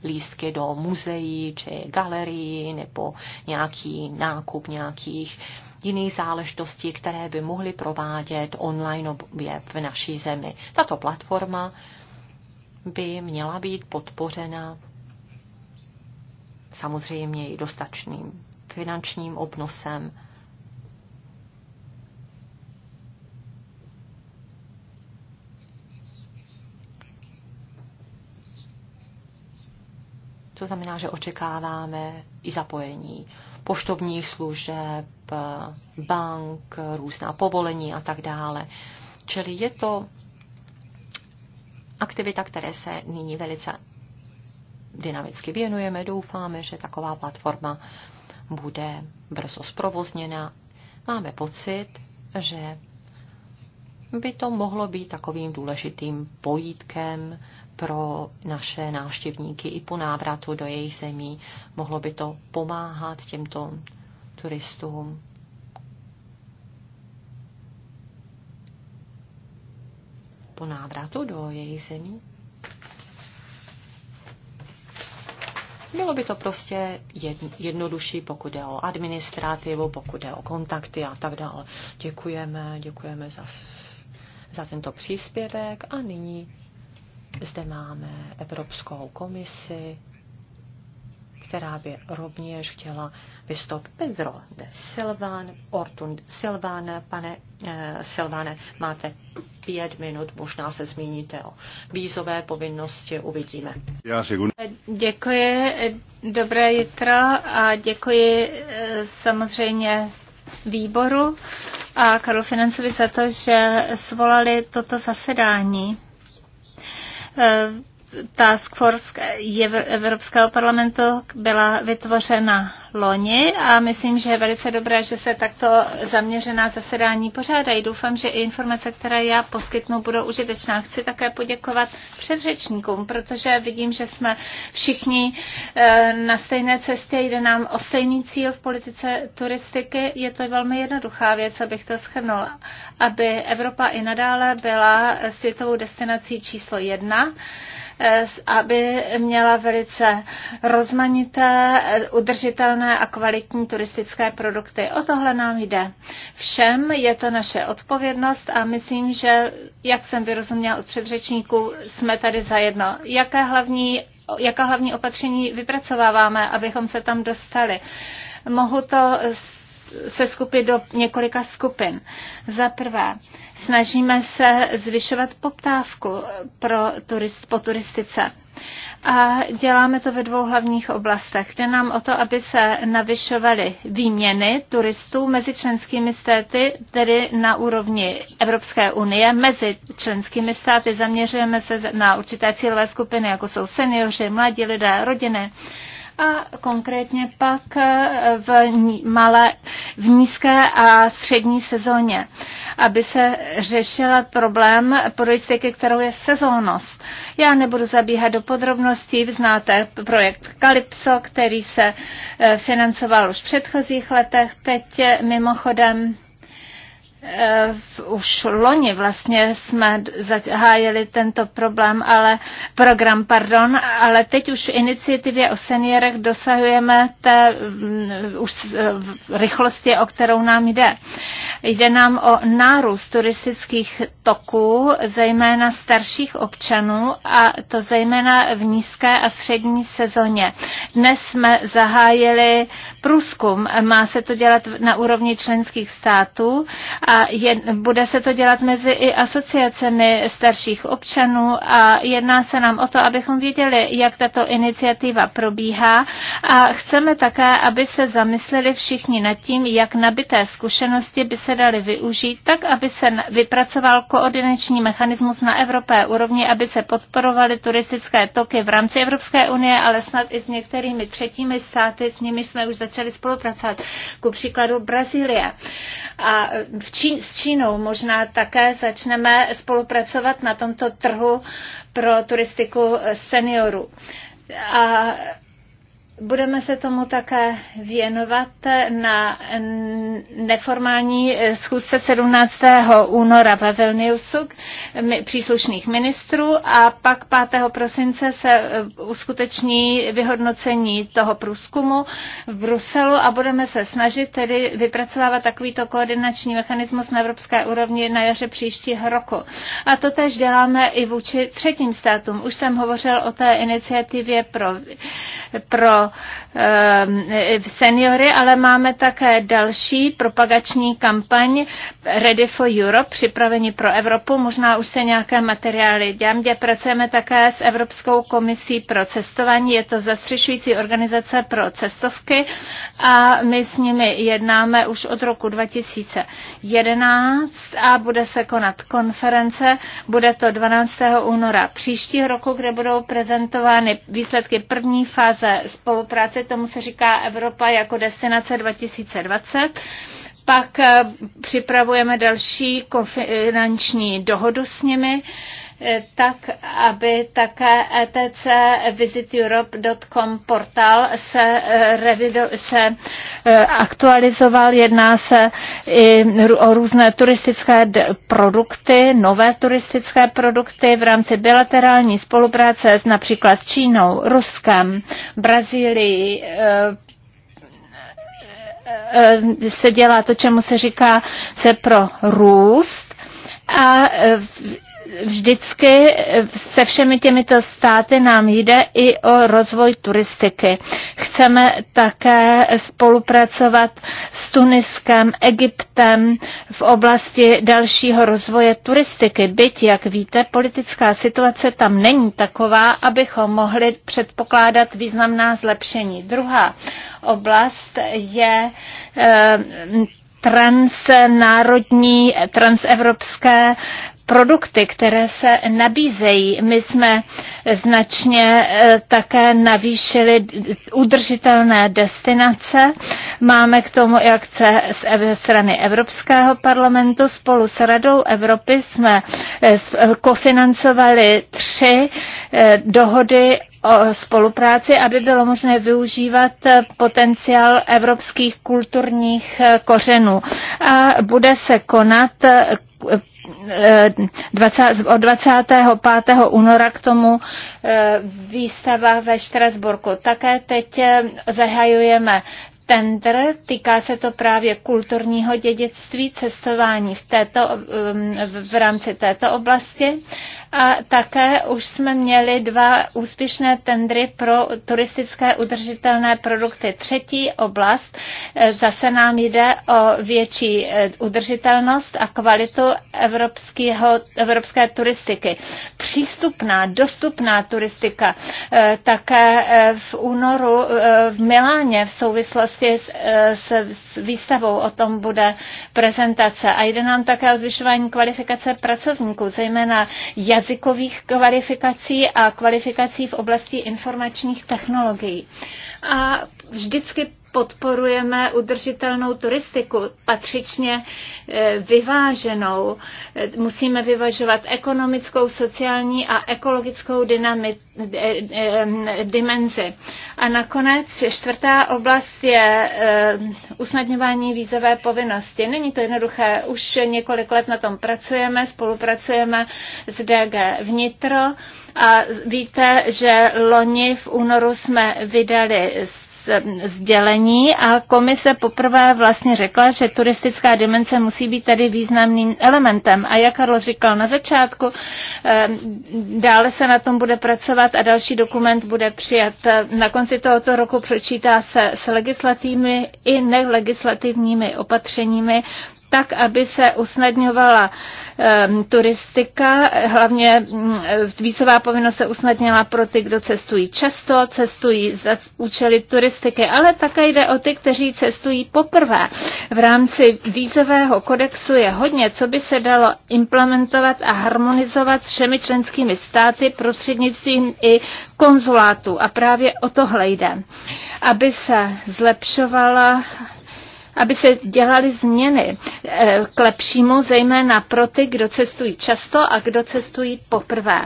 lístky do muzeí či galerií nebo nějaký nákup nějakých jiných záležitostí, které by mohly provádět online v naší zemi. Tato platforma by měla být podpořena samozřejmě i dostačným finančním obnosem. To znamená, že očekáváme i zapojení poštovních služeb, bank, různá povolení a tak dále. Čili je to aktivita, které se nyní velice dynamicky věnujeme. Doufáme, že taková platforma bude brzo zprovozněna. Máme pocit, že by to mohlo být takovým důležitým pojítkem pro naše návštěvníky i po návratu do jejich zemí. Mohlo by to pomáhat těmto turistům po návratu do její zemí? Bylo by to prostě jednodušší, pokud je o administrativu, pokud je o kontakty a tak dále. Děkujeme, děkujeme za, za tento příspěvek a nyní zde máme Evropskou komisi která by rovněž chtěla vystoupit. Pedro de Silván, Ortun Silván, pane eh, Silváne, máte pět minut, možná se zmíníte o vízové povinnosti, uvidíme. Já si... Děkuji, dobré jitro a děkuji eh, samozřejmě výboru a Karlu Financovi za to, že svolali toto zasedání eh, Task Force Evropského parlamentu byla vytvořena loni a myslím, že je velice dobré, že se takto zaměřená zasedání pořádají. Doufám, že i informace, které já poskytnu, budou užitečná. Chci také poděkovat předřečníkům, protože vidím, že jsme všichni eh, na stejné cestě, jde nám o stejný cíl v politice turistiky. Je to velmi jednoduchá věc, abych to schrnula, aby Evropa i nadále byla světovou destinací číslo jedna Eh, aby měla velice rozmanité, udržitelné a kvalitní turistické produkty. O tohle nám jde. Všem je to naše odpovědnost a myslím, že, jak jsem vyrozuměla od předřečníků, jsme tady zajedno. Jaké hlavní, jaká hlavní opatření vypracováváme, abychom se tam dostali? Mohu to se skupit do několika skupin. Za prvé, snažíme se zvyšovat poptávku pro turist, po turistice. A děláme to ve dvou hlavních oblastech. Jde nám o to, aby se navyšovaly výměny turistů mezi členskými státy, tedy na úrovni Evropské unie. Mezi členskými státy zaměřujeme se na určité cílové skupiny, jako jsou seniori, mladí lidé, rodiny a konkrétně pak eh, v, malé, v nízké a střední sezóně, aby se řešil problém turistiky, kterou je sezónnost. Já nebudu zabíhat do podrobností, znáte projekt Calypso, který se eh, financoval už v předchozích letech, teď eh, mimochodem Eh, už loni vlastně jsme zahájili tento problém, ale program, pardon, ale teď už v iniciativě o seniorech dosahujeme té mm, už eh, rychlosti, o kterou nám jde. Jde nám o nárůst turistických toků, zejména starších občanů a to zejména v nízké a střední sezóně. Dnes jsme zahájili průzkum. Má se to dělat na úrovni členských států a je, bude se to dělat mezi i asociacemi starších občanů a jedná se nám o to, abychom věděli, jak tato iniciativa probíhá a chceme také, aby se zamysleli všichni nad tím, jak nabité zkušenosti by se se daly využít tak, aby se vypracoval koordinační mechanismus na Evropě úrovni, aby se podporovaly turistické toky v rámci Evropské unie, ale snad i s některými třetími státy, s nimi jsme už začali spolupracovat, ku příkladu Brazílie. A v Čín, s Čínou možná také začneme spolupracovat na tomto trhu pro turistiku seniorů. A Budeme se tomu také věnovat na neformální schůzce 17. února ve Vilniusu příslušných ministrů a pak 5. prosince se uskuteční vyhodnocení toho průzkumu v Bruselu a budeme se snažit tedy vypracovávat takovýto koordinační mechanismus na evropské úrovni na jaře příštího roku. A to tež děláme i vůči třetím státům. Už jsem hovořil o té iniciativě pro pro Eh, seniory, ale máme také další propagační kampaň Ready for Europe, připraveni pro Evropu. Možná už se nějaké materiály dělám, kde pracujeme také s Evropskou komisí pro cestování. Je to zastřešující organizace pro cestovky a my s nimi jednáme už od roku 2011 a bude se konat konference. Bude to 12. února příštího roku, kde budou prezentovány výsledky první fáze spolu spolupráci, tomu se říká Evropa jako destinace 2020. Pak eh, připravujeme další finanční dohodu s nimi Eh, tak aby také ETC portál se, eh, revido, se eh, aktualizoval. Jedná se i o různé turistické produkty, nové turistické produkty v rámci bilaterální spolupráce s například s Čínou, Ruskem, Brazílií, se dělá to, čemu se říká se pro růst a vždycky se všemi těmito státy nám jde i o rozvoj turistiky. Chceme také spolupracovat s Tuniskem, Egyptem v oblasti dalšího rozvoje turistiky. Byť, jak víte, politická situace tam není taková, abychom mohli předpokládat významná zlepšení. Druhá oblast je eh, transnárodní, transevropské produkty, které se nabízejí. My jsme značně e, také navýšili udržitelné destinace. Máme k tomu i akce z e- strany Evropského parlamentu. Spolu s Radou Evropy jsme e, kofinancovali tři dohody o spolupráci, aby bylo možné využívat potenciál evropských kulturních kořenů. A bude se konat 20, eh, od 25. února k tomu eh, výstava ve Štrasburku. Také teď eh, zahajujeme tender, týká se to právě kulturního dědictví, cestování v, této, v rámci této oblasti a také už jsme měli dva úspěšné tendry pro turistické udržitelné produkty. Třetí oblast, eh, zase nám jde o větší eh, udržitelnost a kvalitu evropského, evropské turistiky. Přístupná, dostupná turistika eh, také v únoru v Miláně v souvislosti s, s, s výstavou o tom bude prezentace. A jde nám také o zvyšování kvalifikace pracovníků, zejména jazyků jazykových kvalifikací a kvalifikací v oblasti informačních technologií. A vždycky podporujeme udržitelnou turistiku, patřičně e, vyváženou. E, musíme vyvažovat ekonomickou, sociální a ekologickou dynami, e, dimenzi. A nakonec čtvrtá oblast je usnadňování vízové povinnosti. Není to jednoduché, už několik let na tom pracujeme, spolupracujeme s DG Vnitro a víte, že loni v únoru jsme vydali sdělení a komise poprvé vlastně řekla, že turistická dimenze musí být tady významným elementem. A jak Karlo říkal na začátku, eh, dále se na tom bude pracovat a další dokument bude přijat. Na konci tohoto roku přečítá se s legislativními i nelegislativními opatřeními tak, aby se usnadňovala ehm, turistika, hlavně mm, vízová povinnost se usnadnila pro ty, kdo cestují často, cestují za účely turistiky, ale také jde o ty, kteří cestují poprvé. V rámci vízového kodexu je hodně, co by se dalo implementovat a harmonizovat s všemi členskými státy prostřednictvím i konzulátů. A právě o tohle jde, aby se zlepšovala aby se dělaly změny eh, k lepšímu, zejména pro ty, kdo cestují často a kdo cestují poprvé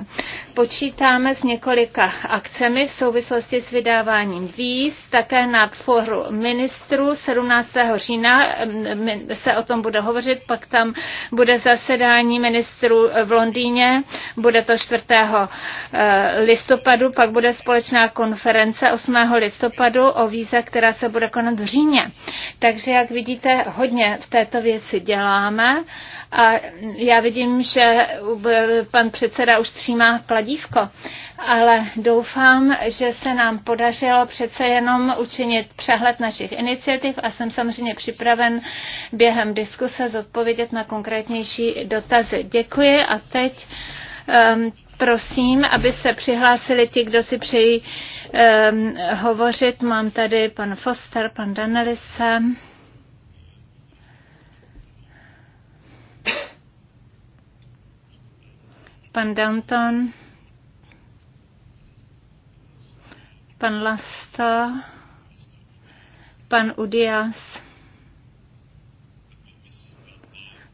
počítáme s několika akcemi v souvislosti s vydáváním víz. Také na foru ministrů 17. října se o tom bude hovořit, pak tam bude zasedání ministrů v Londýně, bude to 4. Eh, listopadu, pak bude společná konference 8. listopadu o víze, která se bude konat v Říně. Takže, jak vidíte, hodně v této věci děláme a já vidím, že pan předseda už třímá kladívko, ale doufám, že se nám podařilo přece jenom učinit přehled našich iniciativ a jsem samozřejmě připraven během diskuse zodpovědět na konkrétnější dotazy. Děkuji a teď um, prosím, aby se přihlásili ti, kdo si přejí um, hovořit. Mám tady pan Foster, pan Danelise. pan Danton, pan Lasta, pan Udias,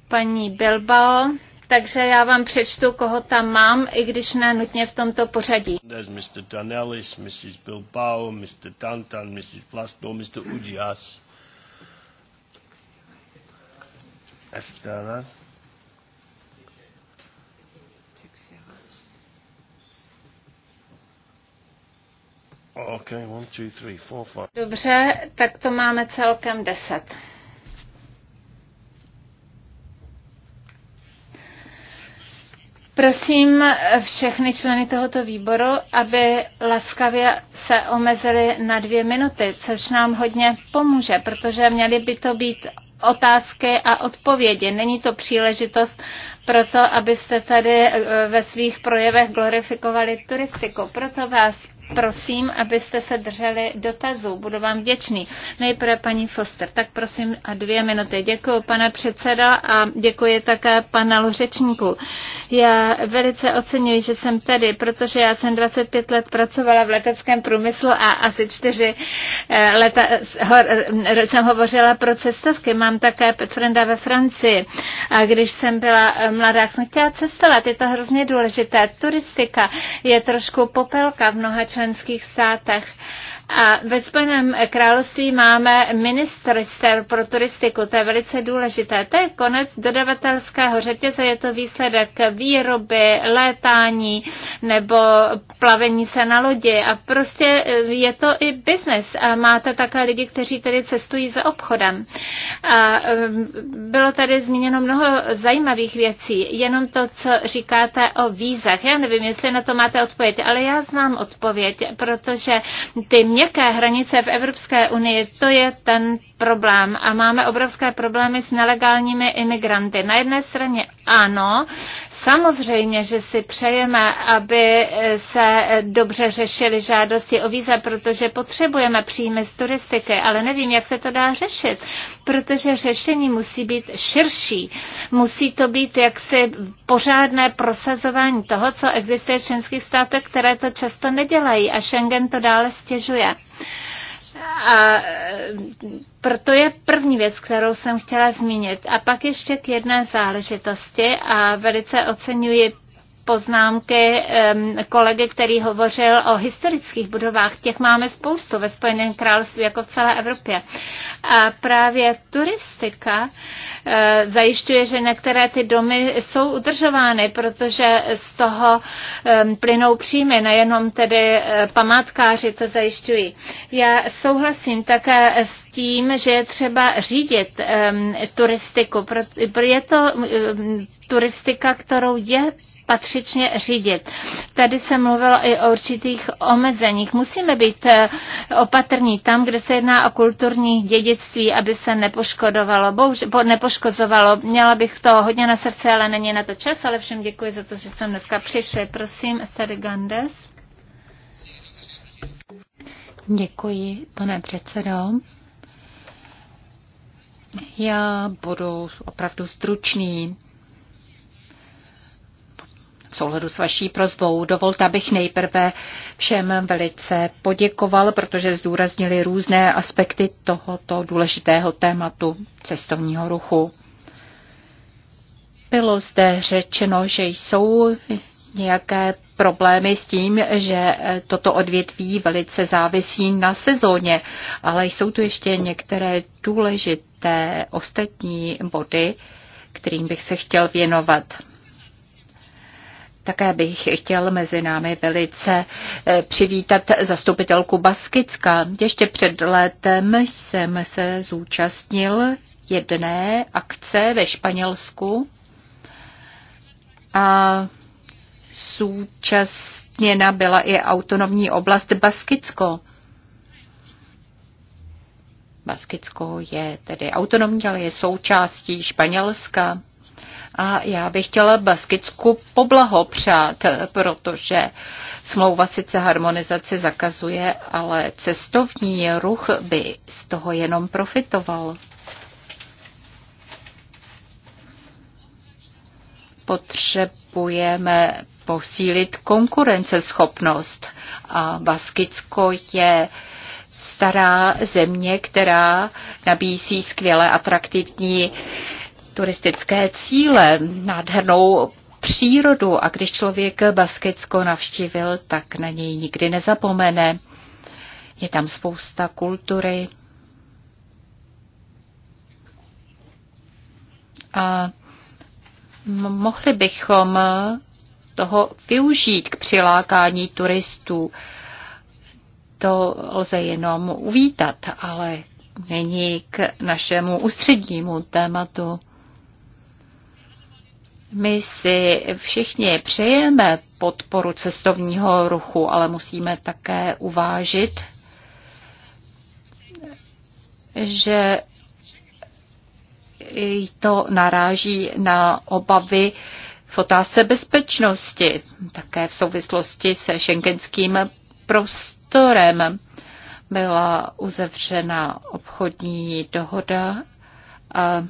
paní Bilbao, takže já vám přečtu, koho tam mám, i když ne nutně v tomto pořadí. There's Mr. Danellis, Mrs. Bilbao, Mr. Mrs. Mr. Udias. Okay, one, two, three, four, five. Dobře, tak to máme celkem deset. Prosím všechny členy tohoto výboru, aby laskavě se omezili na dvě minuty, což nám hodně pomůže, protože měly by to být otázky a odpovědi. Není to příležitost pro to, abyste tady eh, ve svých projevech glorifikovali turistiku. Proto vás prosím, abyste se drželi dotazů. Budu vám vděčný. Nejprve paní Foster. Tak prosím a dvě minuty. Děkuji, pane předseda, a děkuji také panelu řečníků. Já velice oceňuji, že jsem tady, protože já jsem 25 let pracovala v leteckém průmyslu a asi čtyři eh, leta eh, jsem hovořila pro cestovky. Mám také Petfrenda ve Francii. A když jsem byla eh, mladá, jsem chtěla cestovat. Je to hrozně důležité. Turistika je trošku popelka v mnoha členských státech. A ve Spojeném království máme minister pro turistiku, to je velice důležité. To je konec dodavatelského řetěze, je to výsledek výroby, létání nebo plavení se na lodi a prostě eh, je to i biznes a máte také lidi, kteří tedy cestují za obchodem. A ehm, bylo tady zmíněno mnoho zajímavých věcí, jenom to, co říkáte o vízech. Já nevím, jestli na to máte odpověď, ale já znám odpověď, protože ty mě Jaké hranice v Evropské unii, to je ten problém. A máme obrovské problémy s nelegálními imigranty. Na jedné straně ano, Samozřejmě, že si přejeme, aby se dobře řešily žádosti o víza, protože potřebujeme příjmy z turistiky, ale nevím, jak se to dá řešit, protože řešení musí být širší. Musí to být jaksi pořádné prosazování toho, co existuje v členských státech, které to často nedělají a Schengen to dále stěžuje. A proto je první věc, kterou jsem chtěla zmínit. A pak ještě k jedné záležitosti a velice oceňuji poznámky kolegy, který hovořil o historických budovách. Těch máme spoustu ve Spojeném království, jako v celé Evropě. A právě turistika eh, zajišťuje, že některé ty domy jsou udržovány, protože z toho plynou příjmy, nejenom tedy eh, památkáři to zajišťují. Já souhlasím také s tím, že je třeba řídit turistiku. Je to turistika, kterou je patřičně řídit. Tady se mluvilo i o určitých omezeních. Musíme být eh, opatrní tam, kde se jedná o kulturní dědictví, aby se nepoškodovalo. Bohužel, bo, nepoškozovalo. Měla bych to hodně na srdce, ale není na to čas, ale všem děkuji za to, že jsem dneska přišel. Prosím, Esther Gandes. Děkuji, pane předsedo. Já budu opravdu stručný v souhledu s vaší prozbou. Dovolte, abych nejprve všem velice poděkoval, protože zdůraznili různé aspekty tohoto důležitého tématu cestovního ruchu. Bylo zde řečeno, že jsou nějaké problémy s tím, že toto odvětví velice závisí na sezóně, ale jsou tu ještě některé důležité ostatní body, kterým bych se chtěl věnovat. Také bych chtěl mezi námi velice eh, přivítat zastupitelku Baskicka. Ještě před létem jsem se zúčastnil jedné akce ve Španělsku a zúčastněna byla i autonomní oblast Baskicko. Baskicko je tedy autonomní, ale je součástí Španělska. A já bych chtěla Baskicku poblahopřát, protože smlouva sice harmonizaci zakazuje, ale cestovní ruch by z toho jenom profitoval. Potřebujeme posílit konkurenceschopnost a Baskicko je stará země, která nabízí skvěle atraktivní turistické cíle, nádhernou přírodu a když člověk Baskicko navštívil, tak na něj nikdy nezapomene. Je tam spousta kultury. A mohli bychom toho využít k přilákání turistů. To lze jenom uvítat, ale není k našemu ústřednímu tématu. My si všichni přejeme podporu cestovního ruchu, ale musíme také uvážit, že to naráží na obavy v otázce bezpečnosti, také v souvislosti se šengenským prostorem. Byla uzavřena obchodní dohoda a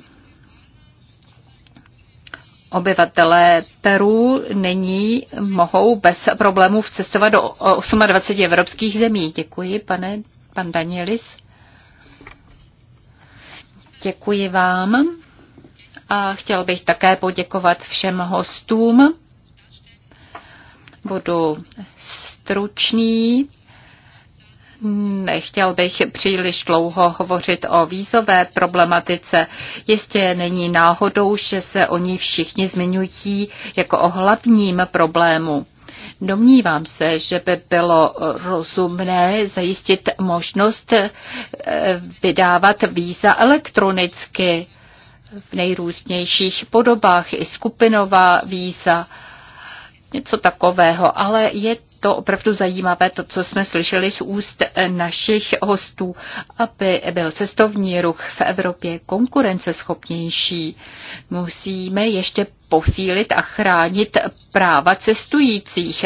obyvatelé Peru nyní mohou bez problémů vcestovat do 28 evropských zemí. Děkuji, pane, pan Danielis. Děkuji vám a chtěl bych také poděkovat všem hostům. Budu stručný. Nechtěl bych příliš dlouho hovořit o vízové problematice. Jistě není náhodou, že se o ní všichni zmiňují jako o hlavním problému. Domnívám se, že by bylo rozumné zajistit možnost eh, vydávat víza elektronicky v nejrůznějších podobách, i skupinová víza, něco takového, ale je to opravdu zajímavé, to, co jsme slyšeli z úst našich hostů, aby byl cestovní ruch v Evropě konkurenceschopnější. Musíme ještě posílit a chránit práva cestujících.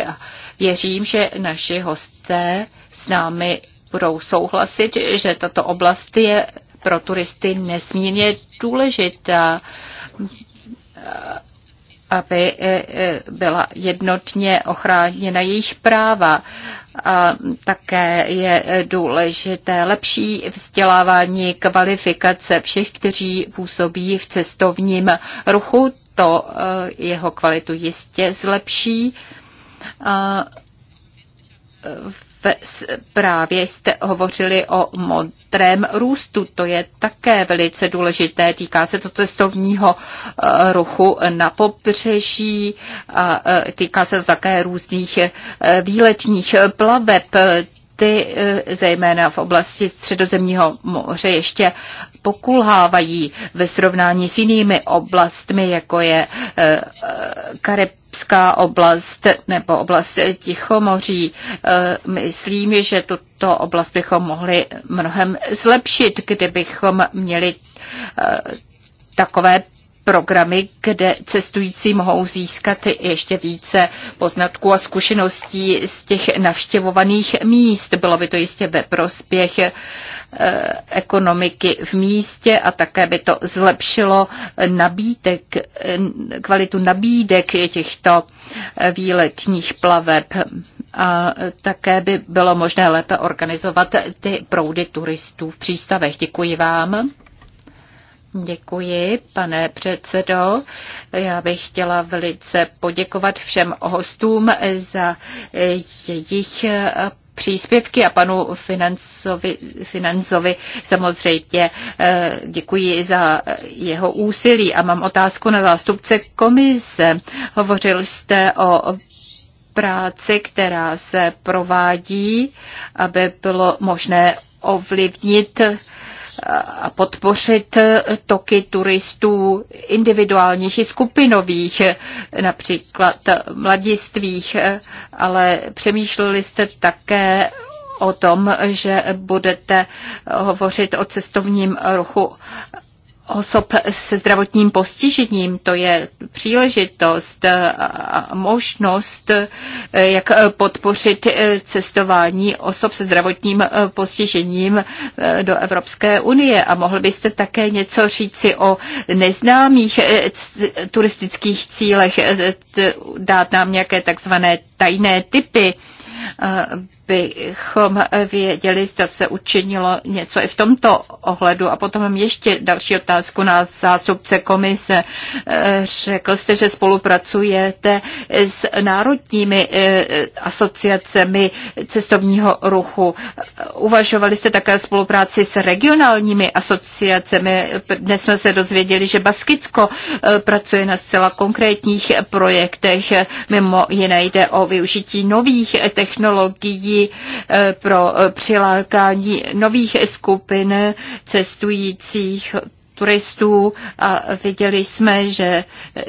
Věřím, že naši hosté s námi budou souhlasit, že tato oblast je pro turisty nesmírně důležitá aby e, e, byla jednotně ochráněna jejich práva. A také je důležité lepší vzdělávání kvalifikace všech, kteří působí v cestovním ruchu. To e, jeho kvalitu jistě zlepší. A v právě jste hovořili o modrém růstu. To je také velice důležité. Týká se to cestovního e, ruchu na pobřeží a e, týká se to také různých e, výletních plaveb ty eh, zejména v oblasti Středozemního moře, ještě pokulhávají ve srovnání s jinými oblastmi, jako je eh, Karibská oblast nebo oblast Tichomoří. Eh, myslím, že tuto oblast bychom mohli mnohem zlepšit, kdybychom měli takové programy, kde cestující mohou získat ještě více poznatků a zkušeností z těch navštěvovaných míst. Bylo by to jistě ve prospěch eh, ekonomiky v místě a také by to zlepšilo nabídek, eh, kvalitu nabídek těchto eh, výletních plaveb. A také by bylo možné lépe organizovat ty proudy turistů v přístavech. Děkuji vám. Děkuji, pane předsedo. Já bych chtěla velice poděkovat všem hostům za jejich příspěvky a panu Financovi, Financovi samozřejmě eh, děkuji za jeho úsilí. A mám otázku na zástupce komise. Hovořil jste o práci, která se provádí, aby bylo možné ovlivnit a podpořit toky turistů individuálních i skupinových, například mladistvých, ale přemýšleli jste také o tom, že budete hovořit o cestovním ruchu osob se zdravotním postižením. To je příležitost a možnost, jak podpořit cestování osob se zdravotním postižením do Evropské unie. A mohl byste také něco říci o neznámých turistických cílech, dát nám nějaké takzvané tajné typy abychom věděli, zda se učinilo něco i v tomto ohledu. A potom mám ještě další otázku na zásobce komise. Eh, řekl jste, že spolupracujete s národními eh, asociacemi cestovního ruchu. Uvažovali jste také spolupráci s regionálními asociacemi. Dnes jsme se dozvěděli, že Baskicko eh, pracuje na zcela konkrétních projektech. Mimo jiné jde o využití nových technologií Eh, pro eh, přilákání nových skupin cestujících turistů a viděli jsme, že eh,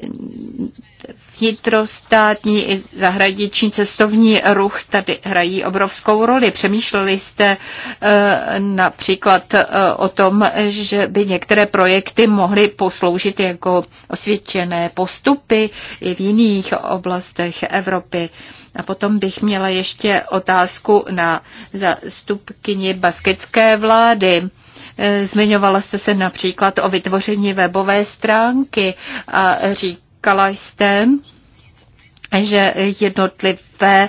vnitrostátní i zahraniční cestovní ruch tady hrají obrovskou roli. Přemýšleli jste například o tom, že by některé projekty mohly posloužit jako osvědčené postupy i v jiných oblastech Evropy. A potom bych měla ještě otázku na zastupkyni basketské vlády. E, zmiňovala jste se například o vytvoření webové stránky a říkala jste, že jednotlivé e,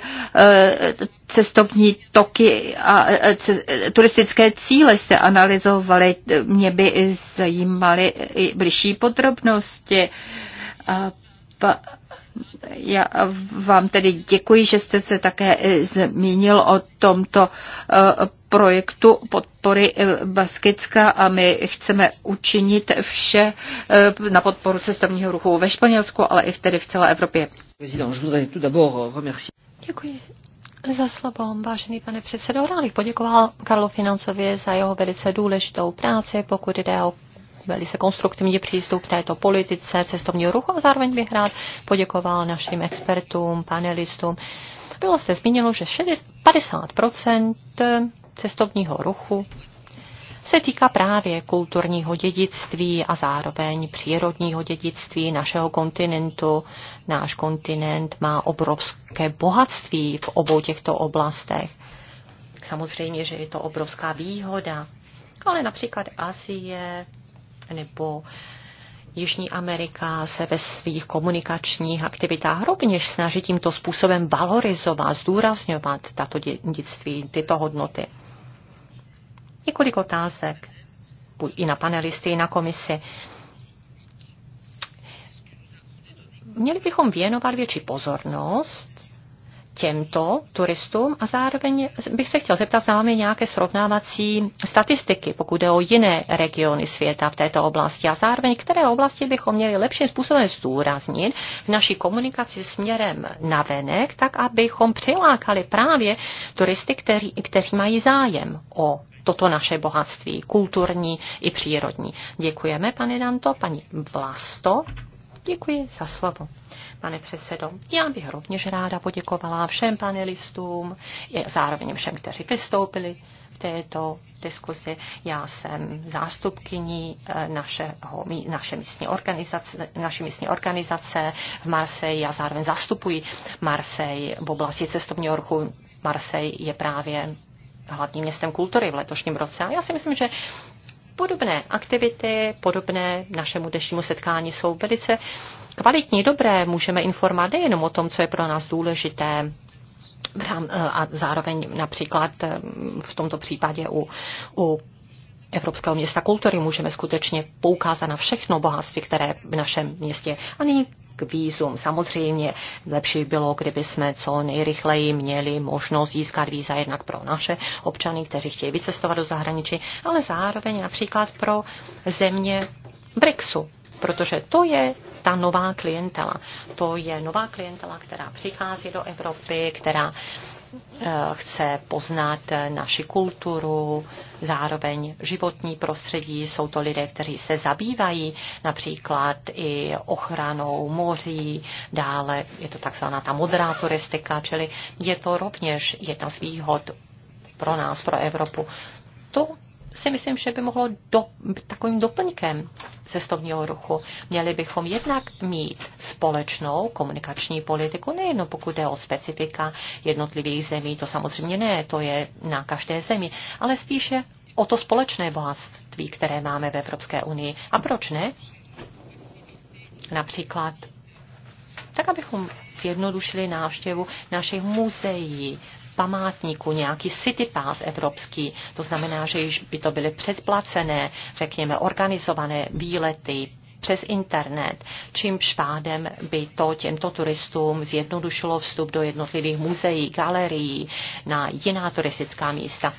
cestovní toky a e, turistické cíle se analyzovaly. Mě by zajímaly i bližší podrobnosti. A já vám tedy děkuji, že jste se také eh, zmínil o tomto eh, projektu podpory eh, Baskicka a my chceme učinit vše na podporu cestovního ruchu ve Španělsku, ale i tedy v celé Evropě. Euh, děkuji za slovo, vážený pane předsedo. Rád bych poděkoval Karlo Financově za jeho velice důležitou práci, pokud jde o velice konstruktivní přístup k této politice cestovního ruchu a zároveň bych rád poděkoval našim expertům, panelistům. Bylo jste zmíněno, že 50 cestovního ruchu se týká právě kulturního dědictví a zároveň přírodního dědictví našeho kontinentu. Náš kontinent má obrovské bohatství v obou těchto oblastech. Samozřejmě, že je to obrovská výhoda, ale například Asie, nebo Jižní Amerika se ve svých komunikačních aktivitách rovněž snaží tímto způsobem valorizovat, zdůrazňovat tato dědictví, tyto hodnoty. Několik otázek i na panelisty, i na komisi. Měli bychom věnovat větší pozornost těmto turistům a zároveň bych se chtěl zeptat, známe nějaké srovnávací statistiky, pokud jde o jiné regiony světa v této oblasti a zároveň které oblasti bychom měli lepším způsobem zdůraznit v naší komunikaci směrem na venek, tak abychom přilákali právě turisty, který, kteří mají zájem o toto naše bohatství, kulturní i přírodní. Děkujeme, pane Danto, paní Vlasto. Děkuji za slovo, pane předsedo. Já bych rovněž ráda poděkovala všem panelistům, zároveň všem, kteří vystoupili v této diskuzi. Já jsem zástupkyní eh, našeho, naše, místní organizace, naše místní organizace v Marseji a zároveň zastupuji Marseji v oblasti cestovního ruchu. Marsej je právě hlavním městem kultury v letošním roce. A já si myslím, že Podobné aktivity, podobné našemu dnešnímu setkání jsou velice kvalitní, dobré. Můžeme informovat nejenom o tom, co je pro nás důležité, eh, a zároveň například eh, v tomto případě u, u Evropského města kultury můžeme skutečně poukázat na všechno bohatství, které v našem městě. A nyní k vízum. Samozřejmě lepší bylo, kdyby jsme co nejrychleji měli možnost získat víza jednak pro naše občany, kteří chtějí vycestovat do zahraničí, ale zároveň například pro země BRICSu, protože to je ta nová klientela. To je nová klientela, která přichází do Evropy, která Eh, chce poznat naši kulturu, zároveň životní prostředí. Jsou to lidé, kteří se zabývají například i ochranou moří, dále je to takzvaná ta modrá turistika, čili je to rovněž jedna z výhod pro nás, pro Evropu. To si myslím, že by mohlo do, takovým doplňkem cestovního ruchu. Měli bychom jednak mít společnou komunikační politiku, nejenom pokud je o specifika jednotlivých zemí, to samozřejmě ne, to je na každé zemi, ale spíše o to společné bohatství, které máme v Evropské unii. A proč ne? Například tak abychom zjednodušili návštěvu našich muzeí, památníku, nějaký city pass evropský. To znamená, že již by to byly předplacené, řekněme, organizované výlety, přes internet, čím špádem by to těmto turistům zjednodušilo vstup do jednotlivých muzeí, galerií, na jiná turistická místa.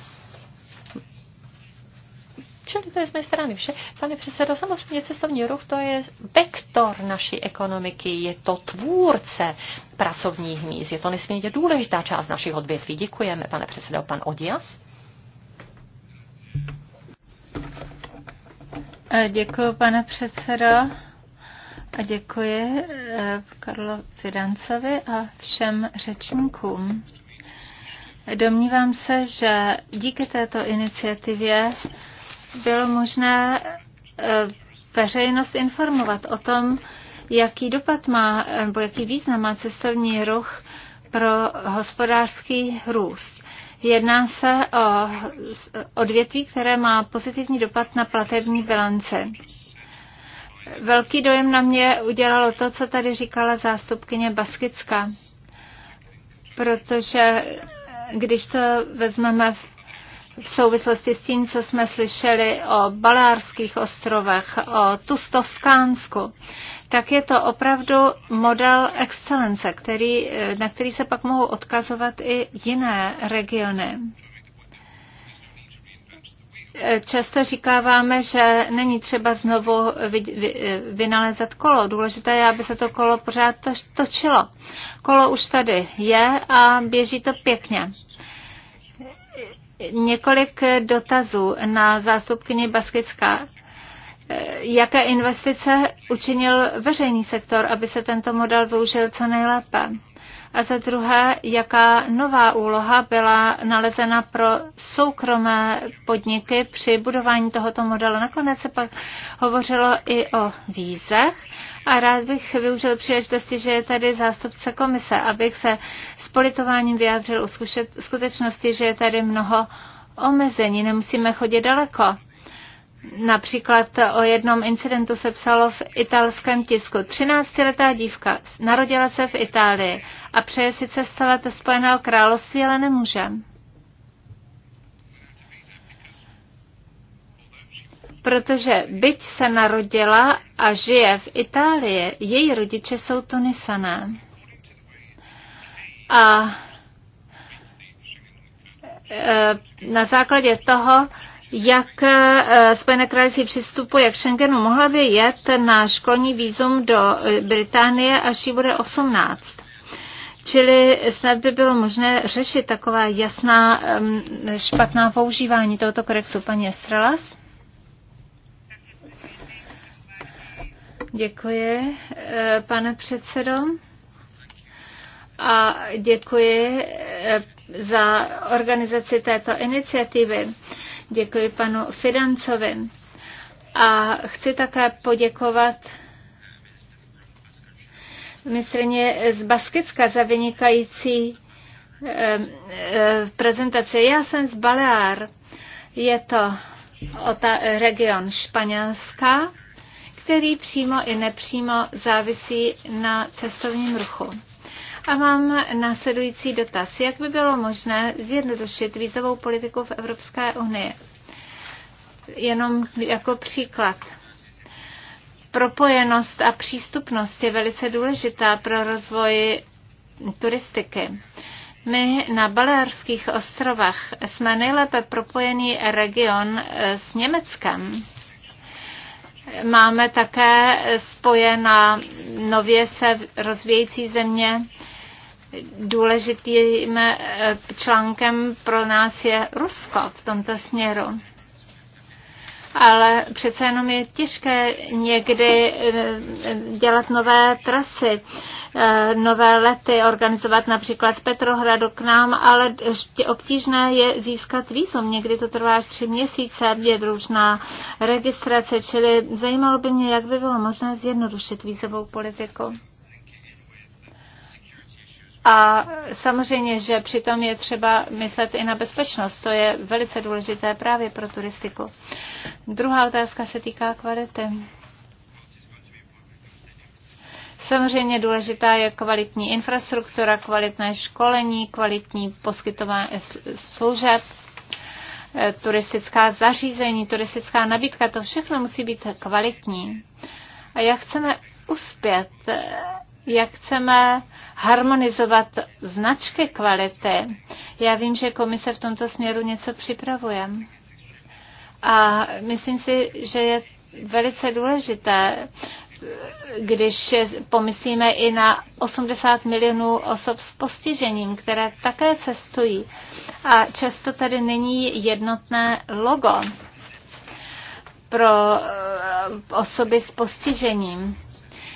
Čili to je z mé strany vše. Pane předsedo, samozřejmě cestovní ruch to je vektor naší ekonomiky, je to tvůrce pracovních míst, je to nesmírně důležitá část našich odvětví. Děkujeme, pane předsedo, pan Odias. E, děkuji, pane předsedo. A děkuji e, Karlo Fidancovi a všem řečníkům. Domnívám se, že díky této iniciativě bylo možné eh, veřejnost informovat o tom, jaký dopad má, nebo jaký význam má cestovní ruch pro hospodářský růst. Jedná se o odvětví, které má pozitivní dopad na platební bilance. Velký dojem na mě udělalo to, co tady říkala zástupkyně Baskická, protože když to vezmeme v v souvislosti s tím, co jsme slyšeli o Balárských ostrovech, o Tustoskánsku, tak je to opravdu model excelence, který, na který se pak mohou odkazovat i jiné regiony. Často říkáváme, že není třeba znovu vynalézat kolo. Důležité je, aby se to kolo pořád točilo. Kolo už tady je a běží to pěkně. Několik dotazů na zástupkyni Baskická. Jaké investice učinil veřejný sektor, aby se tento model využil co nejlépe? A za druhé, jaká nová úloha byla nalezena pro soukromé podniky při budování tohoto modelu? Nakonec se pak hovořilo i o vízech a rád bych využil příležitosti, že je tady zástupce komise, abych se s politováním vyjádřil o skutečnosti, že je tady mnoho omezení, nemusíme chodit daleko. Například o jednom incidentu se psalo v italském tisku. 13-letá dívka narodila se v Itálii a přeje si cestovat do Spojeného království, ale nemůže. protože byť se narodila a žije v Itálii, její rodiče jsou Tunisané. A e, na základě toho, jak e, Spojené království přistupuje k Schengenu, mohla by jet na školní výzum do e, Británie, až jí bude 18. Čili snad by bylo možné řešit taková jasná špatná používání tohoto korexu. Paní Estrelas? Děkuji, eh, pane předsedo. A děkuji eh, za organizaci této iniciativy. Děkuji panu Fidancovi. A chci také poděkovat mistrně z Baskicka za vynikající eh, prezentaci. Já jsem z Balear. Je to o region Španělská který přímo i nepřímo závisí na cestovním ruchu. A mám následující dotaz. Jak by bylo možné zjednodušit vízovou politiku v Evropské unii? Jenom jako příklad. Propojenost a přístupnost je velice důležitá pro rozvoj turistiky. My na Balearských ostrovech jsme nejlépe propojený region s Německem Máme také spoje na nově se rozvíjející země. Důležitým článkem pro nás je Rusko v tomto směru ale přece jenom je těžké někdy eh, dělat nové trasy eh, nové lety organizovat například z Petrohradu k nám, ale obtížné je získat vízum. Někdy to trvá až tři měsíce, je družná registrace, čili zajímalo by mě, jak by bylo možné zjednodušit vízovou politiku. A samozřejmě, že přitom je třeba myslet i na bezpečnost. To je velice důležité právě pro turistiku. Druhá otázka se týká kvality. Samozřejmě důležitá je kvalitní infrastruktura, kvalitné školení, kvalitní poskytování služeb, eh, turistická zařízení, turistická nabídka. To všechno musí být kvalitní. A jak chceme uspět eh, jak chceme harmonizovat značky kvality. Já vím, že komise v tomto směru něco připravuje. A myslím si, že je velice důležité, když pomyslíme i na 80 milionů osob s postižením, které také cestují. A často tady není jednotné logo pro eh, osoby s postižením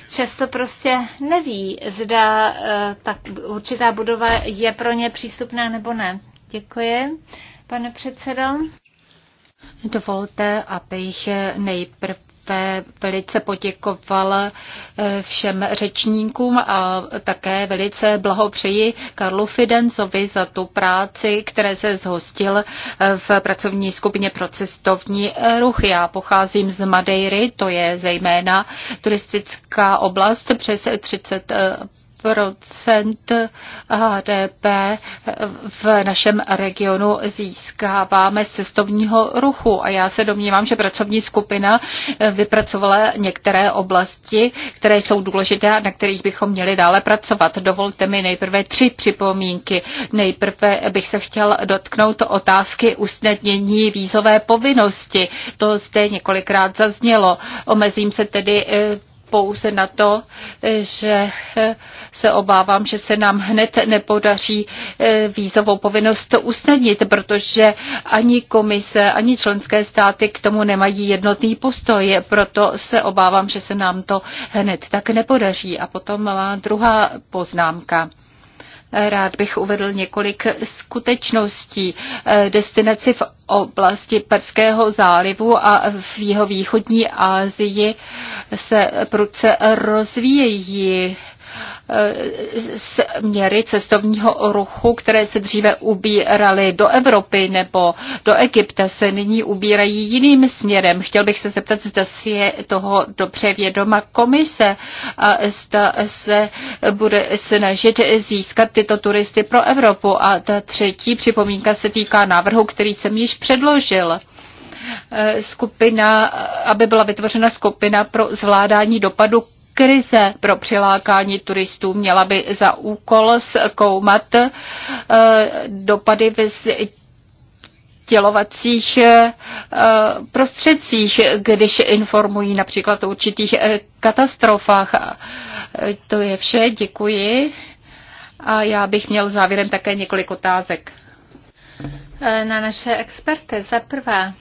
často prostě neví, zda eh, ta určitá budova je pro ně přístupná nebo ne. Děkuji, pane předsedo. Dovolte, abych nejprve velice poděkoval eh, všem řečníkům a také velice blahopřeji Karlu Fidencovi za tu práci, které se zhostil eh, v pracovní skupině pro cestovní eh, ruch. Já pocházím z Madeiry, to je zejména turistická oblast, přes 30 HDP v našem regionu získáváme z cestovního ruchu. A já se domnívám, že pracovní skupina vypracovala některé oblasti, které jsou důležité a na kterých bychom měli dále pracovat. Dovolte mi nejprve tři připomínky. Nejprve bych se chtěl dotknout otázky usnadnění vízové povinnosti. To zde několikrát zaznělo. Omezím se tedy eh, pouze na to, že se obávám, že se nám hned nepodaří eh, vízovou povinnost usnadnit, protože ani komise, ani členské státy k tomu nemají jednotný postoj. Proto se obávám, že se nám to hned tak nepodaří. A potom má druhá poznámka. Rád bych uvedl několik skutečností. Destinaci v oblasti Perského zálivu a v jeho východní Asii se prudce rozvíjejí směry cestovního ruchu, které se dříve ubíraly do Evropy nebo do Egypta, se nyní ubírají jiným směrem. Chtěl bych se zeptat, zda si je toho dobře vědoma komise a zda se bude snažit získat tyto turisty pro Evropu. A ta třetí připomínka se týká návrhu, který jsem již předložil eh, skupina, aby byla vytvořena skupina pro zvládání dopadu krize pro přilákání turistů. Měla by za úkol zkoumat eh, dopady ve tělovacích eh, prostředcích, když informují například o určitých eh, katastrofách. To je vše, děkuji. A já bych měl závěrem také několik otázek. Na naše experty. Za prvé,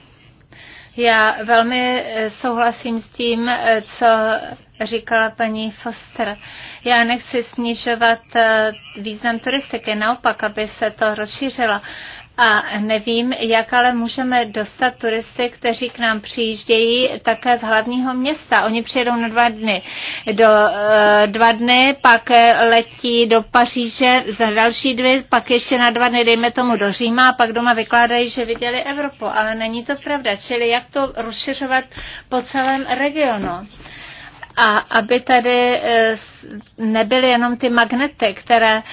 já velmi souhlasím s tím, co říkala paní Foster. Já nechci snižovat eh, význam turistiky, naopak, aby se to rozšířilo. A nevím, jak ale můžeme dostat turisty, kteří k nám přijíždějí také z hlavního města. Oni přijedou na dva dny. Do eh, dva dny, pak letí do Paříže za další dny, pak ještě na dva dny, dejme tomu, do Říma a pak doma vykládají, že viděli Evropu. Ale není to pravda. Čili jak to rozšiřovat po celém regionu? a aby tady eh, nebyly jenom ty magnety, které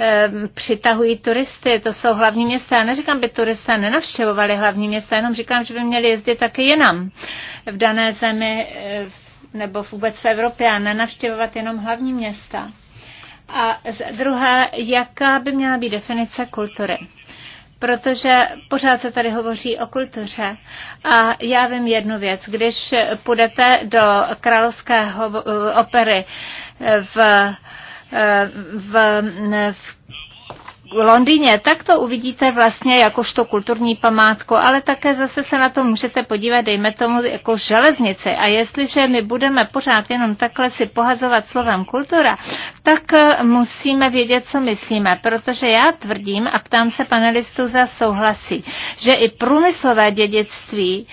eh, přitahují turisty. To jsou hlavní města. Já neříkám, by turisté nenavštěvovali hlavní města, jenom říkám, že by měli jezdit taky jinam v dané zemi eh, nebo vůbec v Evropě a nenavštěvovat jenom hlavní města. A druhá, jaká by měla být definice kultury? protože pořád se tady hovoří o kultuře. A já vím jednu věc. Když půjdete do královské eh, opery v eh, v, v Londýně, tak to uvidíte vlastně jakožto kulturní památku, ale také zase se na to můžete podívat, dejme tomu, jako železnice. A jestliže my budeme pořád jenom takhle si pohazovat slovem kultura, tak eh, musíme vědět, co myslíme, protože já tvrdím a ptám se panelistů za souhlasí, že i průmyslové dědictví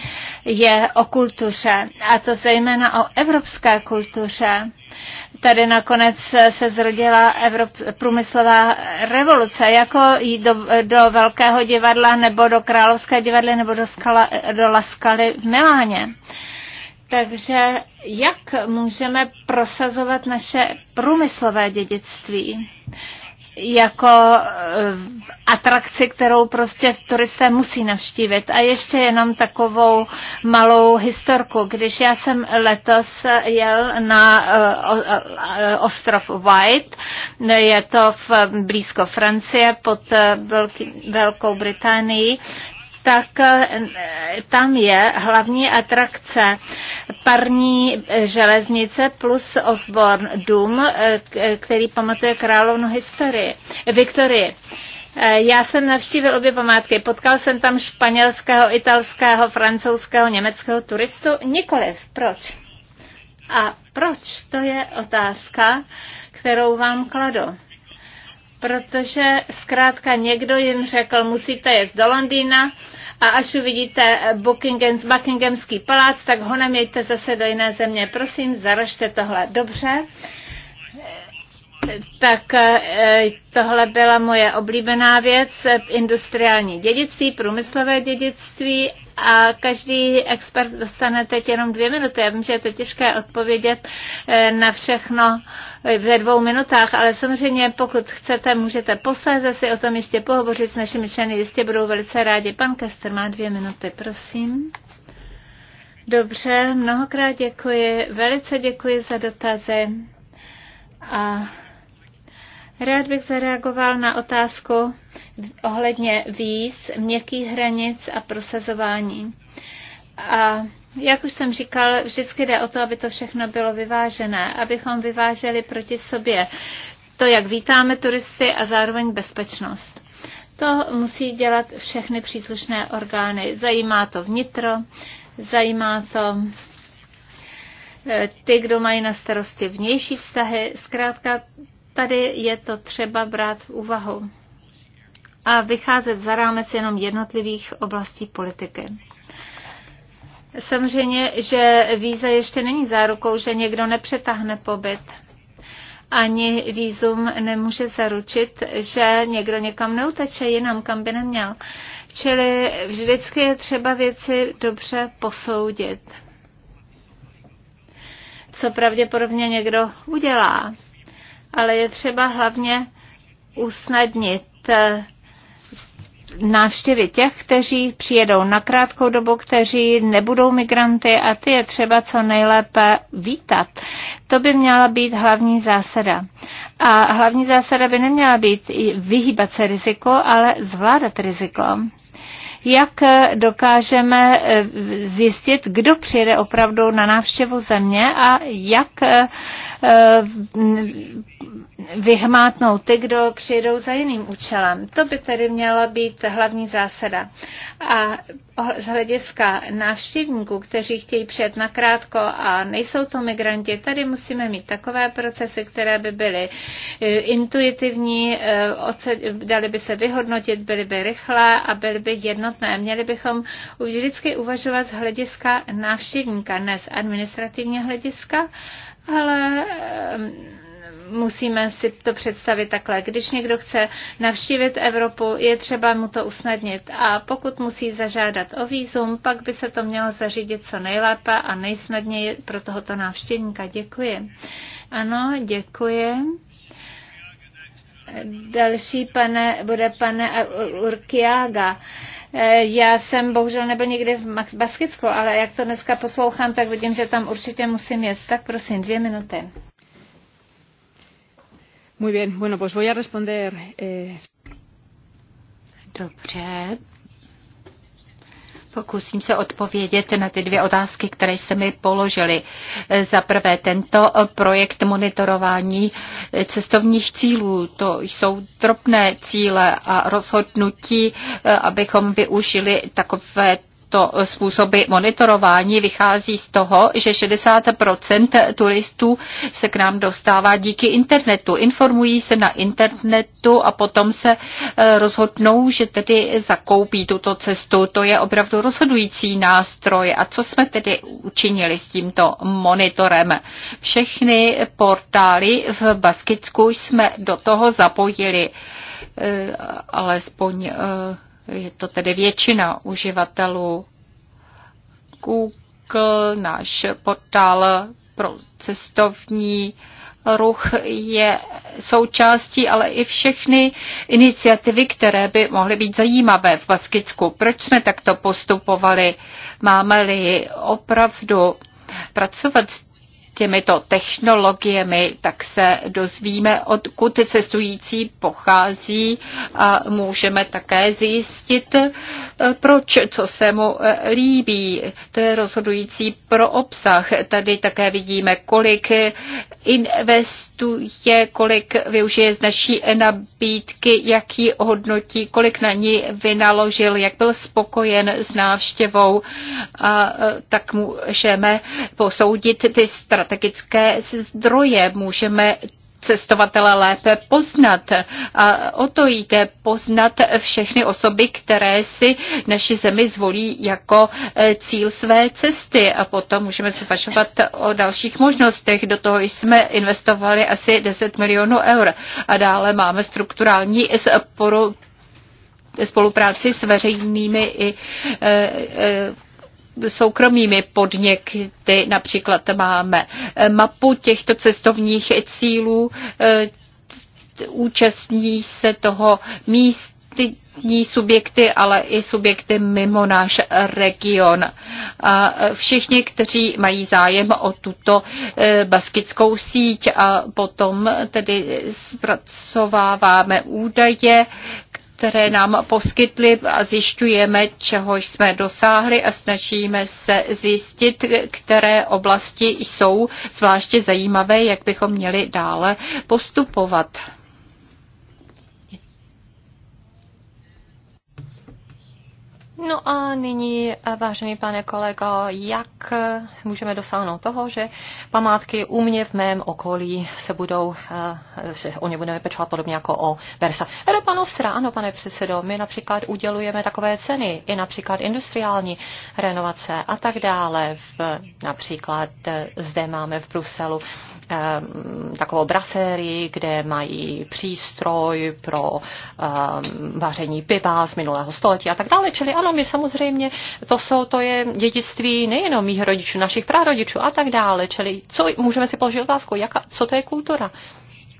je o kultuře, a to zejména o evropské kultuře tady nakonec se zrodila Evrop, průmyslová revoluce, jako jít do, do Velkého divadla nebo do Královské divadly nebo do, Skala, do Laskaly v Miláně. Takže jak můžeme prosazovat naše průmyslové dědictví? jako eh, atrakci, kterou prostě turisté musí navštívit. A ještě jenom takovou malou historku. Když já jsem letos jel na eh, eh, ostrov White, je to v blízko Francie pod Velkou Británií, tak eh, tam je hlavní atrakce parní železnice plus Osborn dům, eh, který pamatuje královnu historii, Viktorii. Eh, já jsem navštívil obě památky. Potkal jsem tam španělského, italského, francouzského, německého turistu? Nikoliv. Proč? A proč? To je otázka, kterou vám kladu protože zkrátka někdo jim řekl, musíte jet do Londýna a až uvidíte Buckingham, Buckinghamský palác, tak ho nemějte zase do jiné země. Prosím, zaražte tohle. Dobře. Tak eh, tohle byla moje oblíbená věc, eh, industriální dědictví, průmyslové dědictví a každý expert dostane teď jenom dvě minuty. Já vím, že je to těžké odpovědět eh, na všechno eh, ve dvou minutách, ale samozřejmě pokud chcete, můžete posléze si o tom ještě pohovořit s našimi členy. Jistě budou velice rádi. Pan Kester má dvě minuty, prosím. Dobře, mnohokrát děkuji, velice děkuji za dotazy. A rád bych zareagoval na otázku, ohledně víz, měkkých hranic a prosazování. A jak už jsem říkal, vždycky jde o to, aby to všechno bylo vyvážené, abychom vyváželi proti sobě to, jak vítáme turisty a zároveň bezpečnost. To musí dělat všechny příslušné orgány. Zajímá to vnitro, zajímá to eh, ty, kdo mají na starosti vnější vztahy. Zkrátka, tady je to třeba brát v úvahu a vycházet za rámec jenom jednotlivých oblastí politiky. Samozřejmě, že víza ještě není zárukou, že někdo nepřetáhne pobyt. Ani výzum nemůže zaručit, že někdo někam neuteče jinam, kam by neměl. Čili vždycky je třeba věci dobře posoudit. Co pravděpodobně někdo udělá. Ale je třeba hlavně usnadnit návštěvy těch, kteří přijedou na krátkou dobu, kteří nebudou migranty a ty je třeba co nejlépe vítat. To by měla být hlavní zásada. A hlavní zásada by neměla být vyhýbat se riziku, ale zvládat riziko jak eh, dokážeme eh, zjistit, kdo přijede opravdu na návštěvu země a jak eh, Eh, vyhmátnout ty, kdo přijdou za jiným účelem. To by tedy měla být hlavní zásada. A z hlediska návštěvníků, kteří chtějí přijet nakrátko a nejsou to migranti, tady musíme mít takové procesy, které by byly eh, intuitivní, eh, dali by se vyhodnotit, byly by rychlé a byly by jednotné. Měli bychom vždycky uvažovat z hlediska návštěvníka, ne z administrativního hlediska, ale ehm, musíme si to představit takhle. Když někdo chce navštívit Evropu, je třeba mu to usnadnit. A pokud musí zažádat o výzum, pak by se to mělo zařídit co nejlépe a nejsnadněji pro tohoto návštěvníka. Děkuji. Ano, děkuji. Další pane, bude pane Urkiaga. Eh, já jsem bohužel nebyl nikdy v Baskicku, ale jak to dneska poslouchám, tak vidím, že tam určitě musím jet. Tak prosím, dvě minuty. Muy bien, bueno, pues voy a responder. Eh... Dobře, Pokusím se odpovědět na ty dvě otázky, které se mi položili. Za prvé, tento projekt monitorování cestovních cílů, to jsou drobné cíle a rozhodnutí, abychom využili takové tyto způsoby monitorování vychází z toho, že 60% turistů se k nám dostává díky internetu. Informují se na internetu a potom se eh, rozhodnou, že tedy zakoupí tuto cestu. To je opravdu rozhodující nástroj. A co jsme tedy učinili s tímto monitorem? Všechny portály v Baskicku jsme do toho zapojili eh, alespoň eh, je to tedy většina uživatelů. Google, náš portál pro cestovní ruch je součástí, ale i všechny iniciativy, které by mohly být zajímavé v Baskicku. Proč jsme takto postupovali? Máme-li opravdu pracovat s těmito technologiemi, tak se dozvíme, odkud cestující pochází a můžeme také zjistit, eh, proč, co se mu eh, líbí. To je rozhodující pro obsah. Tady také vidíme, kolik investuje, kolik využije z naší nabídky, jak ji hodnotí, kolik na ní vynaložil, jak byl spokojen s návštěvou. A eh, tak můžeme posoudit ty strategie strategické zdroje, můžeme cestovatele lépe poznat. A o to jde poznat všechny osoby, které si naši zemi zvolí jako e, cíl své cesty a potom můžeme zvažovat o dalších možnostech. Do toho jsme investovali asi 10 milionů eur a dále máme strukturální sporu spolupráci s veřejnými i e, e, soukromými podniky. Například máme mapu těchto cestovních cílů, eh, účastní se toho místní subjekty, ale i subjekty mimo náš region. A všichni, kteří mají zájem o tuto eh, baskickou síť a potom tedy zpracováváme údaje které nám poskytli a zjišťujeme, čehož jsme dosáhli a snažíme se zjistit, které oblasti jsou zvláště zajímavé, jak bychom měli dále postupovat. No a nyní, vážený pane kolego, jak můžeme dosáhnout toho, že památky u mě v mém okolí se budou, že eh, o ně budeme pečovat podobně jako o Versa. Ropa Nostra, ano, pane předsedo, my například udělujeme takové ceny, i například industriální renovace a tak dále. V, například eh, zde máme v Bruselu Ehm, takovou brasérii, kde mají přístroj pro um, vaření piva z minulého století a tak dále. Čili ano, my samozřejmě, to, jsou, to je dědictví nejenom mých rodičů, našich prarodičů a tak dále. Čili co, můžeme si položit otázku, jaka, co to je kultura?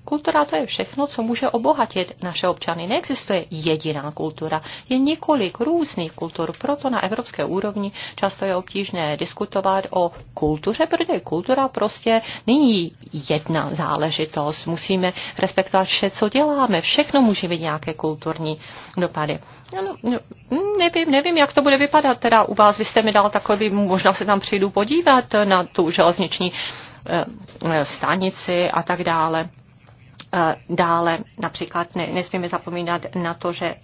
Kultura to je všechno, co může obohatit naše občany. Neexistuje jediná kultura. Je několik různých kultur, proto na evropské úrovni často je obtížné diskutovat o kultuře, protože kultura prostě není jedna záležitost. Musíme respektovat vše, co děláme. Všechno může být nějaké kulturní dopady. No, nevím, nevím, jak to bude vypadat. Teda u vás, vy jste mi dal takový, možná se tam přijdu podívat na tu železniční eh, eh, stanici a tak dále. E, dále například ne, nesmíme zapomínat na to, že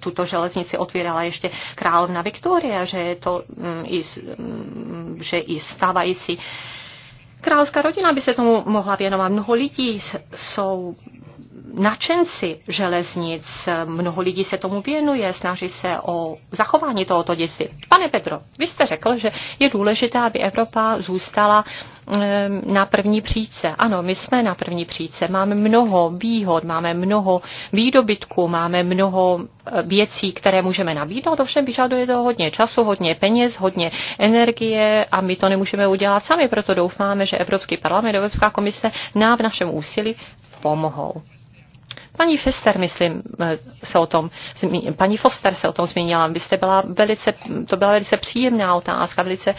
tuto železnici otvírala ještě královna Viktoria, že je to mm, i, mm, že i stávající královská rodina by se tomu mohla věnovat. Mnoho lidí jsou načenci železnic, mnoho lidí se tomu věnuje, snaží se o zachování tohoto dětství. Pane Petro, vy jste řekl, že je důležité, aby Evropa zůstala Ehm, na první příčce. Ano, my jsme na první příčce. Máme mnoho výhod, máme mnoho výdobytků, máme mnoho eh, věcí, které můžeme nabídnout, ovšem vyžaduje to hodně času, hodně peněz, hodně energie a my to nemůžeme udělat sami, proto doufáme, že Evropský parlament, Evropská komise nám v našem úsilí pomohou. Paní Foster, myslím, eh, se o tom, paní Foster se o tom zmínila. Byste byla velice, to byla velice příjemná otázka, velice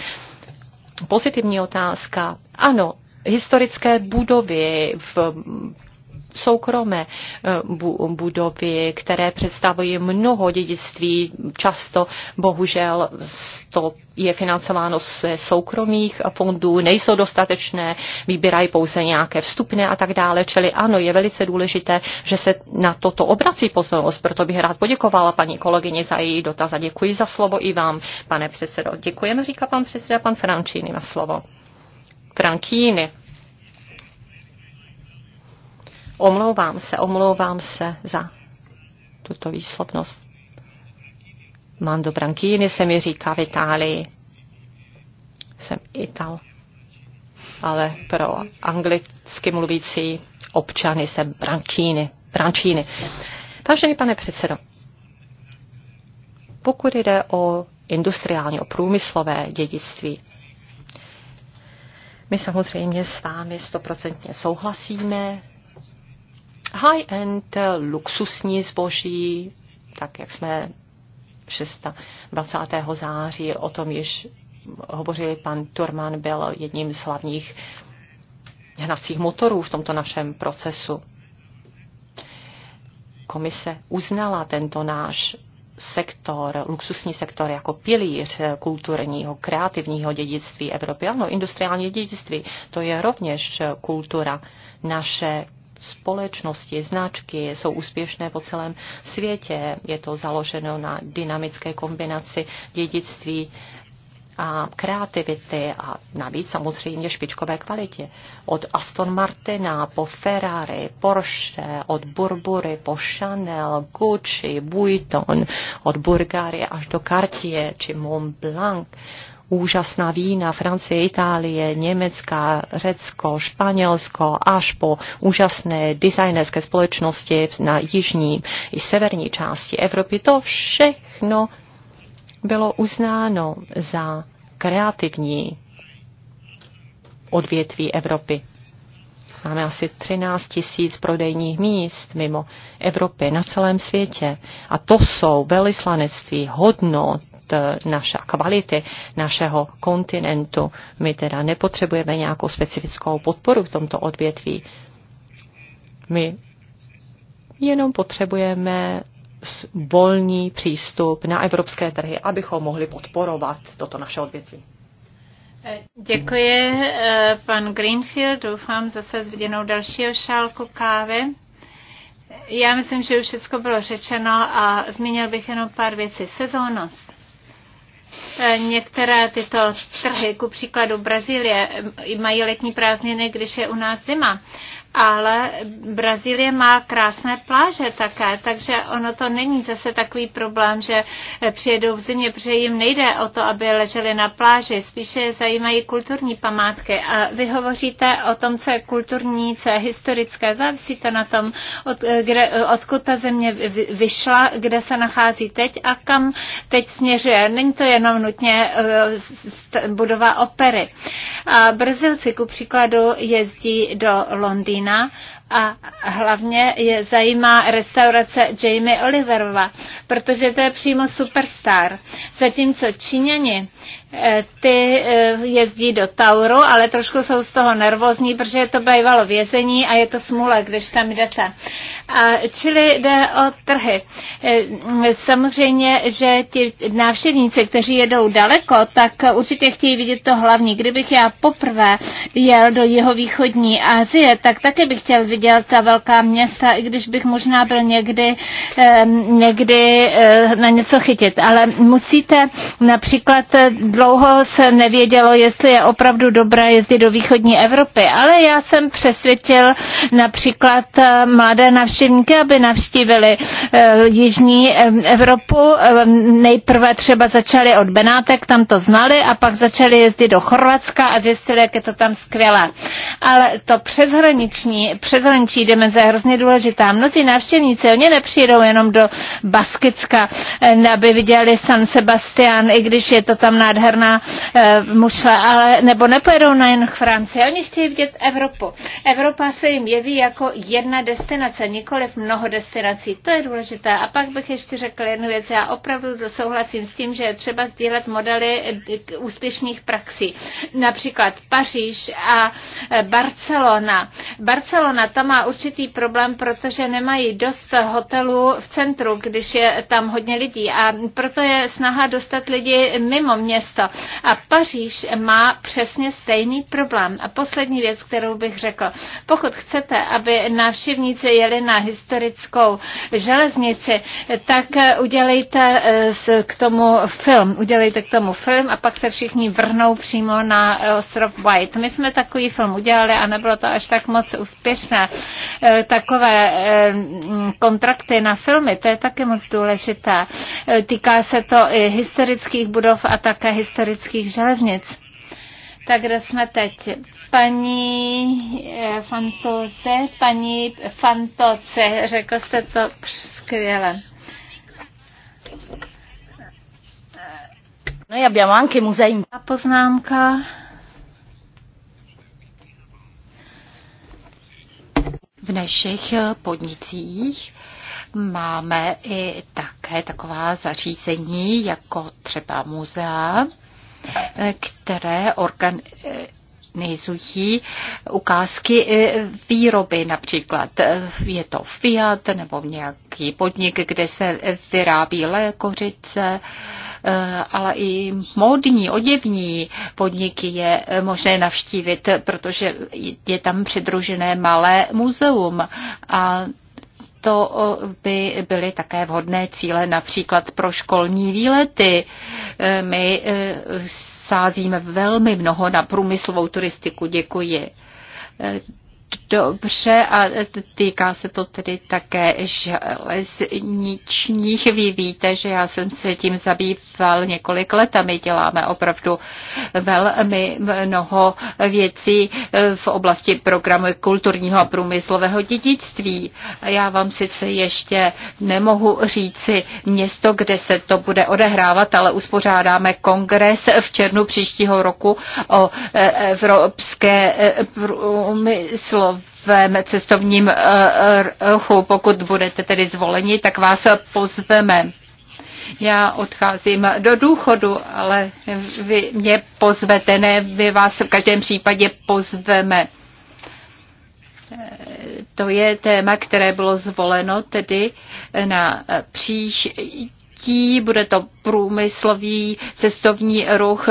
pozitivní otázka. Ano, historické budovy v soukromé eh, budovy, které představují mnoho dědictví, často bohužel to je financováno z soukromých fondů, nejsou dostatečné, vybírají pouze nějaké vstupné a tak dále. Čili ano, je velice důležité, že se na toto obrací pozornost. Proto bych rád poděkovala paní kolegyni za její dotaz a děkuji za slovo i vám, pane předsedo. Děkujeme, říká pan předseda, pan Frančíny na slovo. Frankíny. Omlouvám se, omlouvám se za tuto výslovnost. Mando Branchini se mi říká v Itálii. Jsem Ital. Ale pro anglicky mluvící občany jsem Branchini. Branchini. Vážený pane předsedo, pokud jde o industriální, o průmyslové dědictví, my samozřejmě s vámi stoprocentně souhlasíme, high-end eh, luxusní zboží, tak jak jsme 26. září o tom již hovořili, pan Turman byl jedním z hlavních hnacích motorů v tomto našem procesu. Komise uznala tento náš sektor, luxusní sektor jako pilíř kulturního, kreativního dědictví Evropy. Ano, industriální dědictví, to je rovněž kultura. Naše společnosti, značky jsou úspěšné po celém světě. Je to založeno na dynamické kombinaci dědictví a kreativity a navíc samozřejmě špičkové kvalitě. Od Aston Martina po Ferrari, Porsche, od Burbury po Chanel, Gucci, Vuitton, od Bulgarie až do Cartier či Mont Blanc úžasná vína Francie, Itálie, Německa, Řecko, Španělsko, až po úžasné designerské společnosti na jižní i severní části Evropy. To všechno bylo uznáno za kreativní odvětví Evropy. Máme asi 13 tisíc prodejních míst mimo Evropy na celém světě. A to jsou velislanectví hodnot, Eh, naše kvality našeho kontinentu. My teda nepotřebujeme nějakou specifickou podporu v tomto odvětví. My jenom potřebujeme volný přístup na evropské trhy, abychom mohli podporovat toto naše odvětví. Děkuji, eh, pan Greenfield. Doufám zase zviděnou dalšího šálku kávy. Já myslím, že už všechno bylo řečeno a zmínil bych jenom pár věcí. Sezónnost. E, některé tyto trhy, ku příkladu Brazílie, e, mají letní prázdniny, když je u nás zima ale Brazílie má krásné pláže také, takže ono to není zase takový problém, že přijedou v zimě, protože jim nejde o to, aby leželi na pláži, spíše je zajímají kulturní památky. A vy hovoříte o tom, co je kulturní, co je historické, závisí to na tom, od, kde, odkud ta země vyšla, kde se nachází teď a kam teď směřuje. Není to jenom nutně e, budova opery. A Brazilci ku příkladu jezdí do Londýna Londýna a hlavně je zajímá restaurace Jamie Oliverova, protože to je přímo superstar. Zatímco Číňani Eh, ty eh, jezdí do Tauru, ale trošku jsou z toho nervózní, protože to bývalo vězení a je to smůle, když tam jdete. A, čili jde o trhy. Eh, samozřejmě, že ti návštěvníci, kteří jedou daleko, tak určitě chtějí vidět to hlavní. Kdybych já poprvé jel do jeho východní Asie, tak také bych chtěl vidět ta velká města, i když bych možná byl někdy, někdy na něco chytit. Ale musíte například dlouho se nevědělo, jestli je opravdu dobré jezdit do východní Evropy, ale já jsem přesvědčil například eh, mladé navštěvníky, aby navštívili eh, jižní eh, Evropu. Nejprve třeba začali od Benátek, tam to znali a pak začali jezdit do Chorvatska a zjistili, jak je to tam skvělé. Ale to přeshraniční, přeshraniční dimenze je hrozně důležitá. Mnozí návštěvníci, oni nepřijdou jenom do Baskicka, aby viděli San Sebastian, i když je to tam nádherné nádherná eh, mušle, ale, nebo nepojedou na jen k Francii. Oni chtějí vidět Evropu. Evropa se jim jeví jako jedna destinace, nikoliv mnoho destinací. To je důležité. A pak bych ještě řekl jednu věc. Já opravdu souhlasím s tím, že je třeba sdílet modely eh, úspěšných praxí. Například Paříž a eh, Barcelona. Barcelona tam má určitý problém, protože nemají dost hotelů v centru, když je tam hodně lidí. A proto je snaha dostat lidi mimo město místo. A Paříž má přesně stejný problém. A poslední věc, kterou bych řekl. Pokud chcete, aby návštěvníci jeli na historickou železnici, tak eh, udělejte eh, k tomu film. Udělejte k tomu film a pak se všichni vrhnou přímo na eh, ostrov White. My jsme takový film udělali a nebylo to až tak moc úspěšné. Takové mm, kontrakty na filmy, to je taky moc důležité. Týká se to i historických budov a také historických historických železnic. Tak kde jsme teď? Paní eh, Fantoze, paní Fantoce, řekl jste to skvěle. No, já bych anche muzeum. A poznámka. V našich podnicích máme i také taková zařízení, jako třeba muzea, které organizují ukázky e, výroby například. E, je to Fiat nebo nějaký podnik, kde se vyrábí lékořice, e, ale i módní, oděvní podniky je možné navštívit, protože je tam přidružené malé muzeum a to by byly také vhodné cíle například pro školní výlety. E, my e, sázíme velmi mnoho na průmyslovou turistiku. Děkuji. E, dobře a týká se to tedy také železničních. Vy víte, že já jsem se tím zabýval několik let a my děláme opravdu velmi mnoho věcí v oblasti programu kulturního a průmyslového dědictví. Já vám sice ještě nemohu říci město, kde se to bude odehrávat, ale uspořádáme kongres v červnu příštího roku o e, evropské průmyslové svém cestovním eh, eh, ruchu. Pokud budete tedy zvoleni, tak vás pozveme. Já odcházím do důchodu, ale vy mě pozvete, ne, my vás v každém případě pozveme. Eh, to je téma, které bylo zvoleno tedy na příští, bude to průmyslový cestovní ruch,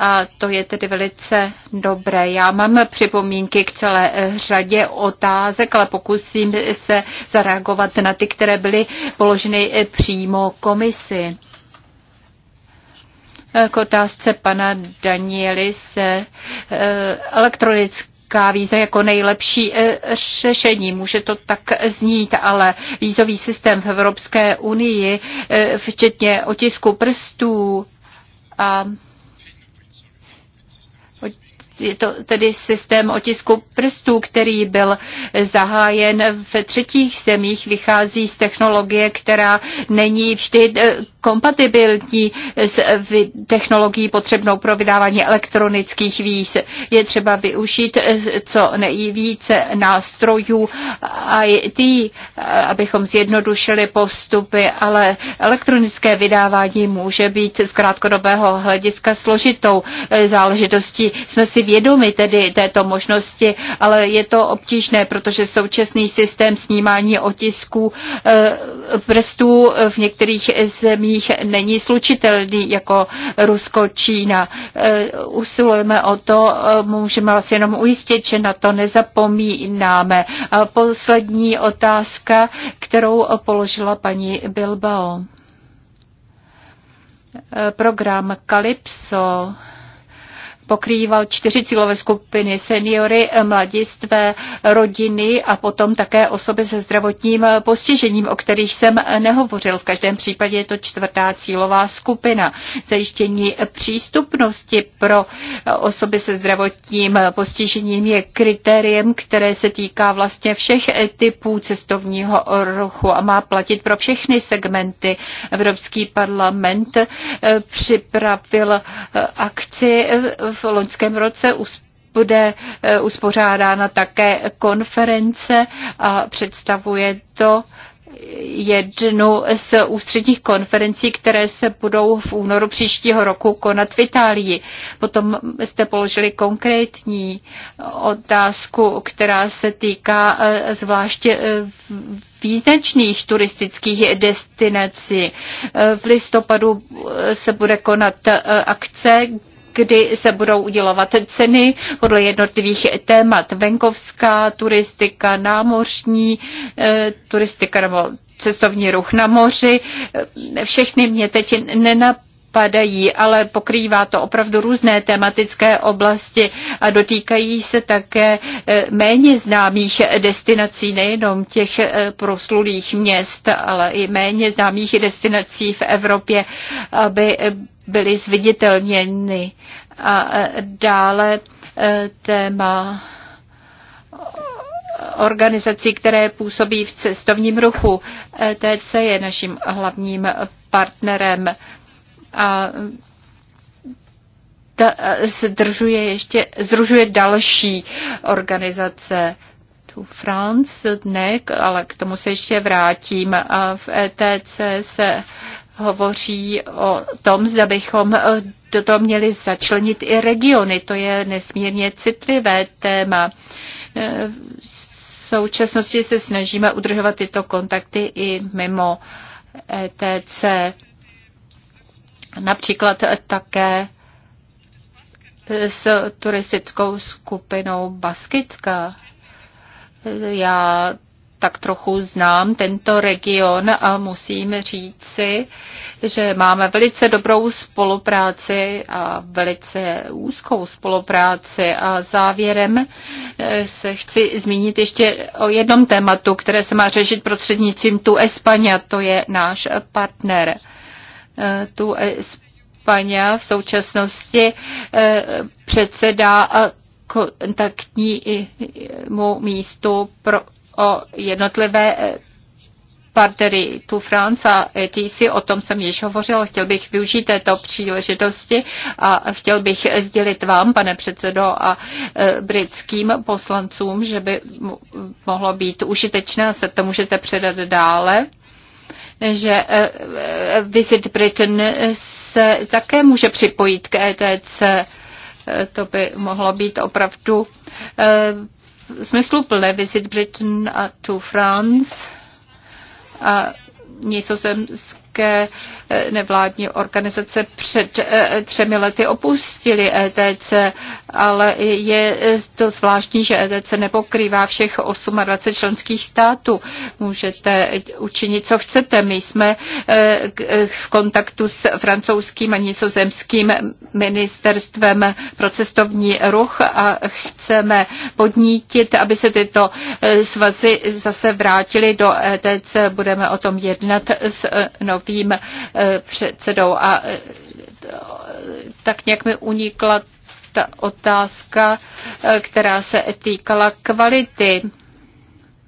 a to je tedy velice dobré. Já mám připomínky k celé řadě otázek, ale pokusím se zareagovat na ty, které byly položeny přímo komisi. K otázce pana Danieli se eh, elektronicky víza jako nejlepší eh, řešení. Může to tak znít, ale vízový systém v Evropské unii, eh, včetně otisku prstů a je to tedy systém otisku prstů, který byl zahájen v třetích zemích, vychází z technologie, která není vždy eh, kompatibilní s technologií potřebnou pro vydávání elektronických víz. Je třeba využít co nejvíce nástrojů IT, abychom zjednodušili postupy, ale elektronické vydávání může být z krátkodobého hlediska složitou e, záležitostí. Jsme si vědomi tedy této možnosti, ale je to obtížné, protože současný systém snímání otisků e, prstů v některých zemích zemích není slučitelný jako Rusko, Čína. E, usilujeme o to, e, můžeme vás jenom ujistit, že na to nezapomínáme. A e, poslední otázka, kterou položila paní Bilbao. Program Calypso pokrýval čtyři cílové skupiny seniory, mladistvé, rodiny a potom také osoby se zdravotním postižením, o kterých jsem nehovořil. V každém případě je to čtvrtá cílová skupina. Zajištění přístupnosti pro osoby se zdravotním postižením je kritériem, které se týká vlastně všech typů cestovního ruchu a má platit pro všechny segmenty. Evropský parlament připravil akci v v loňském roce bude eh, uspořádána také konference a představuje to jednu z ústředních konferencí, které se budou v únoru příštího roku konat v Itálii. Potom jste položili konkrétní otázku, která se týká eh, zvláště eh, význačných turistických destinací. V listopadu se bude konat akce, kdy se budou udělovat ceny podle jednotlivých témat. Venkovská turistika, námořní eh, turistika nebo cestovní ruch na moři. Eh, všechny mě teď nenapadají padají, ale pokrývá to opravdu různé tematické oblasti a dotýkají se také eh, méně známých destinací, nejenom těch eh, proslulých měst, ale i méně známých destinací v Evropě, aby eh, byly zviditelněny. A dále téma organizací, které působí v cestovním ruchu. ETC je naším hlavním partnerem a ta, zdržuje ještě, združuje další organizace. Tu France dne, ale k tomu se ještě vrátím. A v ETC se hovoří o tom, zda bychom do toho měli začlenit i regiony. To je nesmírně citlivé téma. E, v současnosti se snažíme udržovat tyto kontakty i mimo ETC například také s turistickou skupinou Baskicka. Já tak trochu znám tento region a musím říci, že máme velice dobrou spolupráci a velice úzkou spolupráci. A závěrem eh, se chci zmínit ještě o jednom tématu, které se má řešit prostřednictvím tu Espaně, to je náš partner. Eh, tu eh, Espaně v současnosti eh, předsedá kontaktnímu místu pro o jednotlivé partnery tu France a ETC, o tom jsem již hovořila, chtěl bych využít této příležitosti a chtěl bych sdělit vám, pane předsedo, a britským poslancům, že by mohlo být užitečné a se to můžete předat dále že eh, eh, Visit Britain se také může připojit k ETC. Eh, to by mohlo být opravdu smysluplné Visit Britain a to France a nizozemské nevládní organizace před eh, třemi lety opustili ETC, ale je to zvláštní, že ETC nepokrývá všech 28 členských států. Můžete učinit, co chcete. My jsme eh, eh, v kontaktu s francouzským a nizozemským ministerstvem pro cestovní ruch a chceme podnítit, aby se tyto svazy zase vrátily do ETC. Budeme o tom jednat s novým Eh, předsedou. A eh, tak nějak mi unikla ta otázka, eh, která se týkala kvality.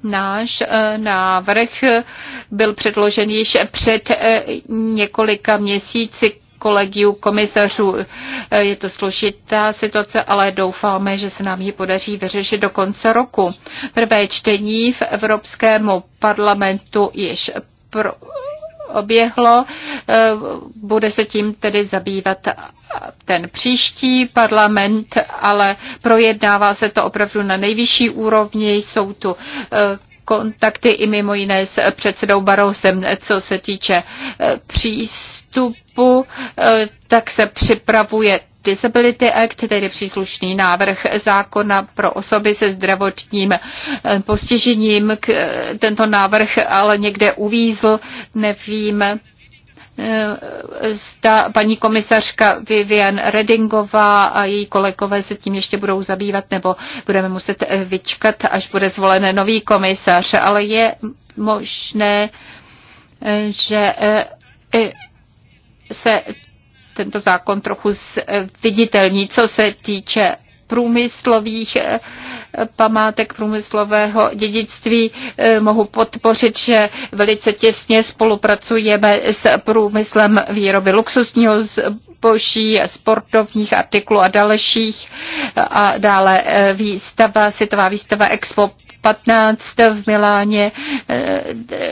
Náš návrh byl předložen již před několika měsíci kolegiu komisařů. Je to složitá situace, ale doufáme, že se nám ji podaří vyřešit do konce roku. Prvé čtení v Evropskému parlamentu již pro oběhlo, eh, Bude se tím tedy zabývat ten příští parlament, ale projednává se to opravdu na nejvyšší úrovni. Jsou tu eh, kontakty i mimo jiné s předsedou Barousem, co se týče eh, přístupu, tak se připravuje Disability Act, tedy příslušný návrh zákona pro osoby se zdravotním eh, postižením. Eh, tento návrh ale někde uvízl, nevím. Eh, zda paní komisařka Vivian Redingová a její kolegové se tím ještě budou zabývat, nebo budeme muset vyčkat, až bude zvolen nový komisař. Ale je možné, že se tento zákon trochu viditelní, co se týče průmyslových eh, památek průmyslového dědictví. Eh, mohu podpořit, že velice těsně spolupracujeme s průmyslem výroby luxusního zboží, sportovních artiklů a dalších. A dále eh, výstava, světová výstava Expo 15 v Miláně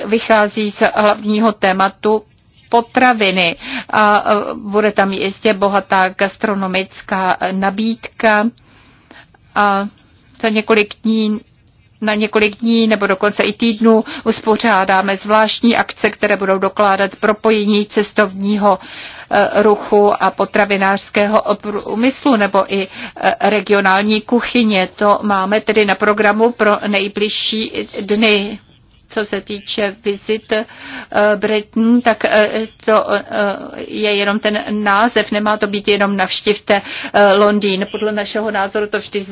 vychází z hlavního tématu potraviny a bude tam jistě bohatá gastronomická nabídka a za několik dní na několik dní nebo dokonce i týdnu uspořádáme zvláštní akce, které budou dokládat propojení cestovního e, ruchu a potravinářského průmyslu nebo i e, regionální kuchyně. To máme tedy na programu pro nejbližší dny. Co se týče vizit eh, Britní, tak eh, to eh, je jenom ten název, nemá to být jenom navštivte Londýn. Podle našeho názoru to vždy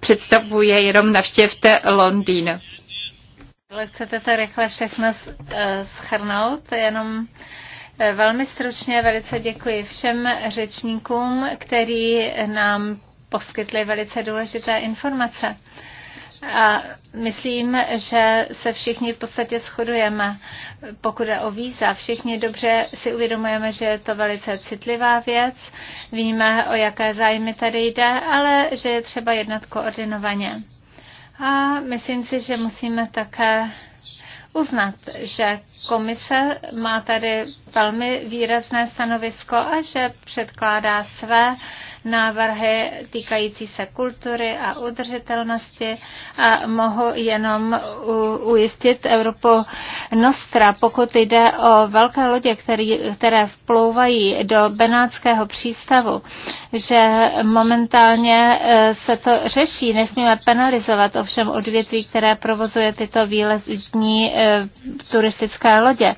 představuje jenom navštivte Londýn. Ale chcete to rychle všechno schrnout, jenom velmi stručně velice děkuji všem řečníkům, který nám poskytli velice důležité informace. A myslím, že se všichni v podstatě shodujeme, pokud je o víza. Všichni dobře si uvědomujeme, že je to velice citlivá věc, víme, o jaké zájmy tady jde, ale že je třeba jednat koordinovaně. A myslím si, že musíme také uznat, že komise má tady velmi výrazné stanovisko a že předkládá své návrhy týkající se kultury a udržitelnosti a mohu jenom ujistit Evropu Nostra, pokud jde o velké lodě, který, které vplouvají do Benátského přístavu, že momentálně e, se to řeší, nesmíme penalizovat ovšem odvětví, které provozuje tyto výletní e, turistické lodě.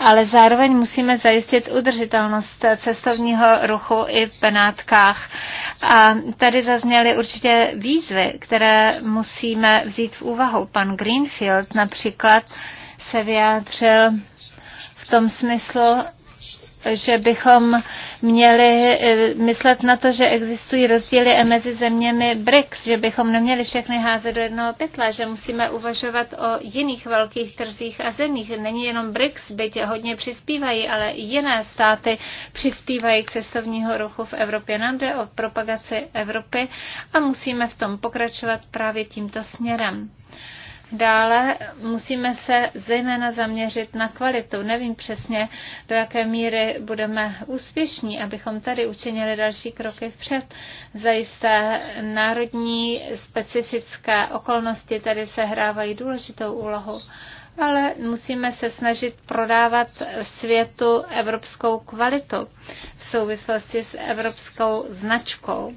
Ale zároveň musíme zajistit udržitelnost cestovního ruchu i Benátkách dobách. A tady zazněly určitě výzvy, které musíme vzít v úvahu. Pan Greenfield například se vyjádřil v tom smyslu, že bychom měli eh, myslet na to, že existují rozdíly e mezi zeměmi BRICS, že bychom neměli všechny házet do jednoho pytla, že musíme uvažovat o jiných velkých trzích a zemích. Není jenom BRICS, byť hodně přispívají, ale jiné státy přispívají k cestovního ruchu v Evropě. Nám jde o propagaci Evropy a musíme v tom pokračovat právě tímto směrem. Dále musíme se zejména zaměřit na kvalitu. Nevím přesně, do jaké míry budeme úspěšní, abychom tady učinili další kroky vpřed. Zajisté národní specifické okolnosti tady se hrávají důležitou úlohu ale musíme se snažit prodávat světu evropskou kvalitu v souvislosti s evropskou značkou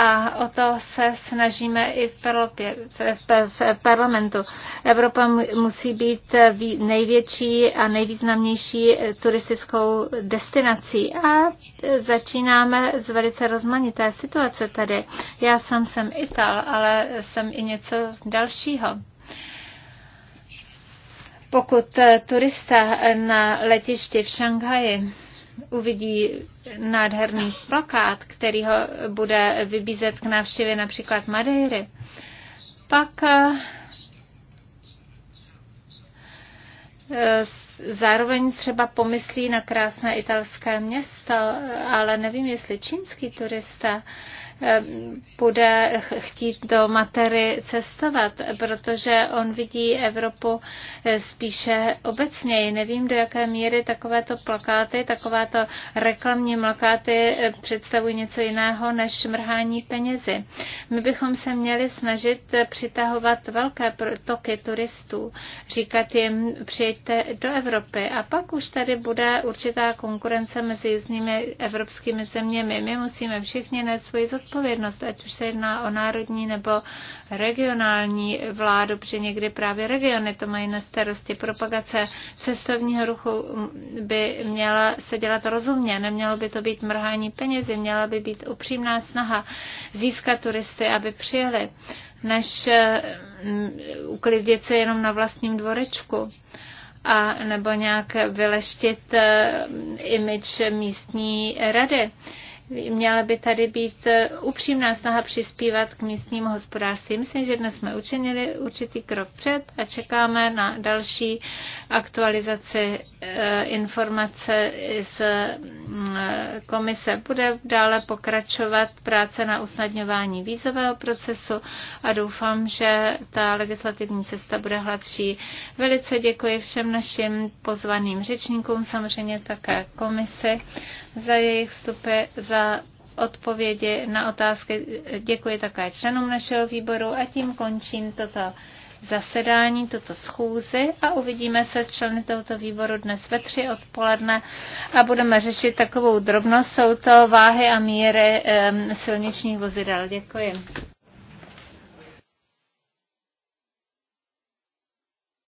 a o to se snažíme i v, v, v parlamentu. Evropa musí být největší a nejvýznamnější turistickou destinací a začínáme z velice rozmanité situace tady. Já sám jsem Ital, ale jsem i něco dalšího. Pokud turista na letišti v Šanghaji uvidí nádherný plakát, který ho bude vybízet k návštěvě například Madeiry, pak eh, zároveň třeba pomyslí na krásné italské město, ale nevím, jestli čínský turista bude chtít do matery cestovat, protože on vidí Evropu spíše obecněji. Nevím, do jaké míry takovéto plakáty, takovéto reklamní plakáty představují něco jiného než mrhání penězi. My bychom se měli snažit přitahovat velké toky turistů, říkat jim, přijďte do Evropy a pak už tady bude určitá konkurence mezi jízdními evropskými zeměmi. My musíme všichni na svoji zodpovědnost odpovědnost, ať už se jedná o národní nebo regionální vládu, protože někdy právě regiony to mají na starosti. Propagace cestovního ruchu by měla se dělat rozumně, nemělo by to být mrhání penězi, měla by být upřímná snaha získat turisty, aby přijeli, než eh, mm, uklidit se jenom na vlastním dvorečku a nebo nějak vyleštit eh, image místní rady. Měla by tady být eh, upřímná snaha přispívat k místním hospodářství. Myslím, že dnes jsme učinili určitý krok před a čekáme na další aktualizaci eh, informace z mm, eh, komise. Bude dále pokračovat práce na usnadňování vízového procesu a doufám, že ta legislativní cesta bude hladší. Velice děkuji všem našim pozvaným řečníkům, samozřejmě také komisi za jejich vstupy, za odpovědi na otázky. Děkuji také členům našeho výboru a tím končím toto zasedání, toto schůzi a uvidíme se s členy tohoto výboru dnes ve tři odpoledne a budeme řešit takovou drobnost, jsou to váhy a míry um, silničních vozidel. Děkuji.